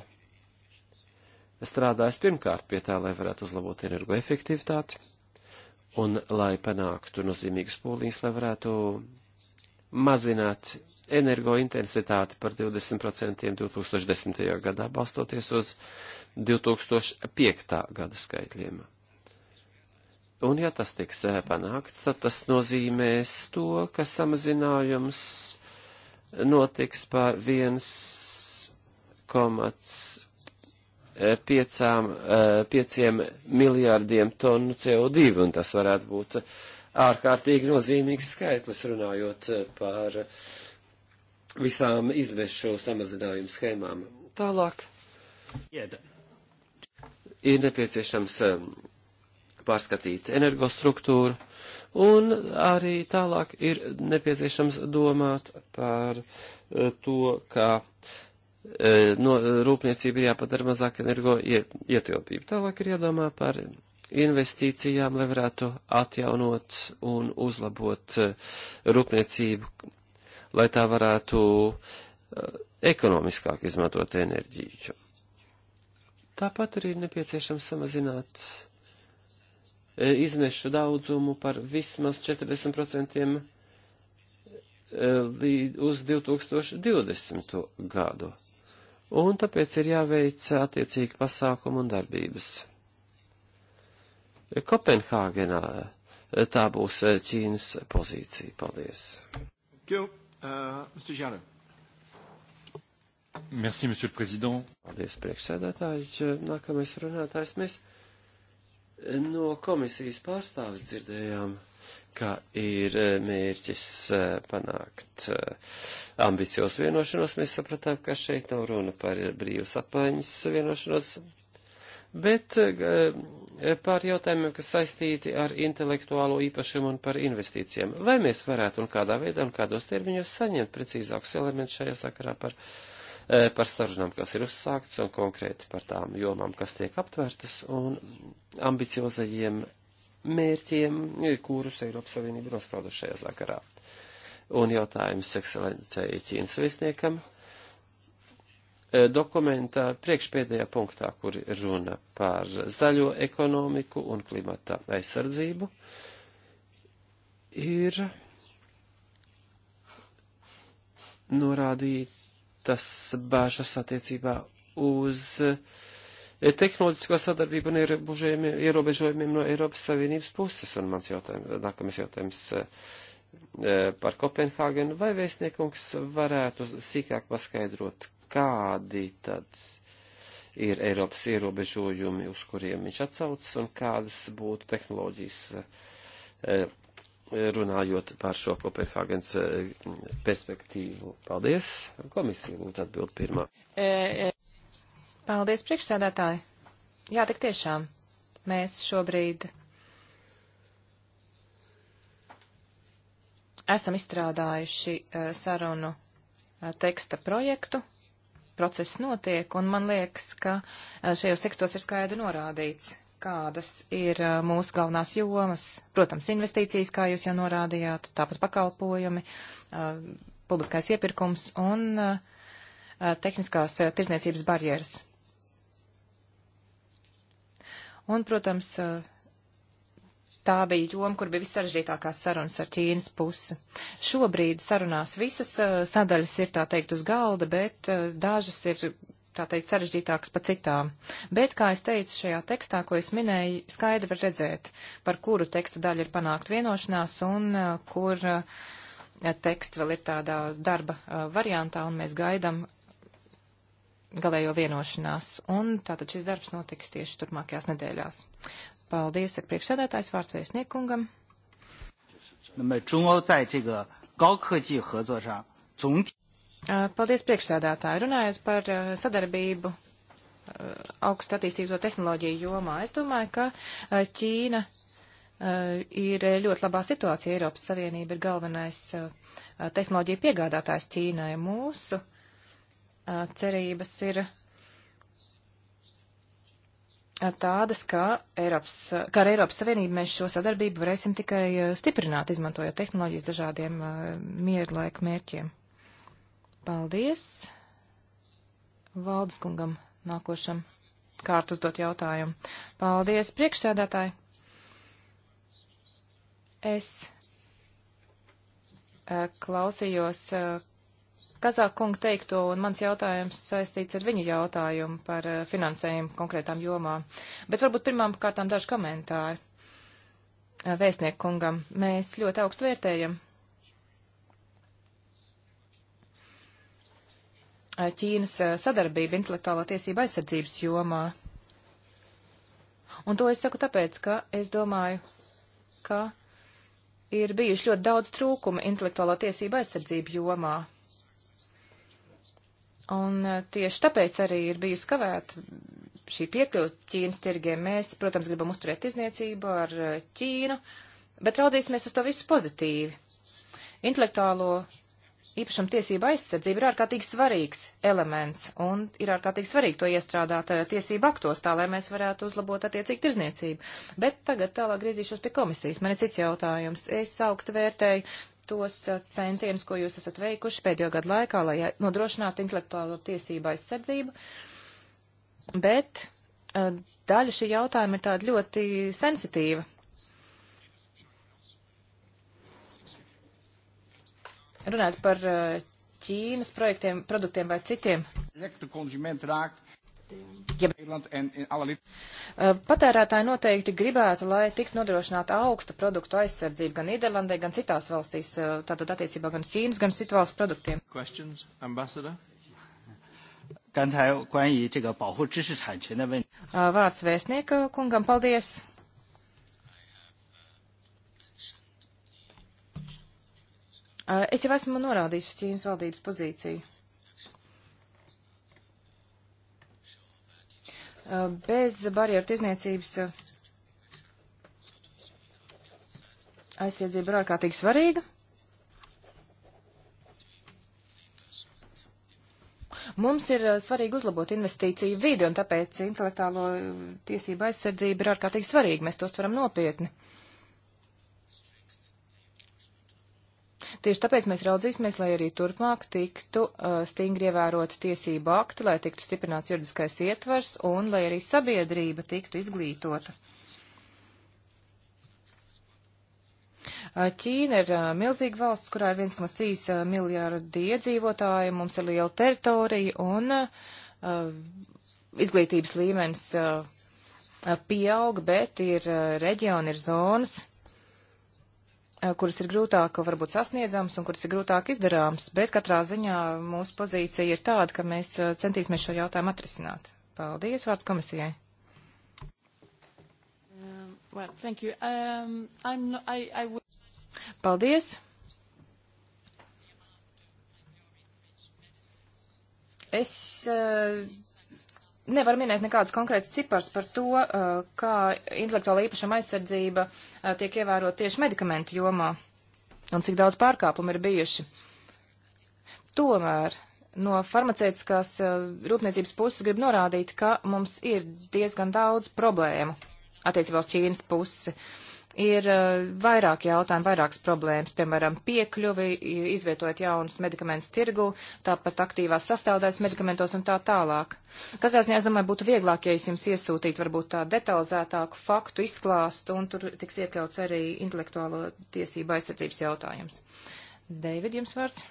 strādājis pirmkārt pie tā, lai varētu uzlabot energoefektivitāti un lai panāktu nozīmīgas pūliņas, lai varētu mazināt energointensitāti par 20% 2010. gadā, balstoties uz 2005. gada skaitļiem. Un ja tas tiks eh, panākts, tad tas nozīmēs to, ka samazinājums notiks par 1,5 piecām, eh, pieciem miljārdiem tonu CO2, un tas varētu būt ārkārtīgi nozīmīgs skaitlis, runājot eh, par visām izvešu samazinājumu schēmām. Tālāk. Ieda. Ir nepieciešams eh, pārskatīt energostruktūru, un arī tālāk ir nepieciešams domāt par to, kā uh, E, no rūpniecība ir jāpadara mazāk energo ietilpība. Tālāk ir jādomā par investīcijām, lai varētu atjaunot un uzlabot e, rūpniecību, lai tā varētu e, ekonomiskāk izmantot enerģiju. Tāpat arī ir nepieciešams samazināt izmešu daudzumu par vismaz 40% līdz uz 2020. gadu un tāpēc ir jāveic attiecīgi pasākumi un darbības. Kopenhāgenā tā būs Ķīnas pozīcija. Paldies. You, uh, Merci, monsieur le président. Paldies, priekšsēdētāji. Nākamais runātājs mēs no komisijas pārstāvis dzirdējām ka ir eh, mērķis eh, panākt eh, ambiciozu vienošanos. Mēs sapratām, ka šeit nav runa par brīvas apmaiņas vienošanos, bet pār jautājumiem, kas saistīti ar intelektuālo īpašumu un par investīcijiem. Vai mēs varētu un kādā veidā un kādos termiņos saņemt precīzākus elementus šajā sakarā par, par sarunām, kas ir uzsāktas un konkrēti par tām jomām, kas tiek aptvērtas un ambiciozajiem mērķiem, kurus Eiropas Savienība nosprauda šajā sakarā. Un jautājums ekscelencei Ķīnas viesniekam. E, dokumentā priekšpēdējā punktā, kur runa par zaļo ekonomiku un klimata aizsardzību, ir norādītas bāžas attiecībā uz uh, E, tehnoloģiskā sadarbība un ierobežojumiem no Eiropas Savienības puses. Un mans jautājums, nākamais jautājums e, e, par Kopenhāgenu, vai vēstniekungs varētu sīkāk paskaidrot, kādi tad ir Eiropas ierobežojumi, uz kuriem viņš atsaucas, un kādas būtu tehnoloģijas runājot par šo Kopenhāgenes perspektīvu. Paldies! Komisija lūdzu atbild pirmā. Paldies, priekšsēdētāji. Jā, tik tiešām. Mēs šobrīd esam izstrādājuši eh, sarunu eh, teksta projektu. Process notiek, un man liekas, ka eh, šajos tekstos ir skaidri norādīts, kādas ir mūsu galvenās jomas. Protams, investīcijas, kā jūs jau norādījāt, tāpat pakalpojumi, publiskais iepirkums un tehniskās tirzniecības barjeras. Un, protams, eh, tā bija joma, kur bija vissaržģītākās sarunas ar Ķīnas pusi. Šobrīd sarunās visas eh, sadaļas ir, tā teikt, uz galda, bet eh, dažas ir tā teikt, sarežģītāks par citām. Bet, kā es teicu, šajā tekstā, ko es minēju, skaidri var redzēt, par kuru teksta daļu ir panākt vienošanās un kur teksts vēl ir tādā darba variantā, un mēs gaidam galējo vienošanās, un tātad šis darbs notiks tieši turpmākajās nedēļās. Paldies, saka priekšsēdētājs vārds vēstniekungam. Paldies, priekšsēdētāji. Runājot par sadarbību augstu attīstīto tehnoloģiju jomā, es domāju, ka Ķīna ir ļoti labā situācija. Eiropas Savienība ir galvenais tehnoloģija piegādātājs Ķīnai. Mūsu uh, cerības ir tādas, ka, Eiropas, ka ar Eiropas Savienību mēs šo sadarbību varēsim tikai stiprināt, izmantojot tehnoloģijas dažādiem mieru laika mērķiem. Paldies valdes kungam nākošam kārt uzdot jautājumu. Paldies, priekšsēdētāji. Es klausījos Kazākunga teikto, un mans jautājums saistīts ar viņu jautājumu par eh, finansējumu konkrētām jomām. Bet varbūt pirmām kārtām daži komentāri eh, vēstnieku kungam. Mēs ļoti augstu vērtējam eh, Ķīnas sadarbību intelektuālā tiesība aizsardzības jomā. Un to es saku tāpēc, ka es domāju, ka ir bijuši ļoti daudz trūkumi intelektuālā tiesība aizsardzību jomā. Un eh, tieši tāpēc arī ir bijusi kavēta šī piekļuva Ķīnas tirgiem. Mēs, protams, gribam uzturēt izniecību ar eh, Ķīnu, bet raudzīsimies uz to visu pozitīvi. Intelektuālo īpašuma tiesība aizsardzība ir ārkārtīgi svarīgs elements un ir ārkārtīgi svarīgi to iestrādāt eh, tiesību aktos, tā lai mēs varētu uzlabot attiecīgi tirzniecību. Bet tagad tālāk griezīšos pie komisijas. Man ir cits jautājums. Es augstu vērtēju tos eh, centienus, ko jūs esat veikuši pēdējo gadu laikā, lai eh, nodrošinātu intelektuālo tiesību aizsardzību. Bet eh, daļa šī jautājuma ir tāda ļoti sensitīva. Runāt par Ķīnas projektiem, produktiem vai citiem. Elektrokonsument raakt Ja eh, patērētāji noteikti gribētu, lai tiktu nodrošināta augsta produktu aizsardzība gan Nīderlandē, gan citās valstīs, eh, tātad attiecībā gan uz Ķīnas, gan uz citu valstu produktiem. Questions, ambassador? 刚才关于这个保护知识产权的问题。Vārds vēstnieka kungam, paldies. Eh, es jau esmu norādījis uz Ķīnas valdības pozīciju. bez barjeru tirzniecības eh, aizsardzība ir ārkārtīgi svarīga. Mums ir eh, svarīgi uzlabot investīciju vidi, un tāpēc intelektuālo eh, tiesību aizsardzība ir ārkārtīgi svarīga. Mēs tos varam nopietni. Tieši tāpēc mēs raudzīsimies, lai arī turpmāk tiktu uh, stingri ievēroti tiesību akti, lai tiktu stiprināts juridiskais ietvers un lai arī sabiedrība tiktu izglītota. Uh, Ķīna ir uh, milzīga valsts, kurā ir 1,3 uh, miljārdi iedzīvotāji, mums ir liela teritorija un uh, izglītības līmenis uh, uh pieauga, bet ir reģioni, ir zonas, Eh, kuras ir grūtāk varbūt sasniedzams un kuras ir grūtāk izdarāms, bet katrā ziņā mūsu pozīcija ir tāda, ka mēs eh, centīsimies šo jautājumu atrisināt. Paldies vārds komisijai. Um, well, thank you. Um, I'm not, I, I would... Paldies. Es uh, nevar minēt nekādas konkrētas cipars par to, uh, kā intelektuāla īpašuma aizsardzība uh, tiek ievērot tieši medikamentu jomā un cik daudz pārkāpumu ir bijuši. Tomēr no farmaceitiskās uh, rūpniecības puses grib norādīt, ka mums ir diezgan daudz problēmu attiecībā uz Ķīnas pusi. Uh, ir eh, vairāk jautājumu, vairākas problēmas, piemēram, piekļuvi, izvietojot jaunus medikamentus tirgu, tāpat aktīvās sastāvdaļas medikamentos un tā tālāk. Katrā ziņā, es domāju, būtu vieglāk, ja es jums iesūtītu varbūt tā detalizētāku faktu izklāstu, un tur tiks iekļauts arī intelektuālo tiesību aizsardzības jautājums. David, jums vārds.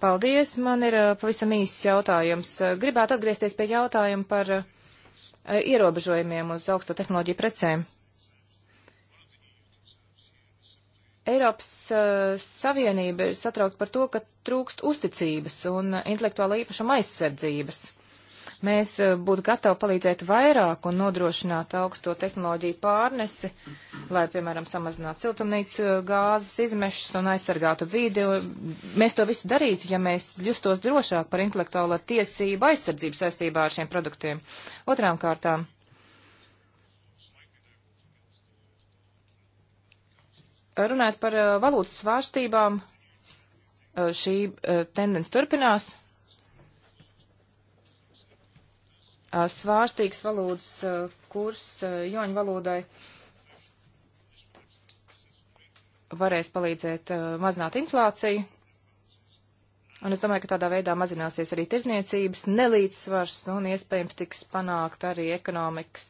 Paldies, man ir eh, pavisam īsts jautājums. Gribētu atgriezties pie jautājuma par uh, Eh, ierobežojumiem uz augsto tehnoloģiju precēm. Eiropas uh, Savienība ir satraukta par to, ka trūkst uzticības un eh, intelektuāla īpašuma aizsardzības. Uh, mēs eh, būtu gatavi palīdzēt vairāk un nodrošināt augsto tehnoloģiju pārnesi, lai, piemēram, samazinātu siltumnīcas eh, gāzes izmešas un aizsargātu vidi. Mēs to visu darītu, ja mēs justos drošāk par intelektuālā tiesība aizsardzību saistībā ar šiem produktiem. Otrām kārtām. Runājot par eh, valūtas svārstībām, šī tendence turpinās. Uh, svārstīgs valūtas uh, kurs uh, joņu valodai varēs palīdzēt mazināt inflāciju. Un es domāju, ka tādā veidā mazināsies arī tirzniecības nelīdzsvars un iespējams tiks panākt arī ekonomikas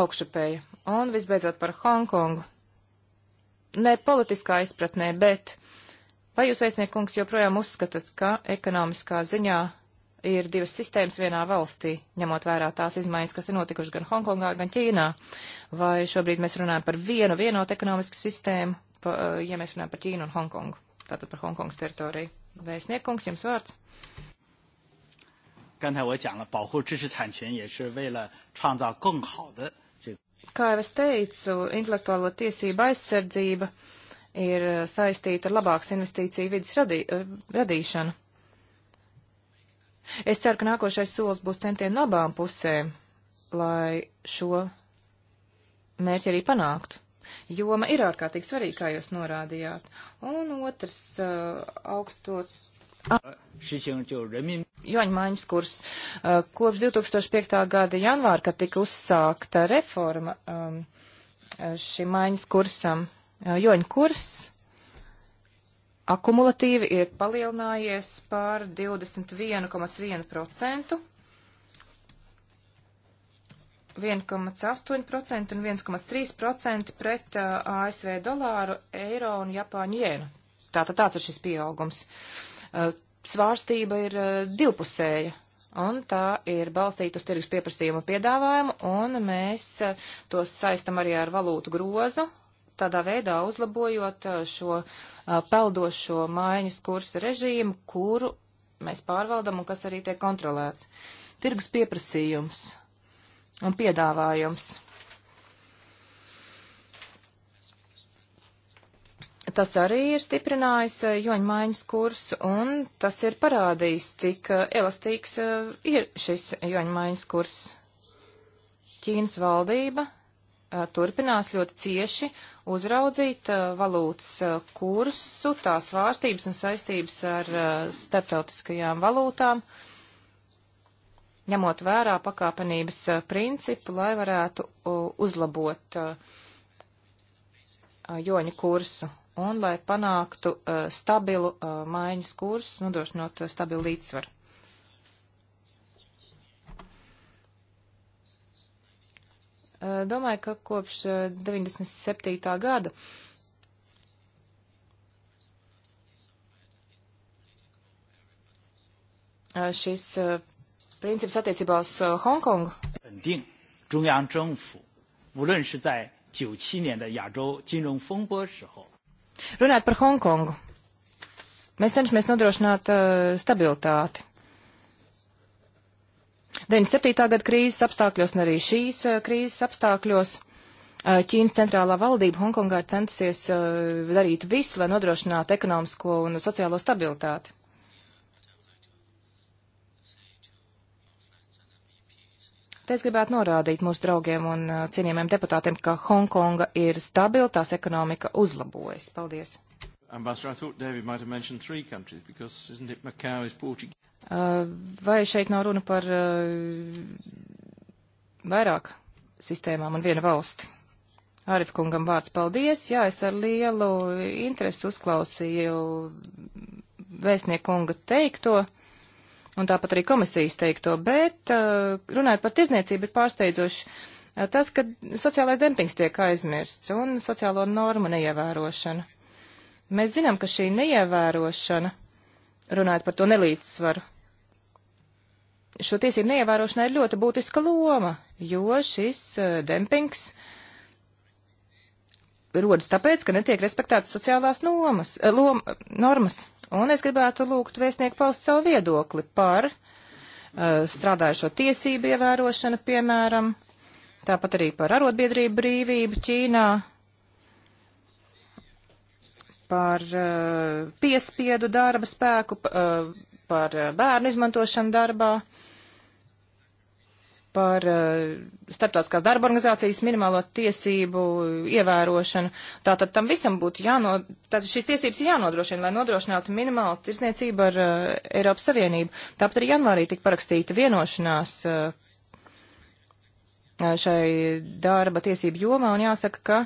augšupēja. Un visbeidzot par Hongkongu. Ne politiskā izpratnē, bet vai jūs, vēstniekungs, joprojām uzskatāt, ka ekonomiskā ziņā ir divas sistēmas vienā valstī, ņemot vērā tās izmaiņas, kas ir notikušas gan Hongkongā, gan Ķīnā. Vai šobrīd mēs runājam par vienu vienotu ekonomisku sistēmu, pa, eh, ja mēs runājam par Ķīnu un Hongkongu, tātad par Hongkongas teritoriju. Vēstniekungs, jums vārds. 刚才我讲了，保护知识产权也是为了创造更好的这个。Kā jau es teicu, intelektuālo tiesību aizsardzība ir eh, saistīta ar labākas investīciju vidas radī, eh, radīšanu. Es ceru, ka nākošais solis būs centieni no abām pusēm, lai šo mērķi arī panāktu. Joma ir ārkārtīgi svarīga, kā jūs norādījāt. Un otrs uh, augstos. Joņmaiņas kurs. Uh, kopš 2005. gada janvāra, kad tika uzsākta reforma um, šim maiņas kursam, uh, joņkurs akumulatīvi ir palielinājies par 21,1%, 1,8% un 1,3% pret uh, ASV dolāru, eiro un Japāņu jēnu. Tātad tāds ir šis pieaugums. Uh, svārstība ir uh, divpusēja. Un tā ir balstīta uz tirgus pieprasījumu piedāvājumu, un mēs to saistam arī ar valūtu grozu, tādā veidā uzlabojot uh, šo uh, peldošo mājiņas kursa režīmu, kuru mēs pārvaldam un kas arī tiek kontrolēts. Tirgus pieprasījums un piedāvājums. Tas arī ir stiprinājis uh, joņu maiņas kursu, un tas ir parādījis, cik elastīgs ir šis joņu maiņas kurs. Ķīnas valdība turpinās ļoti cieši uzraudzīt eh, valūtas eh, kursu, tās vārstības un saistības ar eh, starptautiskajām valūtām, ņemot vērā pakāpenības principu, lai varētu uzlabot joņu kursu un lai panāktu stabilu maiņas kursu, nodrošinot stabilu līdzsvaru. Eh, domāju, ka kopš 97. Eh, gada eh, šis princips attiecībā uz Hongkongu. 中央政府，无论是在九七年的亚洲金融风波时候，Runājot par Hongkongu, mēs cenšamies nodrošināt uh, stabilitāti. 97. gada krīzes apstākļos un arī šīs eh, krīzes apstākļos eh, Ķīnas centrālā valdība Hongkongā ir centusies eh, darīt visu, lai nodrošinātu ekonomisko un sociālo stabilitāti. Te es gribētu norādīt mūsu draugiem un cienījumiem deputātiem, ka Hongkonga ir stabila, tās ekonomika uzlabojas. Paldies! Ambassador, I thought David might have mentioned three countries because isn't it Macau is Portuguese? Uh, vai šeit nav runa par uh, vairāk sistēmām un vienu valsti? Arif kungam vārds paldies. Jā, es ar lielu interesi uzklausīju vēstnieku kunga teikto un tāpat arī komisijas teikto, bet uh, runājot par tirzniecību ir pārsteidzoši uh, tas, ka sociālais dempings tiek aizmirsts un sociālo normu neievērošana. Mēs zinām, ka šī neievērošana, runājot par to nelīdzsvaru, šo tiesību neievērošanai ir ļoti būtiska loma, jo šis uh, dempings rodas tāpēc, ka netiek respektētas sociālās nomas, eh, lom, normas. Un es gribētu lūgt vēstnieku paust savu viedokli par uh, strādājušo tiesību ievērošanu, piemēram, tāpat arī par arotbiedrību brīvību Ķīnā, par uh, piespiedu darba spēku, uh, par eh, bērnu izmantošanu darbā, par uh, starptautiskās darba organizācijas minimālo tiesību ievērošanu. Tātad tam visam būtu jānod, tātad šīs tiesības jānodrošina, lai nodrošinātu minimālu tirsniecību ar uh, Eiropas Savienību. Tāpat arī janvārī tika parakstīta vienošanās uh, šai darba tiesību jomā un jāsaka, ka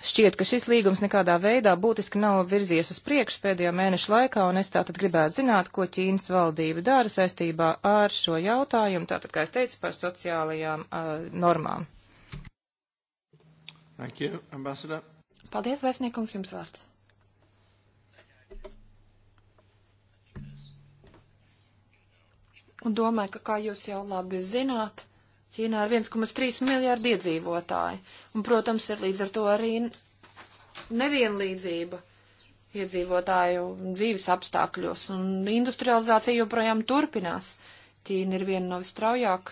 Šķiet, ka šis līgums nekādā veidā būtiski nav virzies uz priekšu pēdējo mēnešu laikā, un es tātad gribētu zināt, ko Ķīnas valdība dara saistībā ar šo jautājumu, tātad, kā es teicu, par sociālajām uh, normām. Thank you, ambassador. Paldies, vēstniekums, jums vārds. Un domāju, ka kā jūs jau labi zināt, Ķīnā ir 1,3 miljārdi iedzīvotāji, un, protams, ir līdz ar to arī nevienlīdzība iedzīvotāju dzīves apstākļos, un industrializācija joprojām turpinās. Ķīna ir viena no straujāk,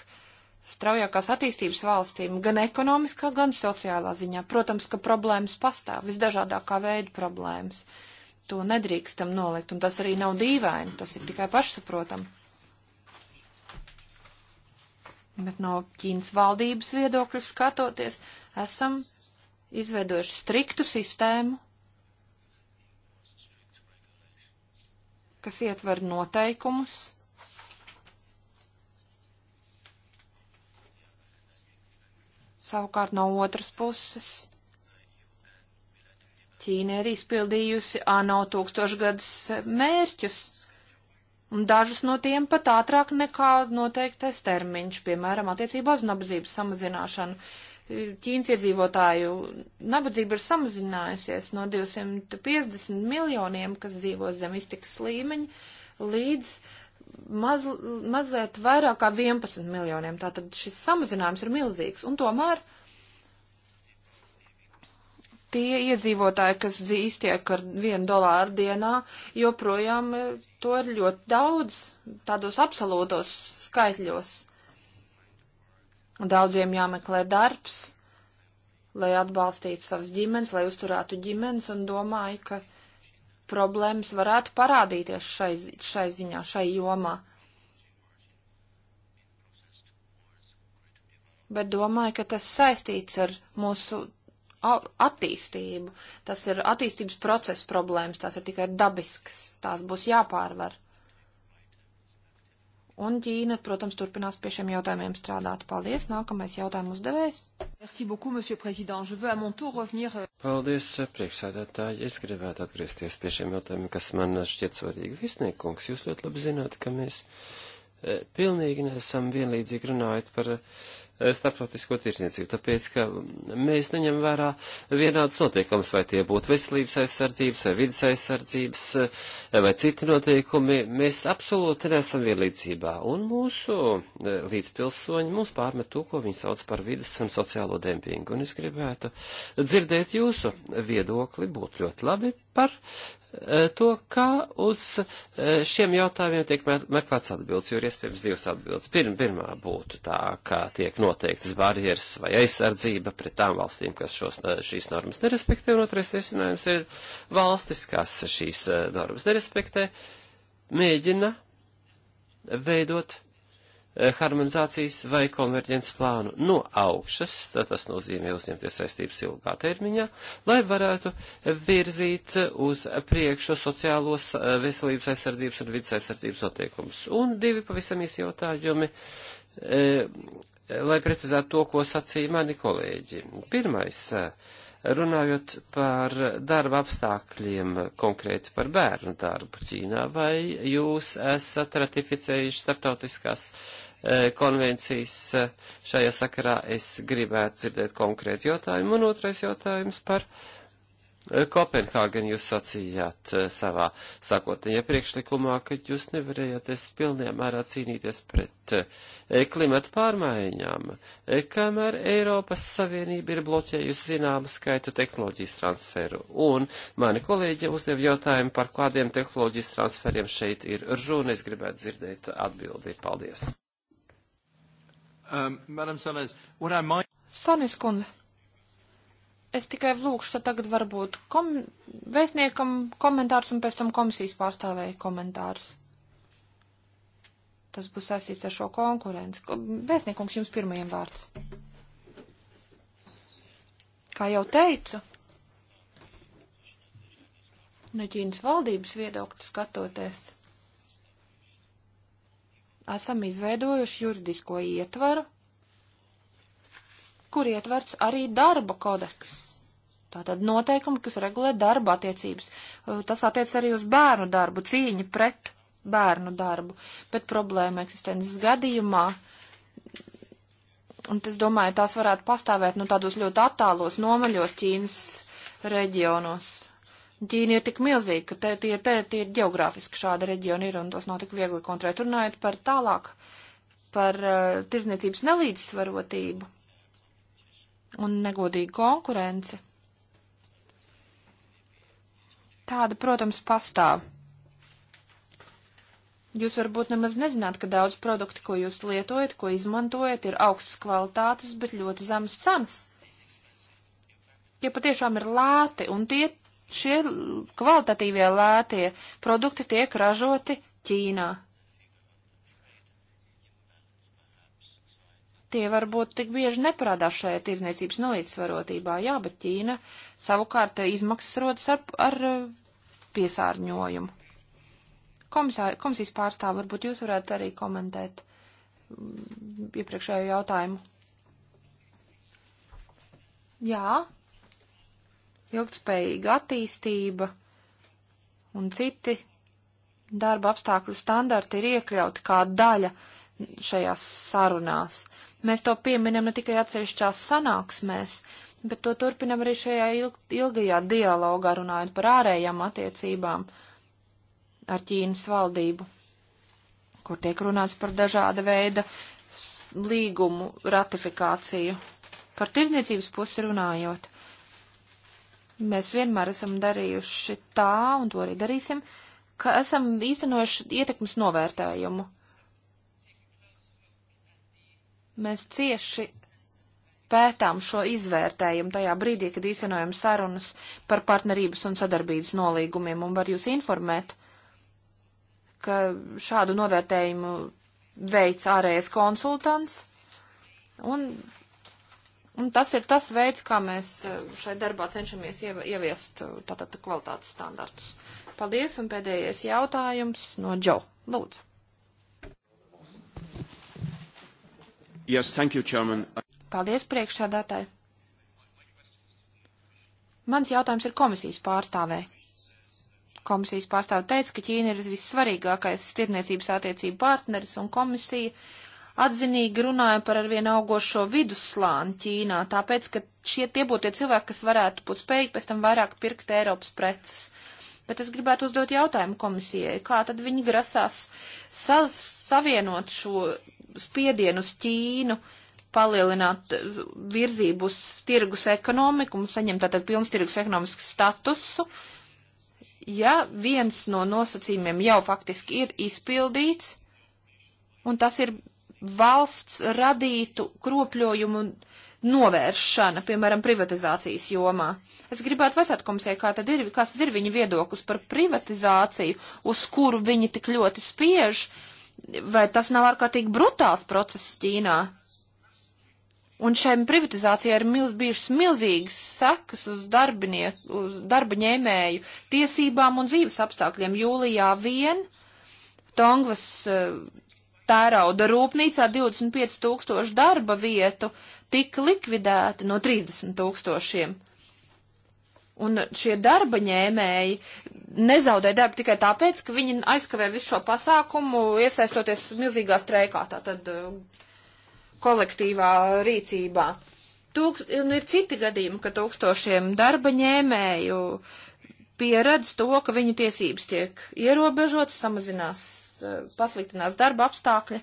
straujākās attīstības valstīm, gan ekonomiskā, gan sociālā ziņā. Protams, ka problēmas pastāv, visdažādākā veida problēmas. To nedrīkstam nolikt, un tas arī nav dīvaini, tas ir tikai pašsaprotam. Bet no Ķīnas valdības viedokļa skatoties, esam izveidojuši striktu sistēmu, kas ietver noteikumus. Savukārt no otras puses Ķīna ir izpildījusi ANO tūkstošgads mērķus un dažus no tiem pat ātrāk nekā noteiktais termiņš, piemēram, attiecībā uz nabadzības samazināšanu. Ķīnas iedzīvotāju nabadzība ir samazinājusies no 250 miljoniem, kas dzīvo zem iztikas līmeņa, līdz maz, mazliet vairāk kā 11 miljoniem. Tātad šis samazinājums ir milzīgs, un tomēr uh, tie iedzīvotāji, kas iztiek ar vienu dolāru dienā, joprojām e, to ir ļoti daudz, tādos absolūtos skaitļos. Daudziem jāmeklē darbs, lai atbalstītu savas ģimenes, lai uzturētu ģimenes, un domāju, ka problēmas varētu parādīties šai, šai ziņā, šai jomā. Bet domāju, ka tas saistīts ar mūsu attīstību. Tas ir attīstības procesa problēmas, tās ir tikai dabiskas, tās būs jāpārvar. Un Ķīna, protams, turpinās pie šiem jautājumiem strādāt. Paldies. Nākamais jautājums uzdevējs. Euh, Paldies, eh, priekšsēdētāji. Es gribētu atgriezties pie šiem jautājumiem, kas man šķiet svarīgi. Visniekungs, jūs ļoti labi zināt, ka mēs eh, pilnīgi nesam vienlīdzīgi runājot par Eh, starptautisko tirsniecību, tāpēc, ka mēs neņem vērā vienādas noteikumus, vai tie būtu veselības aizsardzības, vai vidas aizsardzības, eh, vai citi noteikumi. Mēs absolūti nesam vienlīdzībā, un mūsu eh, līdzpilsoņi mums pārmet to, ko viņi sauc par vidas un sociālo dempingu. Un es gribētu dzirdēt jūsu viedokli, būtu ļoti labi par Eh, to, kā uz eh, šiem jautājumiem tiek meklēts atbildes, jo ir iespējams divas atbildes. Pirm, pirmā būtu tā, kā tiek noteiktas barjeras vai aizsardzība pret tām valstīm, kas šos, eh, šīs normas nerespektē, un otrais risinājums ir valstis, kas šīs normas nerespektē, mēģina veidot E, harmonizācijas vai konverģences plānu no nu, augšas, tas nozīmē uzņemties saistības ilgā termiņā, lai varētu virzīt uz priekšu sociālos e, veselības aizsardzības un vidas aizsardzības noteikumus. Un divi pavisam īsi jautājumi, e, lai precizētu to, ko sacīja mani kolēģi. Pirmais, e, runājot par darba apstākļiem, konkrēti par bērnu darbu Ķīnā, vai jūs esat ratificējuši starptautiskās uh, E, konvencijas. E, šajā sakarā es gribētu dzirdēt konkrētu jautājumu. Un otrais jautājums par e, Kopenhāgenu jūs sacījāt savā sākotnējā priekšlikumā, ka jūs nevarējāt es pilnajā mērā cīnīties pret klimata pārmaiņām, kamēr Eiropas Savienība ir bloķējusi zināmu skaitu tehnoloģijas transferu. Un mani kolēģi uzdev jautājumu, par kādiem tehnoloģijas transferiem šeit ir runa. Es gribētu dzirdēt atbildi. Paldies! Um, Sanes, might... Sonis kundze, es tikai lūkšu, tad tagad varbūt kom... vēstniekam komentārs un pēc tam komisijas pārstāvēja komentārs. Tas būs saistīts ar šo konkurenci. Vēstniekums jums pirmajam vārds. Kā jau teicu, no Ķīnas valdības viedokļa skatoties esam izveidojuši juridisko ietvaru, kur ietverts arī darba kodeks. Tātad noteikumi, kas regulē darba attiecības. Uh, tas attiec arī uz bērnu darbu, cīņa pret bērnu darbu. Bet problēma eksistences gadījumā, un es domāju, tās varētu pastāvēt nu, tādos ļoti attālos nomaļos Ķīnas reģionos. Ķīna ir tik milzīga, ka te, tie, te, tie ir geogrāfiski šāda reģiona ir un tos nav tik viegli kontrolēt. Runājot par tālāk, par uh, tirdzniecības nelīdzsvarotību un negodīgu konkurenci. Tāda, protams, pastāv. Jūs varbūt nemaz nezināt, ka daudz produkti, ko jūs lietojat, ko izmantojat, ir augstas kvalitātes, bet ļoti zemas cenas. Tie ja patiešām ir lēti, un tie šie kvalitatīvie lētie produkti tiek ražoti Ķīnā. Tie varbūt tik bieži neparādās šajā tirzniecības nelīdzsvarotībā, jā, bet Ķīna savukārt izmaksas rodas ar, ar eh, piesārņojumu. Komisā, komisijas pārstāv, varbūt jūs varētu arī komentēt mm, iepriekšējo jautājumu. Jā, ilgtspējīga attīstība un citi darba apstākļu standarti ir iekļauti kā daļa šajās sarunās. Mēs to pieminam ne tikai atsevišķās sanāksmēs, bet to turpinam arī šajā ilg ilgajā dialogā runājot par ārējām attiecībām ar Ķīnas valdību, kur tiek runāts par dažāda veida līgumu ratifikāciju. Par tirdzniecības pusi runājot, Mēs vienmēr esam darījuši tā, un to arī darīsim, ka esam īstenojuši ietekmes novērtējumu. Mēs cieši pētām šo izvērtējumu tajā brīdī, kad īstenojam sarunas par partnerības un sadarbības nolīgumiem, un var jūs informēt, ka šādu novērtējumu veids ārējais konsultants, un Un tas ir tas veids, kā mēs eh, šai darbā cenšamies ieviest eh, tātad kvalitātes standartus. Paldies, un pēdējais jautājums no Džo. Lūdzu. Yes, thank you, Chairman. Paldies, priekšsādātāji. Mans jautājums ir komisijas pārstāvē. Komisijas pārstāve teica, ka Ķīna ir vissvarīgākais tirniecības attiecību partneris, un komisija atzinīgi runājam par arvien augošo vidusslāni Ķīnā, tāpēc, ka šie tie būtu tie cilvēki, kas varētu būt spējīgi pēc tam vairāk pirkt Eiropas preces. Bet es gribētu uzdot jautājumu komisijai, kā tad viņi grasās sa savienot šo spiedienu uz Ķīnu, palielināt virzību uz tirgus ekonomiku un saņemt tātad pilns tirgus ekonomiskas statusu, ja viens no nosacījumiem jau faktiski ir izpildīts, un tas ir valsts radītu kropļojumu novēršana, piemēram, privatizācijas jomā. Es gribētu vaicāt komisijai, kā tad ir, kāds ir viņa viedoklis par privatizāciju, uz kuru viņi tik ļoti spiež, vai tas nav ārkārtīgi brutāls process Ķīnā? Un šai privatizācijai ir milz, bijušas milzīgas sekas uz, uz darba ņēmēju tiesībām un dzīves apstākļiem. Jūlijā vien Tongvas uh, tērauda rūpnīcā 25 tūkstoši darba vietu tika likvidēti no 30 tūkstošiem. Un šie darba ņēmēji nezaudē darbu tikai tāpēc, ka viņi aizkavē visu šo pasākumu, iesaistoties milzīgā streikā, tātad uh, kolektīvā rīcībā. Tūkst, un ir citi gadījumi, ka tūkstošiem darba ņēmēju uh, pieredz to, ka viņu tiesības tiek ierobežotas, samazinās, eh, pasliktinās darba apstākļi.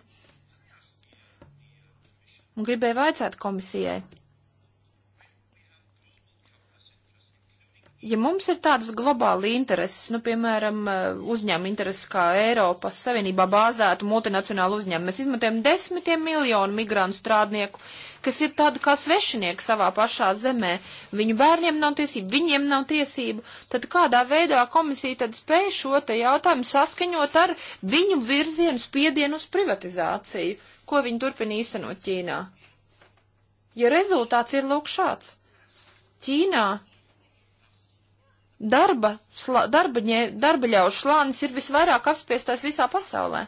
Un gribēju vaicāt komisijai. Ja mums ir tādas globāli intereses, nu, piemēram, eh, uzņēmuma intereses kā Eiropas Savienībā bāzētu multinacionālu uzņēmumu, mēs izmantojam desmitiem miljonu migrāntu strādnieku, uh, kas ir tādi kā svešinieki savā pašā zemē. Viņu bērniem nav tiesību, viņiem nav tiesību. Tad kādā veidā komisija tad spēja šo te jautājumu saskaņot ar viņu virzienu spiedienu uz privatizāciju, ko viņi turpina īstenot Ķīnā? Ja rezultāts ir lūk šāds. Ķīnā darba, slā, darba, darba ļaužu slānis ir visvairāk apspiestās visā pasaulē.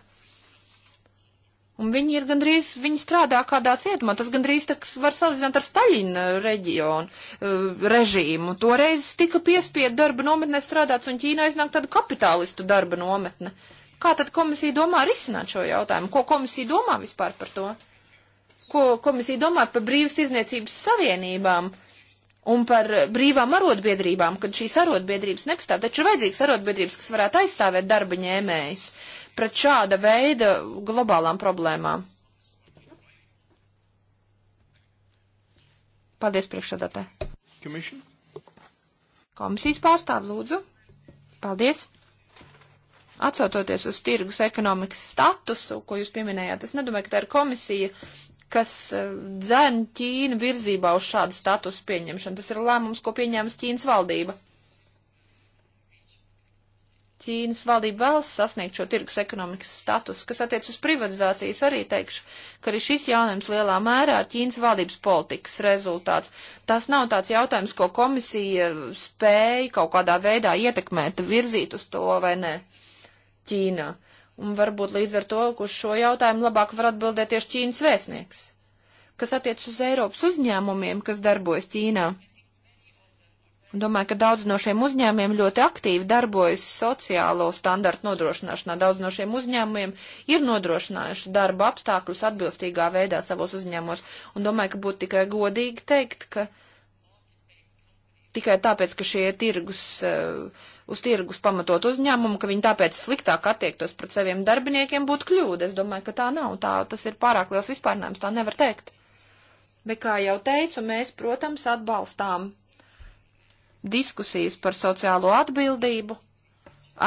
Un viņi ir gandrīz, viņi strādā kādā cietumā. Tas gandrīz taks, var salīdzināt ar Staļina reģionu, uh, režīmu. Toreiz tika piespiedu darba nometnē strādāts, un Ķīnā iznāk tāda kapitālistu darba nometne. Kā tad komisija domā risināt šo jautājumu? Ko komisija domā vispār par to? Ko komisija domā par brīvas izniecības savienībām? un par brīvām arotbiedrībām, kad šīs arotbiedrības nepastāv. Taču ir vajadzīgs arotbiedrības, kas varētu aizstāvēt darba ņēmējus pret šāda veida globālām problēmām. Paldies priekšsādātē. Komisijas pārstāvi lūdzu. Paldies. Atsautoties uz tirgus ekonomikas statusu, ko jūs pieminējāt, es nedomāju, ka tā ir komisija, kas eh, dzēn Ķīnu virzībā uz šādu statusu pieņemšanu. Tas ir lēmums, ko pieņēmas Ķīnas valdība. Ķīnas valdība vēlas sasniegt šo tirgus ekonomikas status, kas attiec uz privatizācijas arī teikšu, ka arī šis jaunums lielā mērā ir Ķīnas valdības politikas rezultāts. Tas nav tāds jautājums, ko komisija spēja kaut kādā veidā ietekmēt, virzīt uz to vai nē Ķīnā. Un varbūt līdz ar to, uz šo jautājumu labāk var atbildēt tieši Ķīnas vēstnieks, kas attiec uz Eiropas uzņēmumiem, kas darbojas Ķīnā. Un domāju, ka daudz no šiem uzņēmiem ļoti aktīvi darbojas sociālo standartu nodrošināšanā. Daudz no šiem uzņēmumiem ir nodrošinājuši darba apstākļus atbilstīgā veidā savos uzņēmumos. Un domāju, ka būtu tikai godīgi teikt, ka tikai tāpēc, ka šie tirgus, eh, uz tirgus pamatot uzņēmumu, ka viņi tāpēc sliktāk attiektos pret saviem darbiniekiem, būtu kļūda. Es domāju, ka tā nav. Tā, tas ir pārāk liels vispārnājums. Tā nevar teikt. Bet, kā jau teicu, mēs, protams, atbalstām diskusijas par sociālo atbildību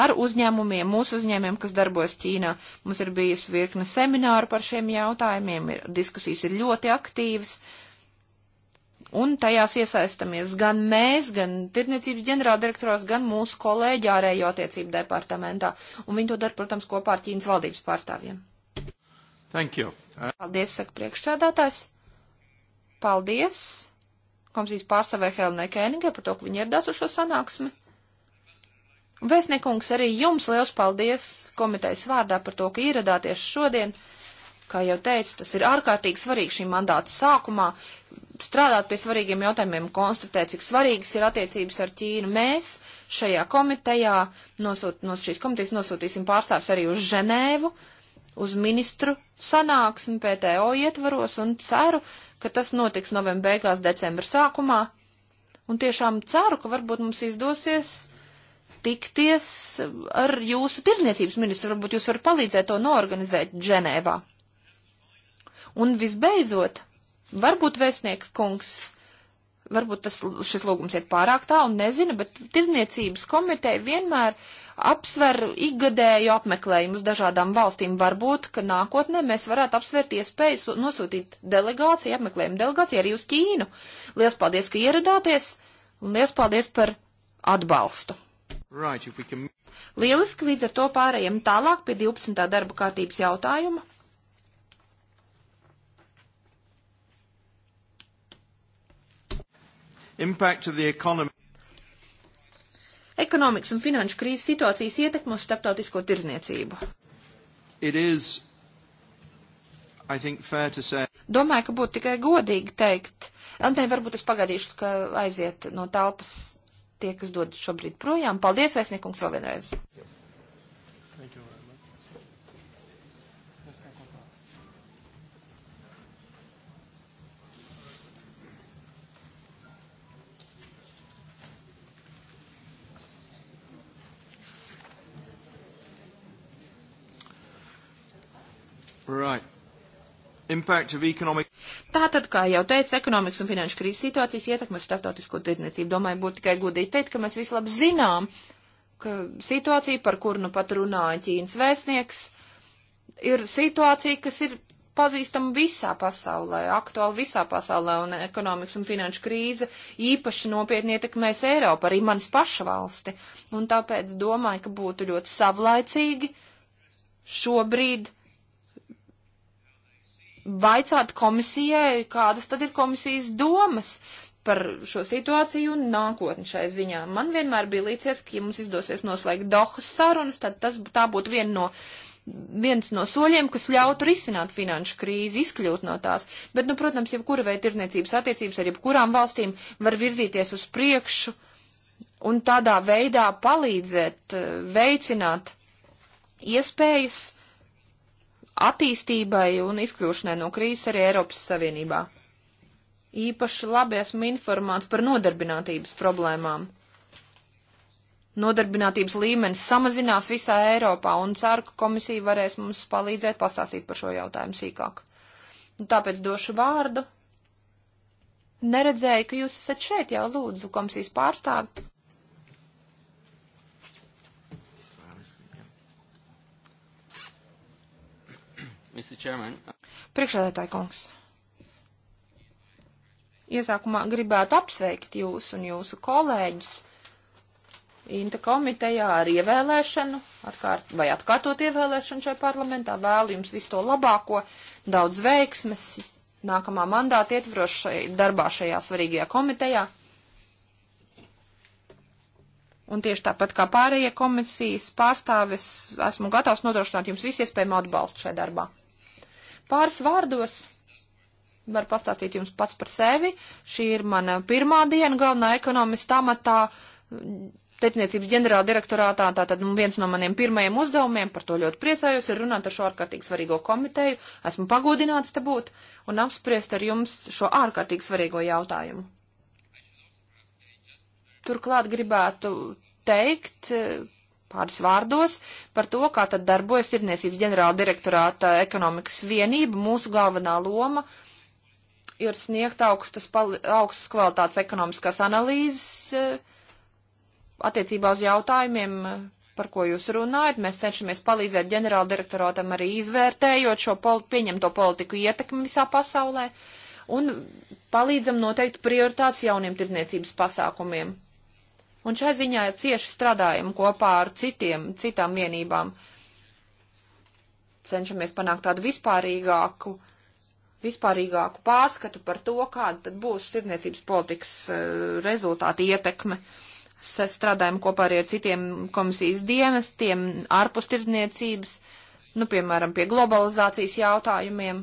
ar uzņēmumiem, mūsu uzņēmumiem, kas darbojas Ķīnā. Mums ir bijusi virkne semināru par šiem jautājumiem, ir, diskusijas ir ļoti aktīvas. Un tajās iesaistamies gan mēs, gan tirniecības ģenerāldirektoros, gan mūsu kolēģi ārējo attiecību departamentā. Un viņi to dara, protams, kopā ar Ķīnas valdības pārstāvjiem. Thank you. Paldies, saka priekšsēdētājs. Paldies komisijas pārstāvē Helēnai Kēningai par to, ka viņi ieradās uz šo sanāksmi. Vēstniekungs, arī jums liels paldies komitejas vārdā par to, ka ieradāties šodien. Kā jau teicu, tas ir ārkārtīgi svarīgi šī mandāta sākumā strādāt pie svarīgiem jautājumiem, konstatēt, cik svarīgas ir attiecības ar Ķīnu. Mēs šajā komitejā, nosūt, no šīs komitejas nosūtīsim pārstāvis arī uz Ženēvu, uz ministru sanāksmi PTO ietvaros un ceru, ka tas notiks novembra beigās, decembra sākumā. Un tiešām ceru, ka varbūt mums izdosies tikties ar jūsu tirzniecības ministru. Varbūt jūs varat palīdzēt to noorganizēt Dženēvā. Un visbeidzot, varbūt vēstnieka kungs, varbūt tas, šis lūgums iet pārāk tālu, nezinu, bet tirzniecības komiteja vienmēr apsver ikgadēju apmeklējumu uz dažādām valstīm. Varbūt, ka nākotnē mēs varētu apsvērt iespējas nosūtīt delegāciju, apmeklējumu delegāciju arī uz Ķīnu. Lielas paldies, ka ieradāties un liels paldies par atbalstu. Right, can... Lieliski līdz ar to pārējiem tālāk pie 12. darba kārtības jautājuma. Impact of the economy ekonomikas un finanšu krīzes situācijas ietekmu uz starptautisko tirzniecību. Is, think, say... Domāju, ka būtu tikai godīgi teikt, Antoni, varbūt es pagaidīšu, ka aiziet no telpas tie, kas dod šobrīd projām. Paldies, vēstniekums, vēl vienreiz. Yeah. Right. Economic... Tātad, kā jau teicu, ekonomikas un finanšu krīzes situācijas ietekme uz starptautisko tirdzniecību. Domāju, būtu tikai godīgi teikt, ka mēs visi labi zinām, ka situācija, par kuru nu pat runāja Ķīnas vēstnieks, ir situācija, kas ir pazīstama visā pasaulē, aktuāli visā pasaulē, un ekonomikas un finanšu krīze īpaši nopietni ietekmēs Eiropu, arī manis paša valsti. Un tāpēc domāju, ka būtu ļoti savlaicīgi šobrīd vaicāt komisijai, kādas tad ir komisijas domas par šo situāciju un nākotni šai ziņā. Man vienmēr bija līdzies, ka, ja mums izdosies noslēgt Dohas sarunas, tad tas, tā būtu viena no viens no soļiem, kas ļautu risināt finanšu krīzi, izkļūt no tās. Bet, nu, protams, jebkura veida tirdzniecības attiecības ar jebkurām valstīm var virzīties uz priekšu un tādā veidā palīdzēt, eh, veicināt iespējas attīstībai un izkļūšanai no krīzes arī Eiropas Savienībā. Īpaši labi esmu informēts par nodarbinātības problēmām. Nodarbinātības līmenis samazinās visā Eiropā un ceru, ka komisija varēs mums palīdzēt pastāstīt par šo jautājumu sīkāk. Un nu, tāpēc došu vārdu. Neredzēju, ka jūs esat šeit jau lūdzu komisijas pārstāvi. Priekšsēdētāji kungs. Iesākumā gribētu apsveikt jūs un jūsu kolēģus Inta komitejā ar ievēlēšanu, atkārt, vai atkārtot ievēlēšanu šai parlamentā. Vēlu jums visu to labāko, daudz veiksmes nākamā mandāta ietvarošai darbā šajā svarīgajā komitejā. Un tieši tāpat kā pārējie komisijas pārstāvis, esmu gatavs nodrošināt jums visiespējamo atbalstu šajā darbā. Pāris vārdos var pastāstīt jums pats par sevi. Šī ir mana pirmā diena galvenā ekonomista amatā. Tecniecības ģenerāla direktorātā tātad nu, viens no maniem pirmajiem uzdevumiem, par to ļoti priecājos, ir runāt ar šo ārkārtīgi svarīgo komiteju. Esmu pagodināts te būt un apspriest ar jums šo ārkārtīgi svarīgo jautājumu. Turklāt gribētu teikt, pāris vārdos par to, kā tad darbojas Tirniecības ģenerāla direktorāta ekonomikas vienība. Mūsu galvenā loma ir sniegt augstas, augstas kvalitātes ekonomiskās analīzes eh, attiecībā uz jautājumiem, eh, par ko jūs runājat. Mēs cenšamies palīdzēt ģenerāla direktorātam arī izvērtējot šo poli pieņemto politiku ietekmi visā pasaulē un palīdzam noteikt prioritātes jauniem tirniecības pasākumiem Un šai ziņā cieši strādājam kopā ar citiem, citām vienībām. Cenšamies panākt tādu vispārīgāku, vispārīgāku pārskatu par to, kāda tad būs sirdniecības politikas eh, rezultāta ietekme. Strādājam kopā arī ar citiem komisijas dienestiem, ārpus tirdzniecības, nu, piemēram, pie globalizācijas jautājumiem,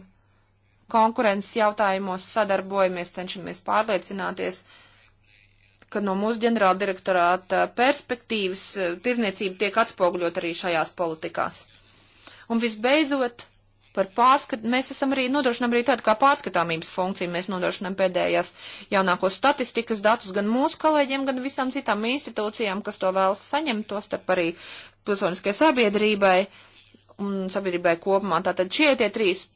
konkurences jautājumos sadarbojamies, cenšamies pārliecināties, uh, ka no mūsu ģenerāla direktorāta perspektīvas e, tirzniecība tiek atspoguļot arī šajās politikās. Un visbeidzot, par pārskat, mēs esam arī nodrošinām arī tādu kā pārskatāmības funkciju, mēs nodrošinām pēdējās jaunākos statistikas datus gan mūsu kolēģiem, gan visām citām institūcijām, kas to vēlas saņemt, to starp arī pilsoniskai sabiedrībai un sabiedrībai kopumā. Tātad šie tie trīs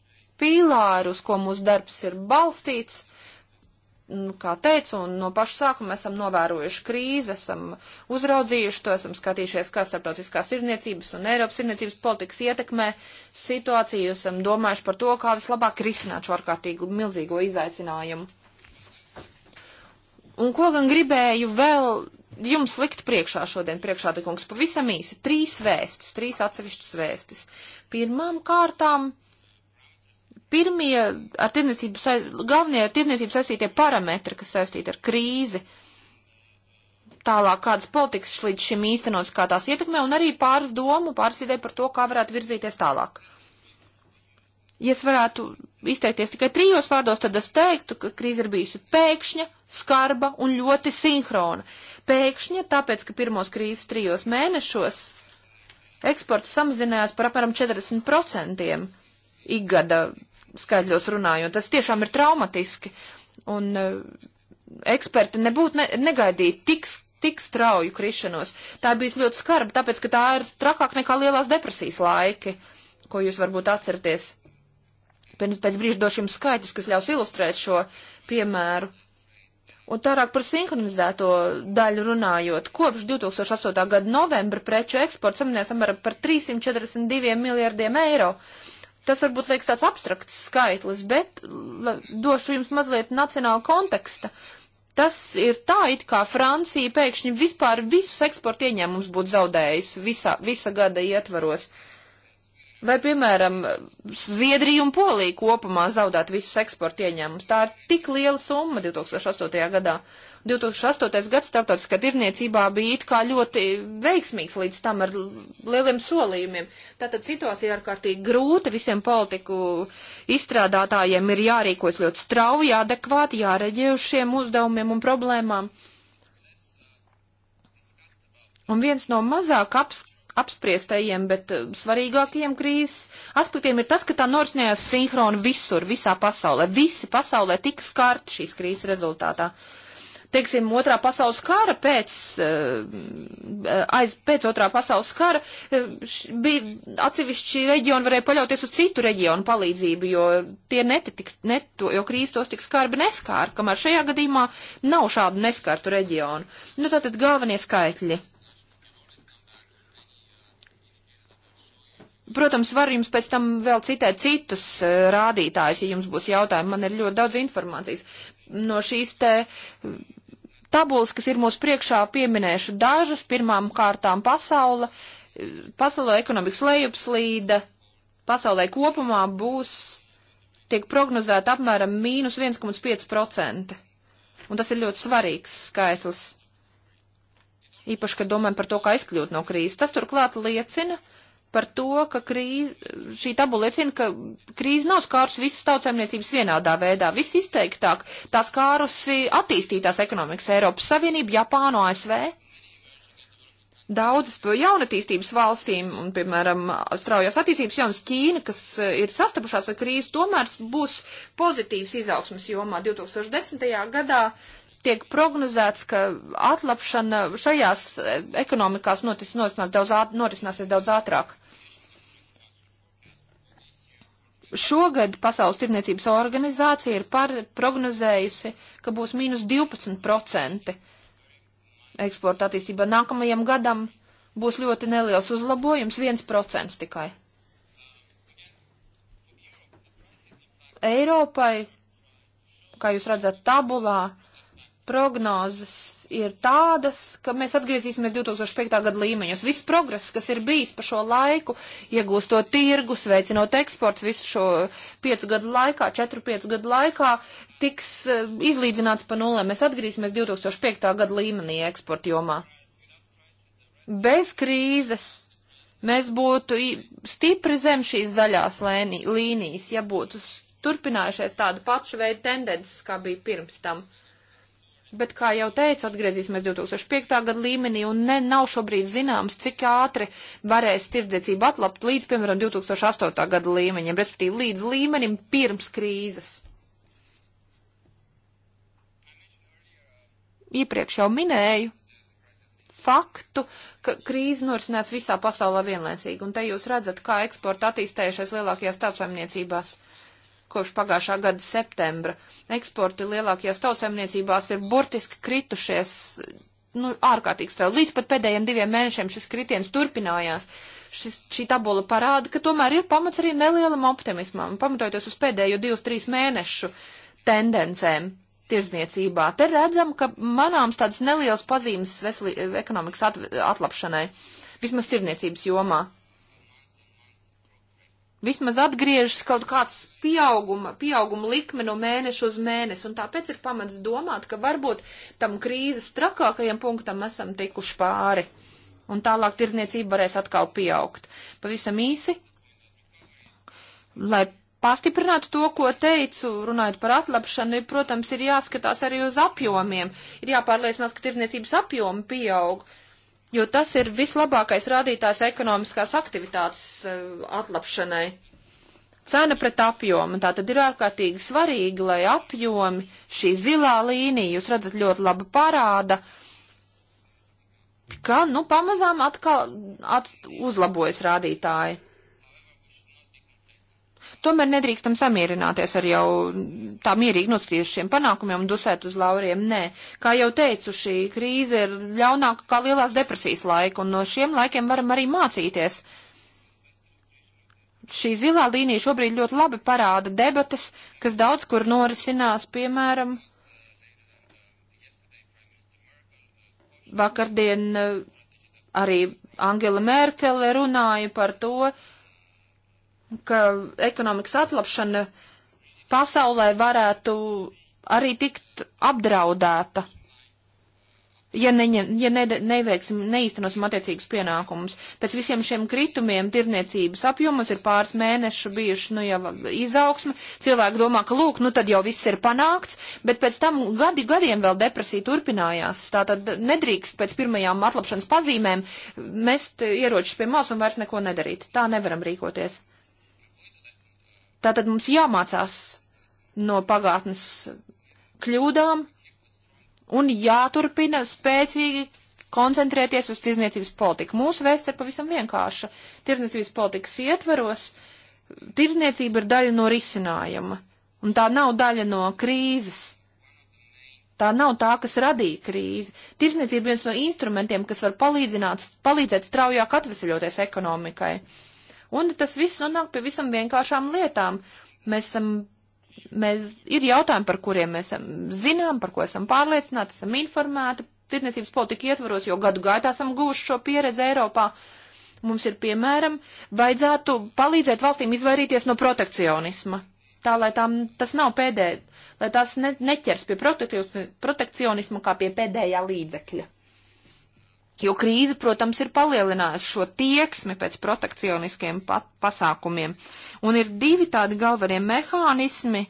pīlāri, uz ko mūsu darbs ir balstīts Mm, kā teicu, un no paša sākuma esam novērojuši krīzi, esam uzraudzījuši to, esam skatījušies, kā starptautiskās irniecības un Eiropas irniecības politikas ietekmē situāciju, esam domājuši par to, kā vislabāk risināt šo ārkārtīgi milzīgo izaicinājumu. Un ko gan gribēju vēl jums likt priekšā šodien, priekšā te kungs, pavisam īsi, trīs vēstis, trīs atsevišķas vēstis. Pirmām kārtām pirmie ar tirniecību, galvenie ar tirniecību saistītie parametri, kas saistīti ar krīzi. Tālāk kādas politikas līdz šim īstenots, kā tās ietekmē, un arī pāris domu, pāris ideja par to, kā varētu virzīties tālāk. Ja es varētu izteikties tikai trijos vārdos, tad es teiktu, ka krīze ir bijusi pēkšņa, skarba un ļoti sinhrona. Pēkšņa, tāpēc, ka pirmos krīzes trijos mēnešos eksports samazinājās par apmēram 40% ikgada skaidļos runājot. Tas tiešām ir traumatiski. Un eh, eksperti nebūtu ne, negaidīti tik, tik strauju krišanos. Tā bijis ļoti skarba, tāpēc, ka tā ir trakāk nekā lielās depresijas laiki, ko jūs varbūt atceraties. Pirms pēc brīža došu jums skaidrs, kas ļaus ilustrēt šo piemēru. Un tālāk par sinhronizēto daļu runājot, kopš 2008. gada novembra preču eksports samazinājās apmēram par 342 miljardiem eiro. Uh, Tas varbūt liekas tāds abstrakts skaitlis, bet la, došu jums mazliet nacionāla konteksta. Tas ir tā, it kā Francija pēkšņi vispār visus eksporta ieņēmumus būtu zaudējusi visā, visa gada ietvaros. Uh, Vai, piemēram, Zviedrija un Polija kopumā zaudēt visus eksporta ieņēmumus? Tā ir tik liela summa 2008. gadā. 2008. gads starptautiskā tirniecībā bija it kā ļoti veiksmīgs līdz tam ar lieliem solījumiem. Tātad situācija ārkārtīgi grūta, visiem politiku izstrādātājiem ir jārīkojas ļoti strauji, adekvāti, jāreģē uz šiem uzdevumiem un problēmām. Un viens no mazāk aps, apspriestajiem, bet eh, svarīgākajiem krīzes aspektiem ir tas, ka tā norisinājās sinhroni visur, visā pasaulē. Visi pasaulē tika skārti šīs krīzes rezultātā. Teiksim, otrā pasaules kara pēc, eh, eh, aiz, pēc otrā pasaules kara š, bija atsevišķi reģioni varēja paļauties uz citu reģionu palīdzību, jo tie netik, net, jo krīzes tos tik skarbi neskāra, kamēr šajā gadījumā nav šādu neskartu reģionu. Nu, tātad galvenie skaitļi Protams, var jums pēc tam vēl citēt citus e, rādītājus, ja jums būs jautājumi. Man ir ļoti daudz informācijas no šīs te e, tabulas, kas ir mūsu priekšā, pieminēšu dažus. Pirmām kārtām pasaula, e, pasaulē ekonomikas lejupslīde, pasaulē kopumā būs, tiek prognozēta apmēram mīnus 1,5%. Un tas ir ļoti svarīgs skaitlis. Īpaši, kad domājam par to, kā izkļūt no krīzes. Tas turklāt liecina, par to, ka krīze, šī tabula liecina, ka krīze nav skārus visas tautsēmniecības vienādā veidā. Viss izteiktāk tā skārusi attīstītās ekonomikas Eiropas Savienību, Japānu, ASV. Daudzas to jaunatīstības valstīm, un, piemēram, straujās attīstības jaunas Ķīna, kas e, ir sastapušās ar krīzi, tomēr būs pozitīvs izaugsmas jomā 2010. gadā tiek prognozēts, ka atlapšana šajās eh, ekonomikās notis, norisinās daudz, āt, norisināsies daudz ātrāk. Šogad Pasaules tirniecības organizācija ir par, prognozējusi, ka būs mīnus 12% eksporta attīstībā. Nākamajam gadam būs ļoti neliels uzlabojums, 1% tikai. Eiropai, kā jūs redzat tabulā, prognozes ir tādas, ka mēs atgriezīsimies 2005. gada līmeņos. Viss progress, kas ir bijis pa šo laiku, iegūstot tirgus, veicinot eksports visu šo 5 gadu laikā, 4-5 gadu laikā, tiks e, izlīdzināts pa nulē. Mēs atgriezīsimies 2005. gada līmenī eksporta jomā. Bez krīzes mēs būtu stipri zem šīs zaļās lēnī, līnijas, ja būtu turpinājušies tāda paša veida tendences, kā bija pirms tam. Bet, kā jau teicu, atgriezīsimies 2005. gada līmenī un ne, nav šobrīd zināms, cik ātri varēs tirdzniecība atlapt līdz, piemēram, 2008. gada līmeņiem, respektīvi līdz līmenim pirms krīzes. Iepriekš jau minēju faktu, ka krīze norisinās visā pasaulē vienlaicīgi, un te jūs redzat, kā eksporta attīstējušies lielākajās tautsaimniecībās. Uh, kopš pagājušā gada septembra. Eksporti lielākajās tautsēmniecībās ir burtiski kritušies, nu, ārkārtīgi strauji. Līdz pat pēdējiem diviem mēnešiem šis kritiens turpinājās. Šis, šī tabula parāda, ka tomēr ir pamats arī nelielam optimismam, pamatojoties uz pēdējo divus, trīs mēnešu tendencēm tirdzniecībā. Te redzam, ka manāms tādas nelielas pazīmes veselī, ekonomikas at, atlapšanai, vismaz tirdzniecības jomā vismaz atgriežas kaut kāds pieauguma, pieauguma likme no mēneša uz mēnesi, un tāpēc ir pamats domāt, ka varbūt tam krīzes trakākajam punktam esam tikuši pāri, un tālāk tirzniecība varēs atkal pieaugt. Pavisam īsi, lai Pastiprinātu to, ko teicu, runājot par atlapšanu, protams, ir jāskatās arī uz apjomiem. Ir jāpārliecinās, ka tirniecības apjomi pieaug. Uh, jo tas ir vislabākais rādītājs ekonomiskās aktivitātes eh, atlapšanai. Cena pret apjomu, tā tad ir ārkārtīgi svarīgi, lai apjomi, šī zilā līnija, jūs redzat, ļoti labi parāda, ka, nu, pamazām atkal at, uzlabojas rādītāji. Tomēr nedrīkstam samierināties ar jau tā mierīgi noskriežušiem panākumiem un dusēt uz lauriem. Nē, kā jau teicu, šī krīze ir ļaunāka kā lielās depresijas laika, un no šiem laikiem varam arī mācīties. Šī zilā līnija šobrīd ļoti labi parāda debatas, kas daudz kur norisinās, piemēram, vakardien eh, arī Angela Merkele runāja par to, uh, ka ekonomikas atlapšana pasaulē varētu arī tikt apdraudēta, ja, neņem, ja ne, neveiksim, neīstenosim attiecīgus pienākumus. Pēc visiem šiem kritumiem tirniecības apjomos ir pāris mēnešu bijuši, nu jau izaugsme, cilvēki domā, ka lūk, nu tad jau viss ir panākts, bet pēc tam gadi gadiem vēl depresija turpinājās, tātad nedrīkst pēc pirmajām atlapšanas pazīmēm mest ieročus pie mās un vairs neko nedarīt. Tā nevaram rīkoties. Tātad mums jāmācās no pagātnes kļūdām un jāturpina spēcīgi koncentrēties uz tirzniecības politiku. Mūsu vēsts ir pavisam vienkārša. Tirzniecības politikas ietveros tirzniecība ir daļa no risinājuma, un tā nav daļa no krīzes. Tā nav tā, kas radīja krīzi. Tirzniecība ir viens no instrumentiem, kas var palīdzēt straujāk atvesļoties ekonomikai. Uh, Un tas viss nonāk pie visam vienkāršām lietām. Mēs esam, mēs, ir jautājumi, par kuriem mēs zinām, par ko esam pārliecināti, esam informēti, tirniecības politika ietvaros, jo gadu gaitā esam guvuši šo pieredzi Eiropā. Mums ir, piemēram, vajadzētu palīdzēt valstīm izvairīties no protekcionisma. Tā, lai tām tas nav pēdējais, lai tās ne, neķers pie protekcionisma kā pie pēdējā līdzekļa. Jo krīze, protams, ir palielinājusi šo tieksmi pēc protekcioniskiem pasākumiem. Un ir divi tādi galvenie mehānismi,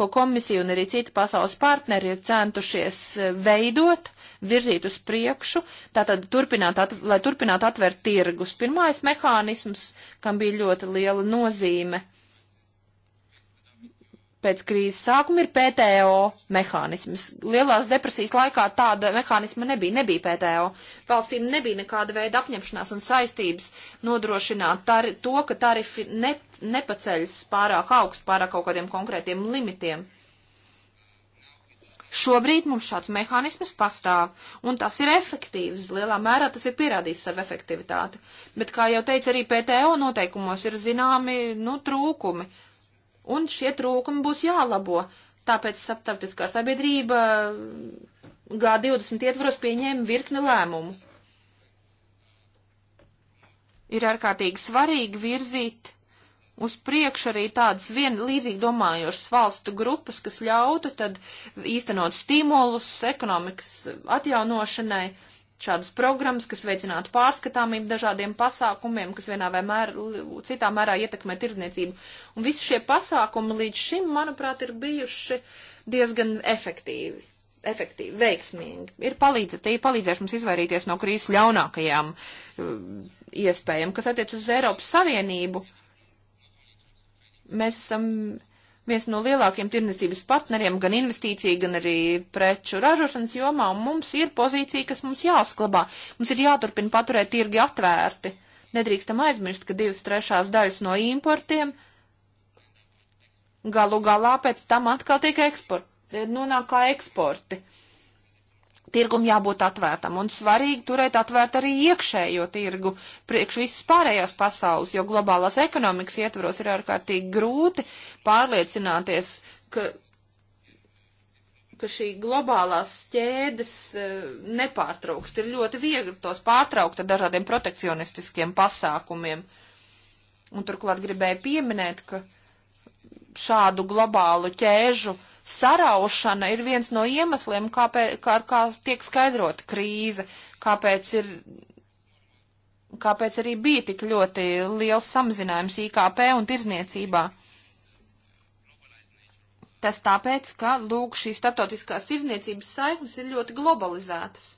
ko komisija un arī citi pasaules partneri ir centušies e, veidot, virzīt uz priekšu, tātad turpināt, at, lai turpinātu atvērt tirgus. Pirmais mehānisms, kam bija ļoti liela nozīme, uh, pēc krīzes sākuma ir PTO mehānisms. Lielās depresijas laikā tāda mehānisma nebija, nebija PTO. Valstīm nebija nekāda veida apņemšanās un saistības nodrošināt tari, to, ka tarifi ne, nepaceļas pārāk augstu, pārāk kaut kādiem konkrētiem limitiem. Šobrīd mums šāds mehānisms pastāv, un tas ir efektīvs. Lielā mērā tas ir pierādījis savu efektivitāti. Bet, kā jau teicu, arī PTO noteikumos ir zināmi, nu, trūkumi. Uh, Un šie trūkumi būs jālabo. Tāpēc starptautiskā sabiedrība uh, G20 ietvaros pieņēma virkni lēmumu. Ir ārkārtīgi svarīgi virzīt uz priekšu arī tādas vien līdzīgi domājošas valstu grupas, kas ļautu tad īstenot stimulus ekonomikas atjaunošanai šādas programmas, kas veicinātu pārskatāmību dažādiem pasākumiem, kas vienā vai mēr, citā mērā ietekmē tirdzniecību. Un visi šie pasākumi līdz šim, manuprāt, ir bijuši diezgan efektīvi. Efektīvi, veiksmīgi. Ir palīdzēti, palīdzējuši mums izvairīties no krīzes ļaunākajām uh, iespējām, kas attiec uz Eiropas Savienību. Mēs esam viens no lielākiem tirdzniecības partneriem gan investīciju, gan arī preču ražošanas jomā, un mums ir pozīcija, kas mums jāsklabā. Mums ir jāturpina paturēt tirgi atvērti. Nedrīkstam aizmirst, ka divas trešās daļas no importiem galu galā pēc tam atkal tiek eksport, nonāk kā eksporti. Uh, tirgum jābūt atvērtam un svarīgi turēt atvērt arī iekšējo tirgu priekš visas pārējās pasaules, jo globālās ekonomikas ietvaros ir ārkārtīgi grūti pārliecināties, ka, ka šī globālās ķēdes e, nepārtraukst. Ir ļoti viegli tos pārtraukt ar dažādiem protekcionistiskiem pasākumiem. Un turklāt gribēju pieminēt, ka šādu globālu ķēžu uh, saraušana ir viens no iemesliem, kāpēc, kā, kā tiek skaidrota krīze, kāpēc ir kāpēc arī bija tik ļoti liels samazinājums IKP un tirzniecībā. Tas tāpēc, ka, lūk, šīs starptautiskās tirzniecības saiknes ir ļoti globalizētas.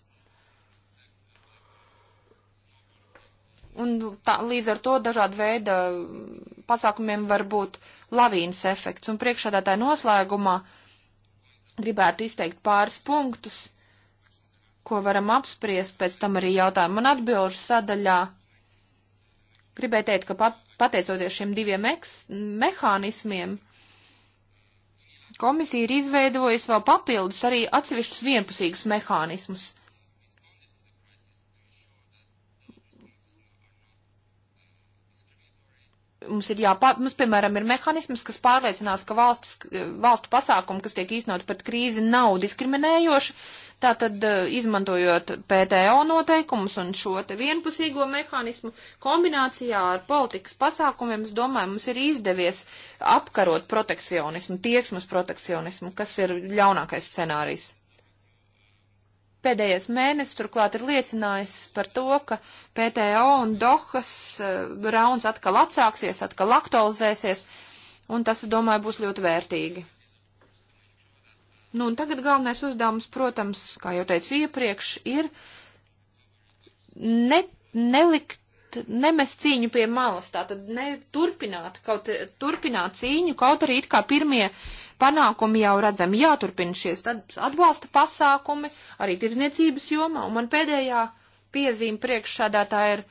Un tā, līdz ar to dažāda veida pasākumiem var būt lavīnas efekts. Un priekšādātāja noslēgumā gribētu izteikt pāris punktus, ko varam apspriest pēc tam arī jautājumu un atbilžu sadaļā. Gribēju teikt, ka pat, pateicoties šiem diviem eks, mehānismiem, komisija ir izveidojusi vēl papildus arī atsevišķus vienpusīgus mehānismus – mums ir jāpā, mums, piemēram, ir mehānisms, kas pārliecinās, ka valsts, valstu pasākumi, kas tiek īstenot pret krīzi, nav diskriminējoši. Tātad, eh, izmantojot PTO noteikumus un šo te vienpusīgo mehānismu, kombinācijā ar politikas pasākumiem, es domāju, mums ir izdevies apkarot protekcionismu, tieksmas protekcionismu, kas ir ļaunākais scenārijs. Pēdējais mēnesis turklāt ir liecinājis par to, ka PTO un Dohas eh, rauns atkal atsāksies, atkal aktualizēsies, un tas, domāju, būs ļoti vērtīgi. Nu, un tagad galvenais uzdevums, protams, kā jau teicu iepriekš, ir ne, nelikt bet nemest cīņu pie malas, tātad ne turpināt, kaut, turpināt cīņu, kaut arī it kā pirmie panākumi jau redzam, jāturpina šies atbalsta pasākumi, arī tirzniecības jomā, un man pēdējā piezīme priekšsādātā ir,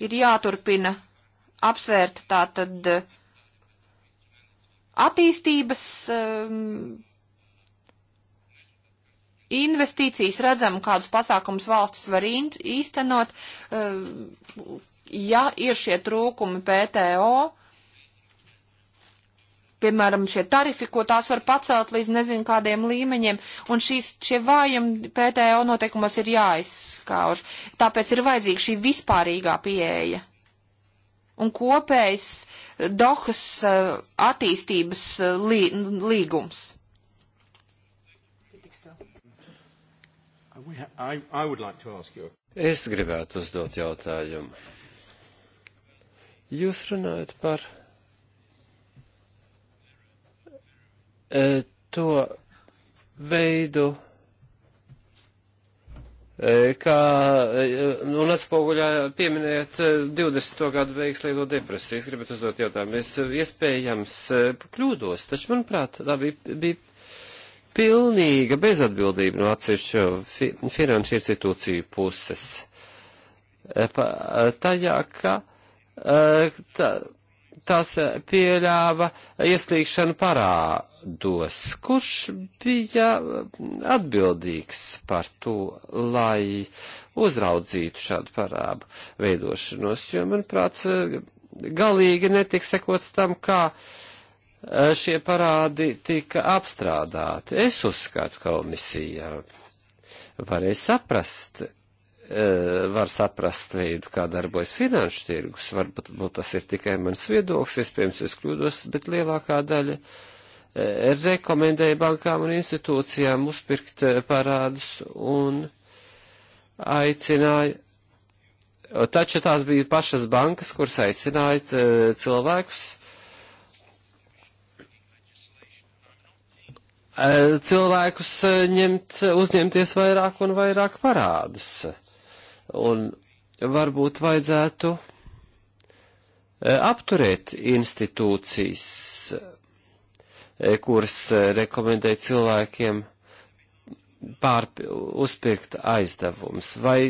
ir jāturpina apsvērt tātad eh, attīstības um, investīcijas, redzam, kādus pasākumus valstis var īstenot, eh, ja ir šie trūkumi PTO, piemēram, šie tarifi, ko tās var pacelt līdz nezinu kādiem līmeņiem, un šīs, šie vājumi PTO noteikumos ir jāizskauž. Tāpēc ir vajadzīga šī vispārīgā pieeja. Un kopējs eh, Dohas eh, attīstības eh, lī, līgums. Es gribētu uzdot jautājumu. Jūs runājat par e, to veidu, e, kā, e, un atspoguļā pieminējat 20. E, gadu veikslīgo depresiju. Es gribētu uzdot jautājumu. Es iespējams kļūdos, taču, manuprāt, tā bija, bija pilnīga bezatbildība no atsevišķu fi, finanšu institūciju puses. Pa, tajā, ka Eh, tā, tas pieļāva ieslīgšanu parādos. Kurš bija atbildīgs par to, lai uzraudzītu šādu parādu veidošanos? Jo, manuprāt, galīgi netika sekots tam, kā eh, šie parādi tika apstrādāti. Es uzskatu, ka komisija varēja saprast, Eh, var saprast veidu, kā darbojas finanšu tirgus. Varbūt nu, tas ir tikai mans viedoklis, iespējams, es kļūdos, bet lielākā daļa eh, rekomendēja bankām un institūcijām uzpirkt eh, parādus un aicināja. Taču tās bija pašas bankas, kuras aicināja cilvēkus cilvēkus ņemt, uzņemties vairāk un vairāk parādus. Un varbūt vajadzētu e, apturēt institūcijas, e, kuras e, rekomendē cilvēkiem pārp, uzpirkt aizdevums, vai,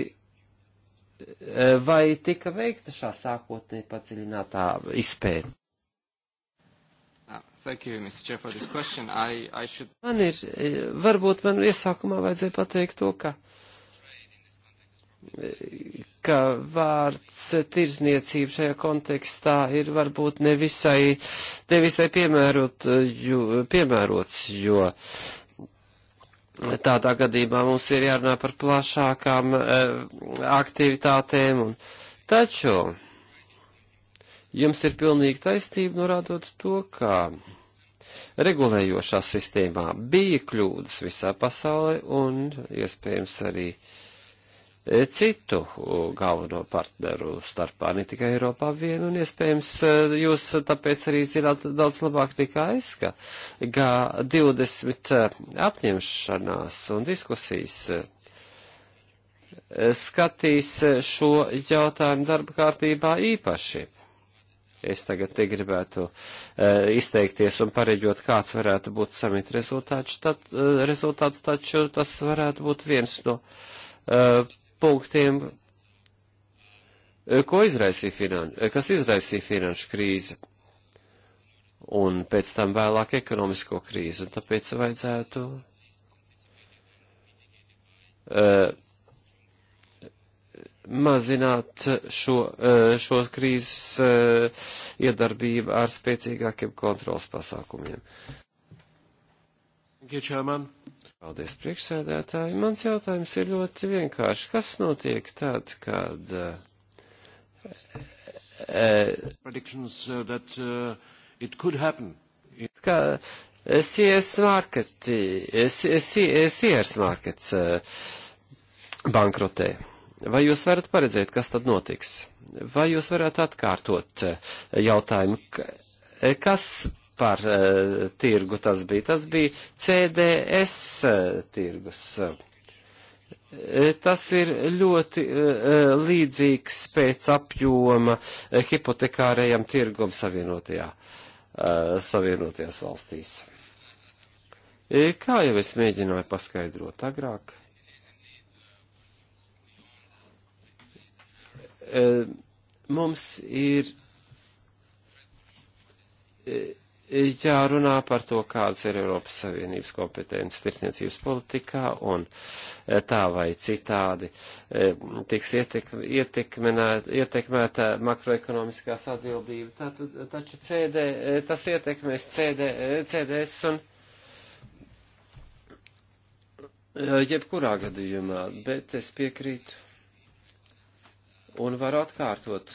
vai tika veikta šā sākotnēji padziļinātā izpēta? Ah, thank you, Mr. Chair, for this question. I, I should... Man ir, varbūt man iesākumā vajadzēja pateikt to, ka ka vārds tirzniecība šajā kontekstā ir varbūt nevisai, nevisai piemērot, jo, piemērots, jo tādā gadījumā mums ir jārunā par plašākām eh, aktivitātēm. Un, taču jums ir pilnīgi taisnība norādot to, ka regulējošā sistēmā bija kļūdas visā pasaulē un iespējams arī uh, citu uh, galveno partneru starpā, ne tikai Eiropā vienu, un iespējams uh, jūs tāpēc arī zināt daudz labāk nekā es, ka G20 uh, apņemšanās un diskusijas skatīs šo jautājumu darba kārtībā īpaši. Es tagad te gribētu uh, izteikties un pareģot, kāds varētu būt samita rezultāts, tad, uh, rezultāts, taču tas varētu būt viens no uh, punktiem, eh, ko izraisīja finan eh, kas izraisīja finanšu krīzi un pēc tam vēlāk ekonomisko krīzi, un tāpēc vajadzētu uh, mazināt šo, uh, šo krīzes uh, iedarbību ar spēcīgākiem kontrols pasākumiem. Thank you, Chairman. Paldies, priekšsēdētāji. Mans jautājums ir ļoti vienkārši. Kas notiek tad, kad. E, kā CS marketi, CS markets eh, bankrotē. Vai jūs varat paredzēt, kas tad notiks? Vai jūs varat atkārtot eh, jautājumu, eh, kas par uh, tirgu tas bija. Tas bija CDS uh, eh, tirgus. Eh, tas ir ļoti uh, līdzīgs pēc apjoma hipotekārajam tirgum savienotajā, uh, savienotajās valstīs. Kā jau es mēģināju paskaidrot agrāk, mums ir jārunā par to, kādas ir Eiropas Savienības kompetences tirsniecības politikā un e, tā vai citādi e, tiks ietek, ietekmēta makroekonomiskās atbildība. Tātad, taču CD, e, tas ietekmēs CD, CDS un jebkurā gadījumā, bet es piekrītu un varu atkārtot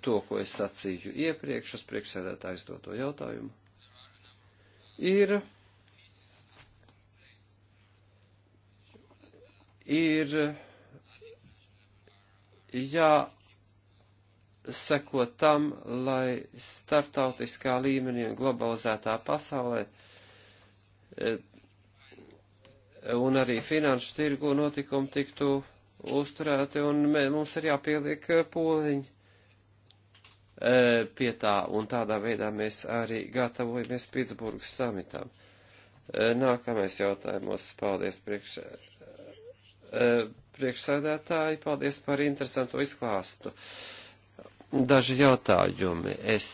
to, ko es sacīju iepriekš uz priekšsēdētājs doto jautājumu, ir, ir jāseko tam, lai startautiskā līmenī un globalizētā pasaulē un arī finanšu tirgu notikumi tiktu uzturēti, un mē, mums ir jāpieliek pūliņi E, pie tā, un tādā veidā mēs arī gatavojamies Pitsburgas samitam. E, nākamais jautājums. Paldies priekš, e, priekšsēdētāji, paldies par interesantu izklāstu. Daži jautājumi. Es,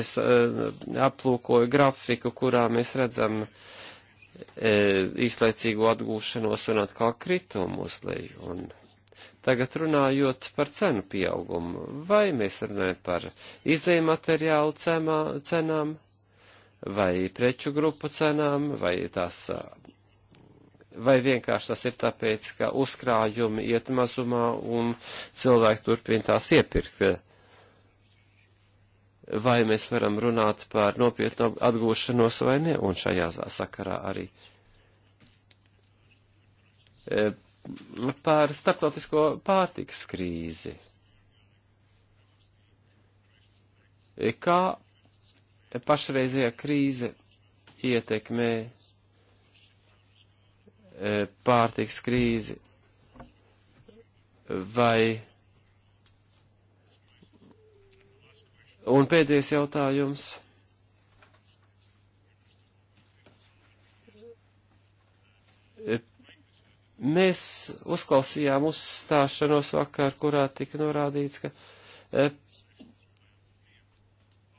es aplūkoju grafiku, kurā mēs redzam īslaicīgu atgūšanos un atkal kritumu uz leju. Un Tagad runājot par cenu pieaugumu, vai mēs runājam par izējuma materiālu cemā, cenām, vai preču grupu cenām, vai tās, vai vienkārši tas ir tāpēc, ka uzkrājumi iet mazumā un cilvēki turpina tās iepirkt vai mēs varam runāt par nopietnu atgūšanos vai ne, un šajā sakarā arī par starptautisko pārtikas krīzi. Kā pašreizējā krīze ietekmē e, pārtiks krīzi vai. Un pēdējais jautājums. Mēs uzklausījām uzstāšanos vakar, kurā tika norādīts, ka e,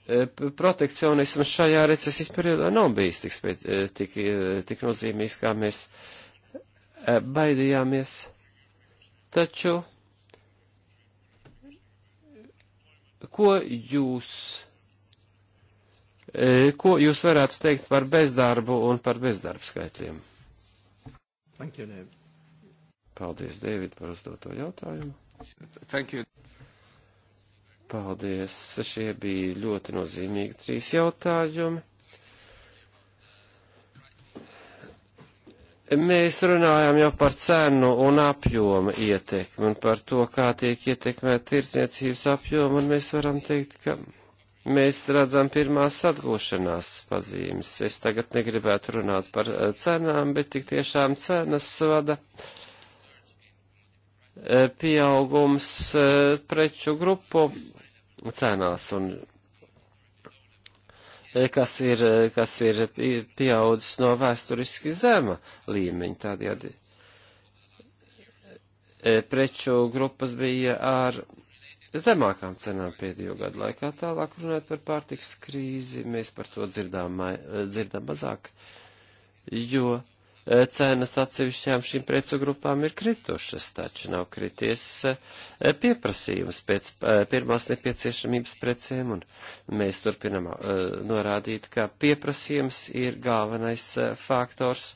e protekcionisms šajā recesijas periodā nav bijis tik, spēc, e, tik, e, tik nozīmīgs, kā mēs baidījāmies. Taču, ko jūs, ko jūs varētu teikt par bezdarbu un par bezdarba skaitļiem? Thank you, Neb. Paldies, Dēvid, par uzdoto jautājumu. Thank you. Paldies. Šie bija ļoti nozīmīgi trīs jautājumi. Mēs runājām jau par cenu un apjomu ietekmi un par to, kā tiek ietekmēta tirdzniecības apjoma, un mēs varam teikt, ka mēs redzam pirmās atgūšanās pazīmes. Es tagad negribētu runāt par eh, cenām, bet tik tiešām cenas vada. Uh, Eh, pieaugums eh, preču grupu cenās un eh, kas ir, kas ir pieaudzis no vēsturiski zema līmeņa. Tādējādi preču grupas bija ar zemākām cenām pēdējo gadu laikā. Tālāk runājot par pārtiks krīzi, mēs par to dzirdām, dzirdām mazāk, jo Eh, cenas atsevišķām šīm preču grupām ir kritušas, taču nav krities eh, pieprasījums pēc eh, pirmās nepieciešamības precēm, un mēs turpinam norādīt, ka pieprasījums ir galvenais faktors.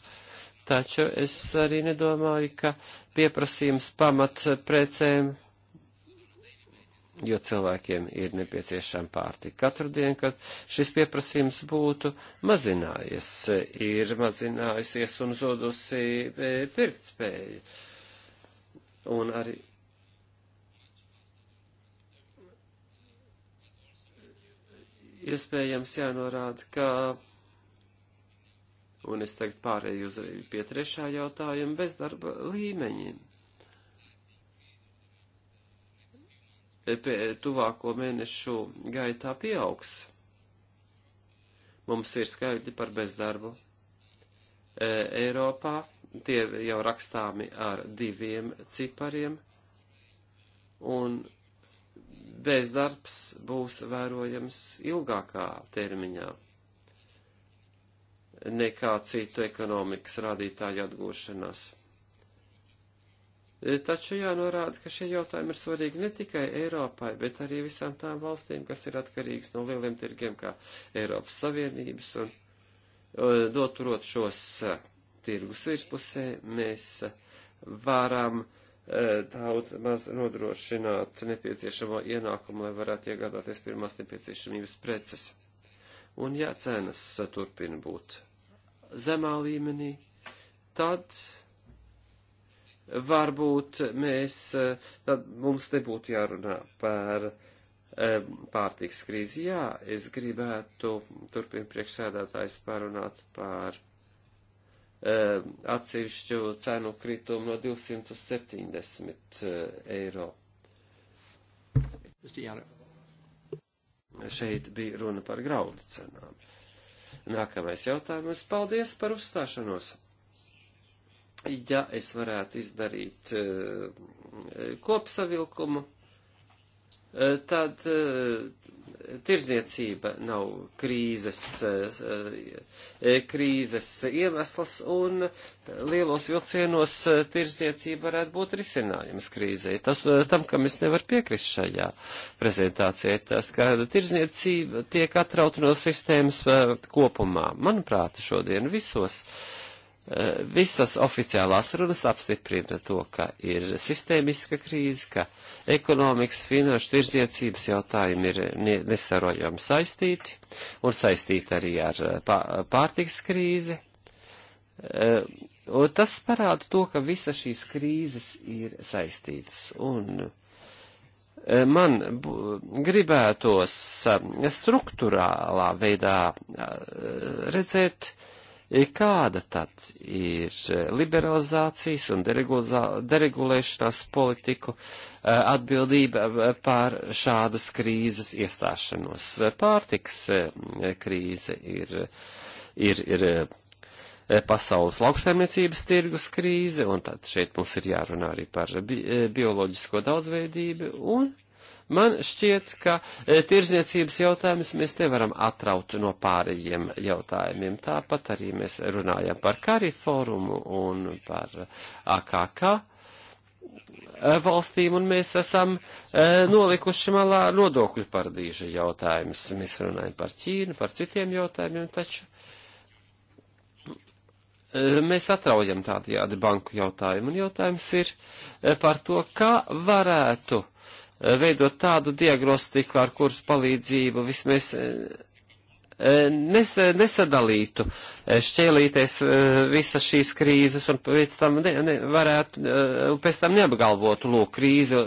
Taču es arī nedomāju, ka pieprasījums pamat precēm jo cilvēkiem ir nepieciešama pārtika. Katru dienu, kad šis pieprasījums būtu mazinājies, ir mazinājusies un zudusi e, pirktspēja. Un arī iespējams jānorāda, ka, un es teikt pārēju uz pie trešā jautājuma, bezdarba līmeņiem. E, tuvāko mēnešu gaitā pieaugs. Mums ir skaidri par bezdarbu. E, Eiropā tie jau rakstāmi ar diviem cipariem, un bezdarbs būs vērojams ilgākā termiņā nekā citu ekonomikas rādītāju atgūšanās. E, taču jānorāda, ka šie jautājumi ir svarīgi ne tikai Eiropai, bet arī visām tām valstīm, kas ir atkarīgas no lieliem tirgiem, kā Eiropas Savienības, un e, noturot šos e, tirgus virspusē, mēs varam daudz maz nodrošināt nepieciešamo ienākumu, lai varētu iegādāties pirmās nepieciešamības preces. Un ja cenas turpina būt zemā līmenī, tad varbūt mēs, tad mums nebūtu jārunā par pārtiks krīzi. Jā, es gribētu turpin priekšsēdētājs parunāt par atsevišķu cenu kritumu no 270 eh, eiro. Šeit bija runa par graudu cenām. Nākamais jautājums. Paldies par uzstāšanos ja es varētu izdarīt eh, kopsavilkumu, eh, tad eh, tirzniecība nav krīzes, krīzes iemesls, un lielos vilcienos tirzniecība varētu būt risinājums krīzei. Tas, tam, kam es nevaru piekrist šajā prezentācijā, tas, ka tirzniecība tiek atrauta no sistēmas kopumā. Manuprāt, šodien visos uh, Eh, visas oficiālās runas apstiprina to, ka ir sistēmiska krīze, ka ekonomikas, finanšu, tirdzniecības jautājumi ir nesarojami saistīti un saistīti arī ar eh, pārtiks krīzi. Eh, un tas parāda to, ka visa šīs krīzes ir saistītas. Un man gribētos struktūrālā veidā redzēt, Kāda tad ir eh, liberalizācijas un deregulēšanās politiku eh, atbildība eh, pār šādas krīzes iestāšanos? Pārtiks krīze ir, ir, ir pasaules lauksaimniecības tirgus krīze, un tad šeit mums ir jārunā arī par bi bioloģisko daudzveidību, un Man šķiet, ka e, tirzniecības jautājumus mēs nevaram atraut no pārējiem jautājumiem. Tāpat arī mēs runājam par Kari fórumu un par AKK e, valstīm, un mēs esam e, nolikuši malā nodokļu paradīžu jautājumus. Mēs runājam par Ķīnu, par citiem jautājumiem, taču mēs atraujam tādajādi banku jautājumu, un jautājums ir par to, kā varētu uh, veidot tādu diagnostiku, ar kuras palīdzību vismaz eh, nes, nesadalītu e, šķēlīties e, visas šīs krīzes un pēc tam, ne, ne, varētu, e, pēc tam neapgalvotu, lūk, krīze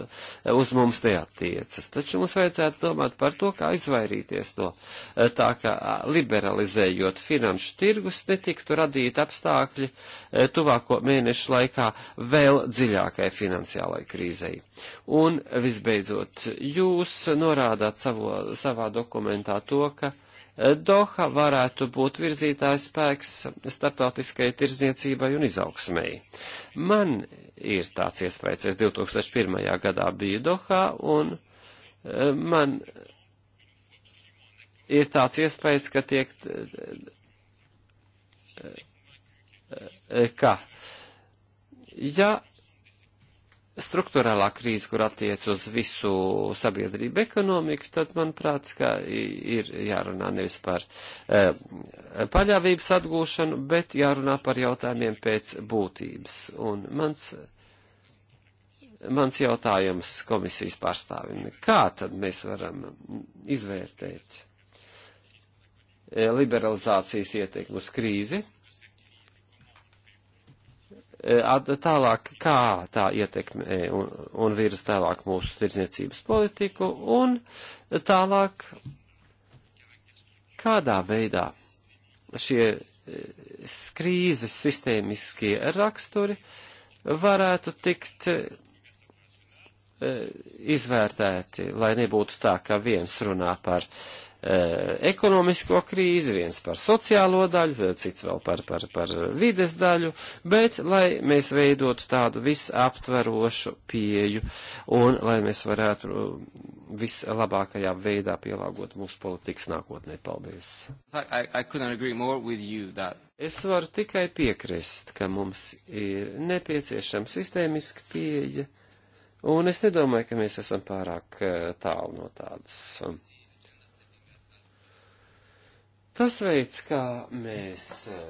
uz mums neattiecas. Taču mums vajadzētu domāt par to, kā izvairīties no tā, ka liberalizējot finanšu tirgus netiktu radīt apstākļi tuvāko mēnešu laikā vēl dziļākai finansiālai krīzei. Un visbeidzot, jūs norādāt savo, savā dokumentā to, ka Doha varētu būt virzītājs spēks starptautiskai tirzniecībai un izaugsmēji. Man ir tāds iespējas, es 2001. gadā biju Dohā un eh, man ir tāds iespējas, ka tiek, eh, eh, ka, ja struktūrālā krīze, kur attiec uz visu sabiedrību ekonomiku, tad, manuprāt, ka ir jārunā nevis par e, paļāvības atgūšanu, bet jārunā par jautājumiem pēc būtības. Un mans, mans jautājums komisijas pārstāvim, kā tad mēs varam izvērtēt e, liberalizācijas ietekmu uz krīzi? Eh, tālāk, kā tā ietekmē un, un virza tālāk mūsu tirdzniecības politiku, un tālāk, kādā veidā šie eh, krīzes sistēmiskie raksturi varētu tikt eh, izvērtēti, lai nebūtu tā, ka viens runā par uh, Eh, ekonomisko krīzi, viens par sociālo daļu, eh, cits vēl par, par, par vides daļu, bet lai mēs veidotu tādu visaptverošu pieju un lai mēs varētu eh, vislabākajā veidā pielāgot mūsu politikas nākotnē. Paldies! I, I es varu tikai piekrist, ka mums ir nepieciešama sistēmiska pieeja, un es nedomāju, ka mēs esam pārāk tālu no tādas. Tas veids, kā mēs eh,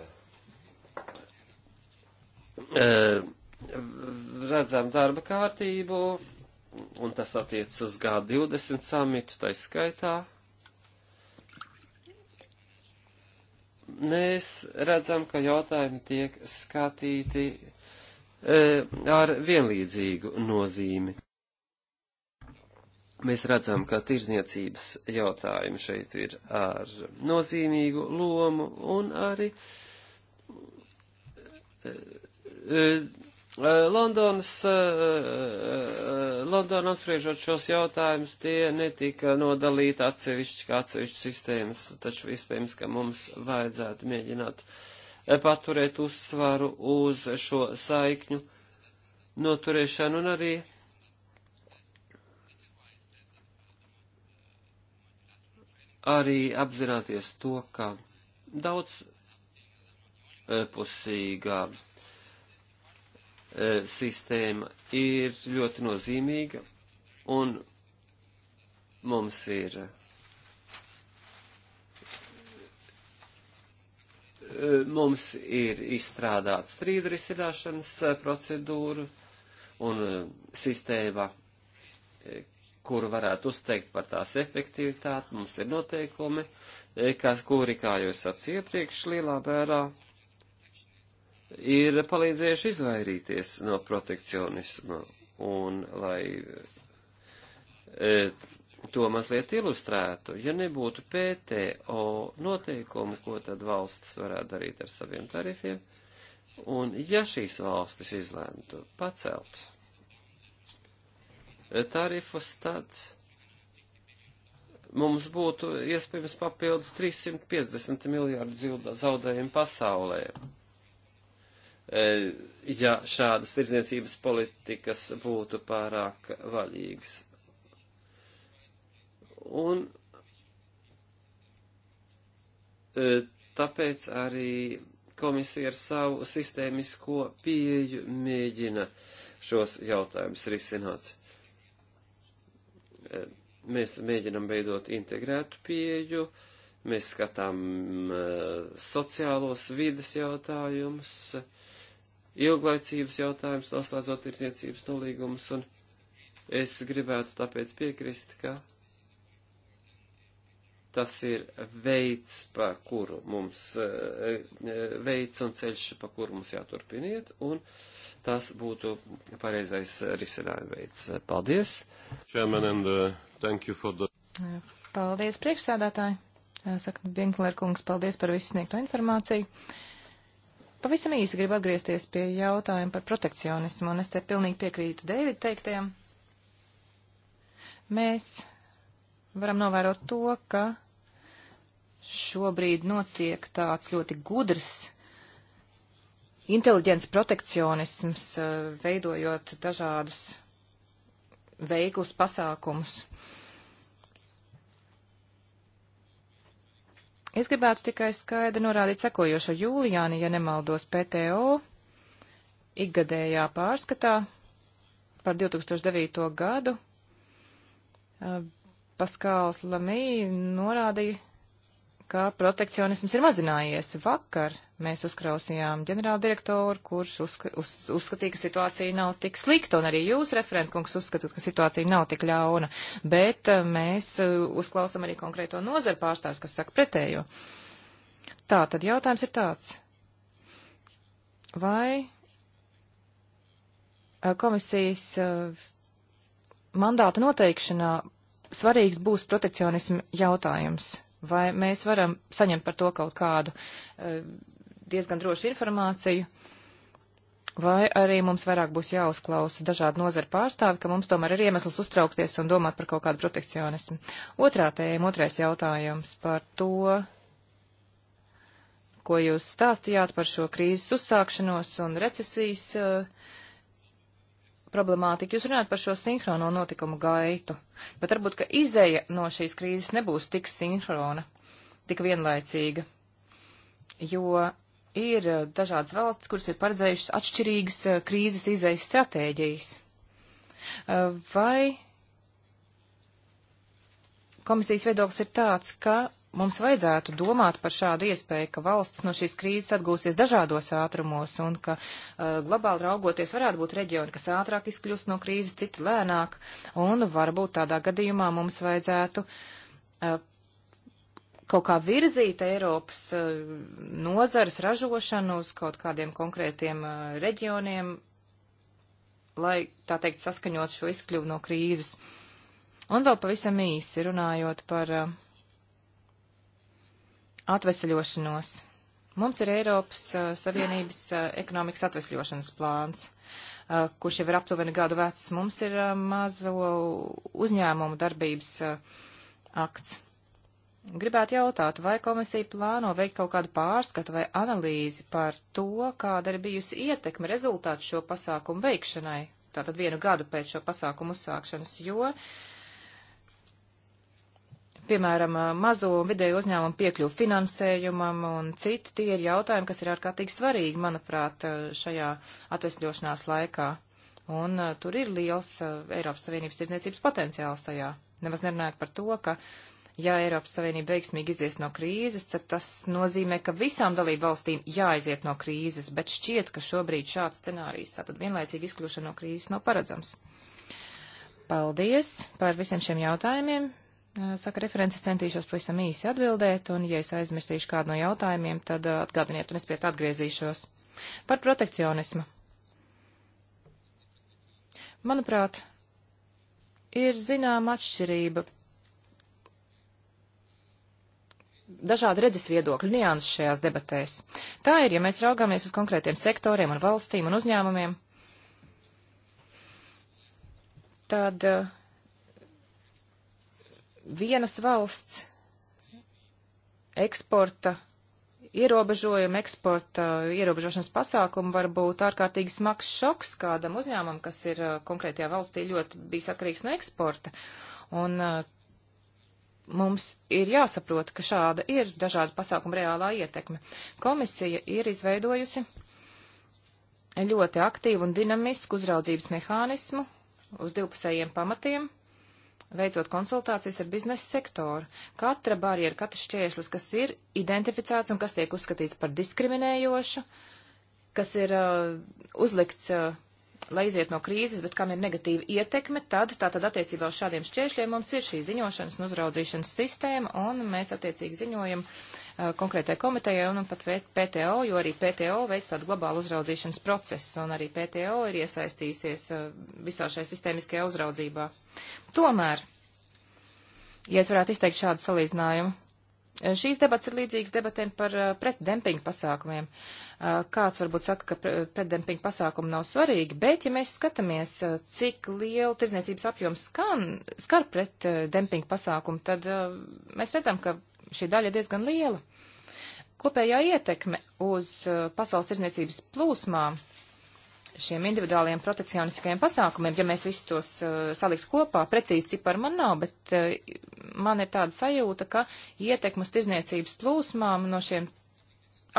eh, redzam darba kārtību, un tas attiec uz G20 samitu, tai skaitā, mēs redzam, ka jautājumi tiek skatīti eh, ar vienlīdzīgu nozīmi. Mēs redzam, ka tirzniecības jautājumi šeit ir ar nozīmīgu lomu un arī e, e, Londonas, e, Londona apspriežot šos jautājumus, tie netika nodalīti atsevišķi kā atsevišķi sistēmas, taču iespējams, ka mums vajadzētu mēģināt paturēt uzsvaru uz šo saikņu noturēšanu un arī arī apzināties to, ka daudz e, pusīgā e, sistēma ir ļoti nozīmīga, un mums ir e, mums ir izstrādāta strīda risināšanas procedūra un sistēma, kuru varētu uzteikt par tās efektivitāti, mums ir noteikumi, e, kas, kuri, kā jau es sacīju iepriekš, lielā mērā ir palīdzējuši izvairīties no protekcionisma. Un, lai e, to mazliet ilustrētu, ja nebūtu PTO noteikumu, ko tad valsts varētu darīt ar saviem tarifiem, un ja šīs valstis izlēmtu pacelt tarifus, tad mums būtu iespējams papildus 350 miljārdu zaudējumu pasaulē. E, ja šādas tirdzniecības politikas būtu pārāk vaļīgas. Un e, tāpēc arī komisija ar savu sistēmisko pieeju mēģina šos jautājumus risināt. Mēs mēģinam veidot integrētu pieju, mēs skatām sociālos vides jautājumus, ilglaicības jautājumus, noslēdzot tirdzniecības nolīgumus, un es gribētu tāpēc piekrist, ka Tas ir veids, pa kuru mums, eh, eh, veids un ceļš, pa kuru mums jāturpiniet, un tas būtu pareizais risinājuma veids. Paldies! Chairman, and, uh, the... Paldies, priekšsēdētāji! Saka, Binkler kungs, paldies par visu sniegto informāciju. Pavisam īsi gribu atgriezties pie jautājuma par protekcionismu, un es te pilnīgi piekrītu Deivid teiktajam. Mēs varam novērot to, ka šobrīd notiek tāds ļoti gudrs inteliģents protekcionisms, eh, veidojot dažādus veiklus pasākumus. Es gribētu tikai skaidri norādīt sekojošo jūlijāni, ja nemaldos PTO ikgadējā pārskatā par 2009. gadu. Eh, Paskāls Lamī norādīja ka protekcionisms ir mazinājies. Vakar mēs uzkrausījām ģenerāldirektoru, kurš uzska, uz, uzskatīja, ka situācija nav tik slikta, un arī jūs, referentkungs, uzskatāt, ka situācija nav tik ļauna, bet eh, mēs eh, uzklausām arī konkrēto nozaru pārstāvis, kas saka pretējo. Tā, tad jautājums ir tāds. Vai eh, komisijas mandāta noteikšanā svarīgs būs protekcionismu jautājums? Vai mēs varam saņemt par to kaut kādu e, diezgan drošu informāciju? Vai arī mums vairāk būs jāuzklausa dažādu nozaru pārstāvi, ka mums tomēr ir iemesls uztraukties un domāt par kaut kādu protekcionismu? Otrā tēma, otrais jautājums par to, ko jūs stāstījāt par šo krīzes uzsākšanos un recesijas uh, problemātiku. Jūs runājat par šo sinhrono notikumu gaitu. Uh, Bet varbūt, ka izēja no šīs krīzes nebūs tik sinhrona, tik vienlaicīga, jo ir eh, dažādas valsts, kuras ir paredzējušas atšķirīgas eh, krīzes izējas stratēģijas. Eh, vai komisijas viedoklis ir tāds, ka mums vajadzētu domāt par šādu iespēju, ka valsts no šīs krīzes atgūsies dažādos ātrumos un ka uh, globāli raugoties varētu būt reģioni, kas ātrāk izkļūst no krīzes, citi lēnāk, un varbūt tādā gadījumā mums vajadzētu uh, kaut kā virzīt Eiropas uh, nozares ražošanu uz kaut kādiem konkrētiem uh, reģioniem, lai, tā teikt, saskaņot šo izkļuvu no krīzes. Un vēl pavisam īsi runājot par uh, atveseļošanos. Mums ir Eiropas uh, Savienības uh, ekonomikas atvesļošanas plāns, uh, kurš jau ir aptuveni gadu vecs. Mums ir mazo uzņēmumu darbības akts. Gribētu jautāt, vai komisija plāno veikt kaut kādu pārskatu vai analīzi par to, kāda ir bijusi ietekme rezultātu šo pasākumu veikšanai, tātad vienu gadu pēc šo pasākumu uzsākšanas, jo uh, piemēram, mazo un vidēju uzņēmumu piekļuvu finansējumam un citi, tie ir jautājumi, kas ir ārkārtīgi svarīgi, manuprāt, šajā atvesļošanās laikā. Un uh, tur ir liels uh, Eiropas Savienības tirdzniecības potenciāls tajā. Nemaz nerunājot par to, ka, ja Eiropas Savienība veiksmīgi izies no krīzes, tad tas nozīmē, ka visām dalību valstīm jāiziet no krīzes, bet šķiet, ka šobrīd šāds scenārijs, tātad vienlaicīgi izkļūšana no krīzes, nav paredzams. Paldies par visiem šiem jautājumiem. Saka referents, centīšos pavisam īsi atbildēt, un ja es aizmirstīšu kādu no jautājumiem, tad atgādiniet, un es pie tā atgriezīšos. Par protekcionismu. Manuprāt, ir zināma atšķirība dažādi redzes viedokļi, nianses šajās debatēs. Tā ir, ja mēs raugāmies uz konkrētiem sektoriem un valstīm un uzņēmumiem, tad uh, vienas valsts eksporta ierobežojumi, eksporta ierobežošanas pasākumi var būt ārkārtīgi smags šoks kādam uzņēmumam, kas ir konkrētajā valstī ļoti bijis atkarīgs no eksporta. Un mums ir jāsaprot, ka šāda ir dažāda pasākuma reālā ietekme. Komisija ir izveidojusi ļoti aktīvu un dinamisku uzraudzības mehānismu uz divpusējiem pamatiem veicot konsultācijas ar biznesa sektoru. Katra barjera, katrs šķērslis, kas ir identificēts un kas tiek uzskatīts par diskriminējošu, kas ir uh, uzlikts, uh, lai iziet no krīzes, bet kam ir negatīva ietekme, tad tātad attiecībā uz šādiem šķēršļiem mums ir šī ziņošanas un uzraudzīšanas sistēma, un mēs attiecīgi ziņojam uh, Uh, konkrētai komitejai un pat PTO, jo arī PTO veic tādu globālu uzraudzīšanas procesu, un arī PTO ir iesaistījusies uh, visā šajā sistēmiskajā uzraudzībā. Tomēr, ja es varētu izteikt šādu salīdzinājumu, uh, Šīs debats ir līdzīgs debatēm par uh, pretdempingu pasākumiem. Uh, kāds varbūt saka, ka pre pretdempingu pasākumi nav svarīgi, bet ja mēs skatāmies, uh, cik lielu tirzniecības apjomu skan, skar pretdempingu pasākumu, tad mēs redzam, ka šī daļa ir diezgan liela. Kopējā ietekme uz uh, pasaules tirzniecības plūsmām šiem individuāliem protekcioniskajiem pasākumiem, ja mēs visus tos uh, saliktu kopā, precīzi cipari man nav, bet uh, man ir tāda sajūta, ka ietekmas tirzniecības plūsmām no šiem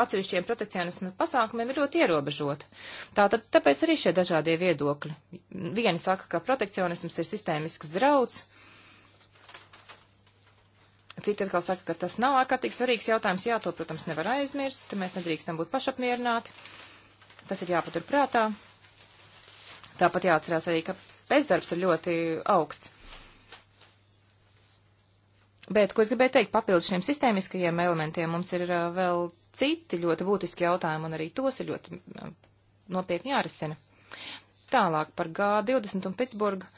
atsevišķiem protekcionismu pasākumiem ir ļoti ierobežota. Tātad tāpēc arī šie dažādie viedokļi. Vieni saka, ka protekcionisms ir sistēmisks drauds, Citi atkal saka, ka tas nav ārkārtīgi svarīgs jautājums. Jā, to, protams, nevar aizmirst. Mēs nedrīkstam būt pašapmierināti. Tas ir jāpatur prātā. Tāpat jāatcerās arī, ka bezdarbs ir ļoti augsts. Bet, ko es gribēju teikt, papildus šiem sistēmiskajiem elementiem mums ir uh, vēl citi ļoti būtiski jautājumi, un arī tos ir ļoti uh, nopietni jārisina. Tālāk par G20 un Pitsburgu.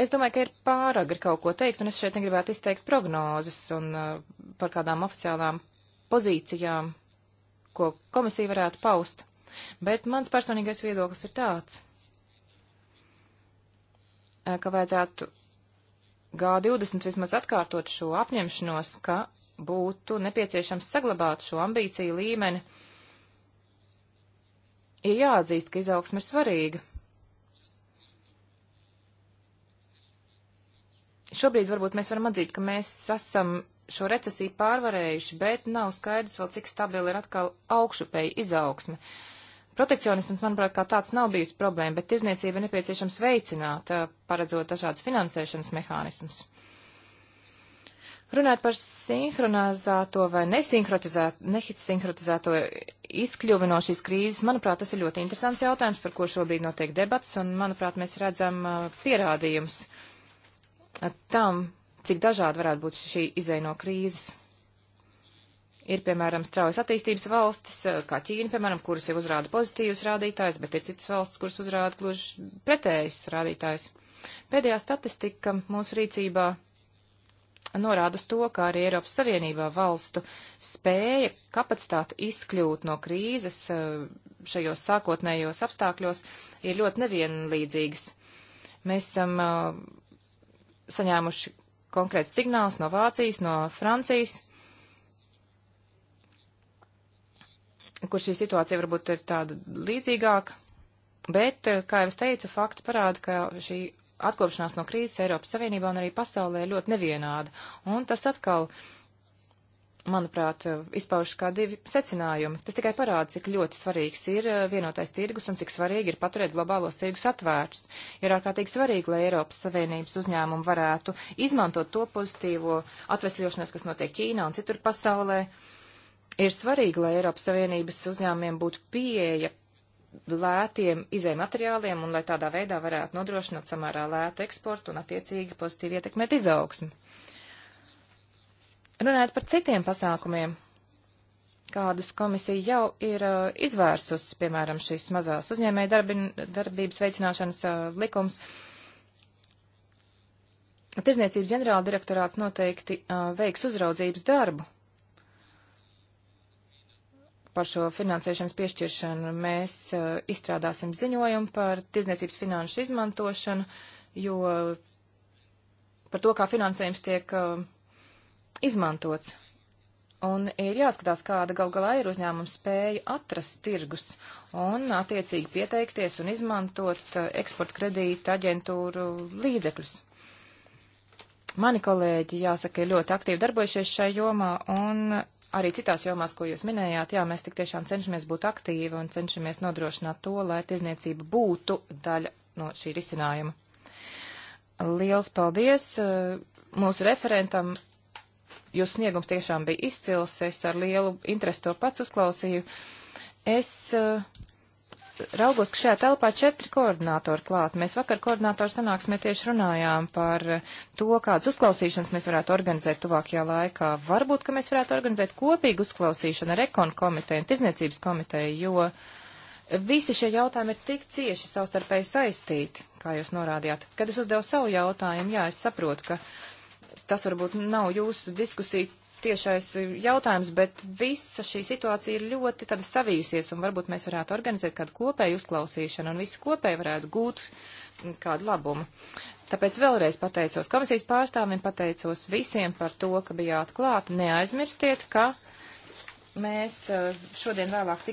Es domāju, ka ir pāragri kaut ko teikt, un es šeit negribētu izteikt prognozes un uh, par kādām oficiālām pozīcijām, ko komisija varētu paust. Bet mans personīgais viedoklis ir tāds, uh, ka vajadzētu G20 vismaz atkārtot šo apņemšanos, ka būtu nepieciešams saglabāt šo ambīciju līmeni. Ir jāatzīst, ka izaugsme ir svarīga, šobrīd varbūt mēs varam atzīt, ka mēs esam šo recesiju pārvarējuši, bet nav skaidrs vēl, cik stabili ir atkal augšupēja izaugsme. Protekcionisms, manuprāt, kā tāds nav bijis problēma, bet tirzniecība nepieciešams veicināt, paredzot dažādas finansēšanas mehānismus. Runāt par sinhronizēto vai nesinhronizēto izkļuvi no šīs krīzes, manuprāt, tas ir ļoti interesants jautājums, par ko šobrīd notiek debats, un, manuprāt, mēs redzam pierādījumus tam, cik dažādi varētu būt šī izēja no krīzes. Ir, piemēram, straujas attīstības valstis, eh, kā Ķīna, piemēram, kuras jau uzrāda pozitīvus rādītājus, bet ir citas valstis, kuras uzrāda gluži pretējus rādītājus. Pēdējā statistika mūsu rīcībā norāda uz to, kā arī Eiropas Savienībā valstu spēja kapacitāti izkļūt no krīzes eh, šajos sākotnējos apstākļos ir ļoti nevienlīdzīgas. Mēs esam eh, saņēmuši konkrētus signālus no Vācijas, no Francijas, kur šī situācija varbūt ir tāda līdzīgāka, bet, eh, kā jau es teicu, fakti parāda, ka šī atkopšanās no krīzes Eiropas Savienībā un arī pasaulē ļoti nevienāda, un tas atkal manuprāt, izpaužas kā divi secinājumi. Tas tikai parāda, cik ļoti svarīgs ir eh, vienotais tirgus un cik svarīgi ir paturēt globālos tirgus atvērtus. Ir ārkārtīgi svarīgi, lai Eiropas Savienības uzņēmumi varētu izmantot to pozitīvo atvesļošanos, kas notiek Ķīnā un citur pasaulē. Ir svarīgi, lai Eiropas Savienības uzņēmumiem būtu pieeja lētiem izējumateriāliem un lai tādā veidā varētu nodrošināt samērā lētu eksportu un attiecīgi pozitīvi ietekmēt izaugsmu. Runājot par citiem pasākumiem, kādus komisija jau ir uh, izvērsusi, piemēram, šīs mazās uzņēmēja darbi, darbības veicināšanas uh, likums. Tirzniecības ģenerāla direktorāts noteikti uh, veiks uzraudzības darbu par šo finansēšanas piešķiršanu. Mēs uh, izstrādāsim ziņojumu par tirzniecības finanšu izmantošanu, jo par to, kā finansējums tiek uh, izmantots. Un ir jāskatās, kāda gal galā ir uzņēmuma spēja atrast tirgus un attiecīgi pieteikties un izmantot eh, eksporta kredīta aģentūru līdzekļus. Mani kolēģi, jāsaka, ir ļoti aktīvi darbojušies šajā jomā un arī citās jomās, ko jūs minējāt. Jā, mēs tik tiešām cenšamies būt aktīvi un cenšamies nodrošināt to, lai tirzniecība būtu daļa no šī risinājuma. Liels paldies! Eh, mūsu referentam Jūsu sniegums tiešām bija izcils, es ar lielu interesi to pats uzklausīju. Es uh, raugos, ka šajā telpā četri koordinātori klāt. Mēs vakar koordinātoru sanāksmē tieši runājām par eh, to, kādas uzklausīšanas mēs varētu organizēt tuvākajā laikā. Varbūt, ka mēs varētu organizēt kopīgu uzklausīšanu ar ekonu komiteju un tirzniecības komiteju, jo visi šie jautājumi ir tik cieši savstarpēji saistīti, kā jūs norādījāt. Kad es uzdevu savu jautājumu, jā, es saprotu, ka tas varbūt nav jūsu diskusija tiešais jautājums, bet visa šī situācija ir ļoti tad savījusies, un varbūt mēs varētu organizēt kādu kopēju uzklausīšanu, un visi kopēji varētu gūt kādu labumu. Tāpēc vēlreiz pateicos komisijas pārstāvim, pateicos visiem par to, ka bijāt klāt. Neaizmirstiet, ka mēs eh, šodien vēlāk.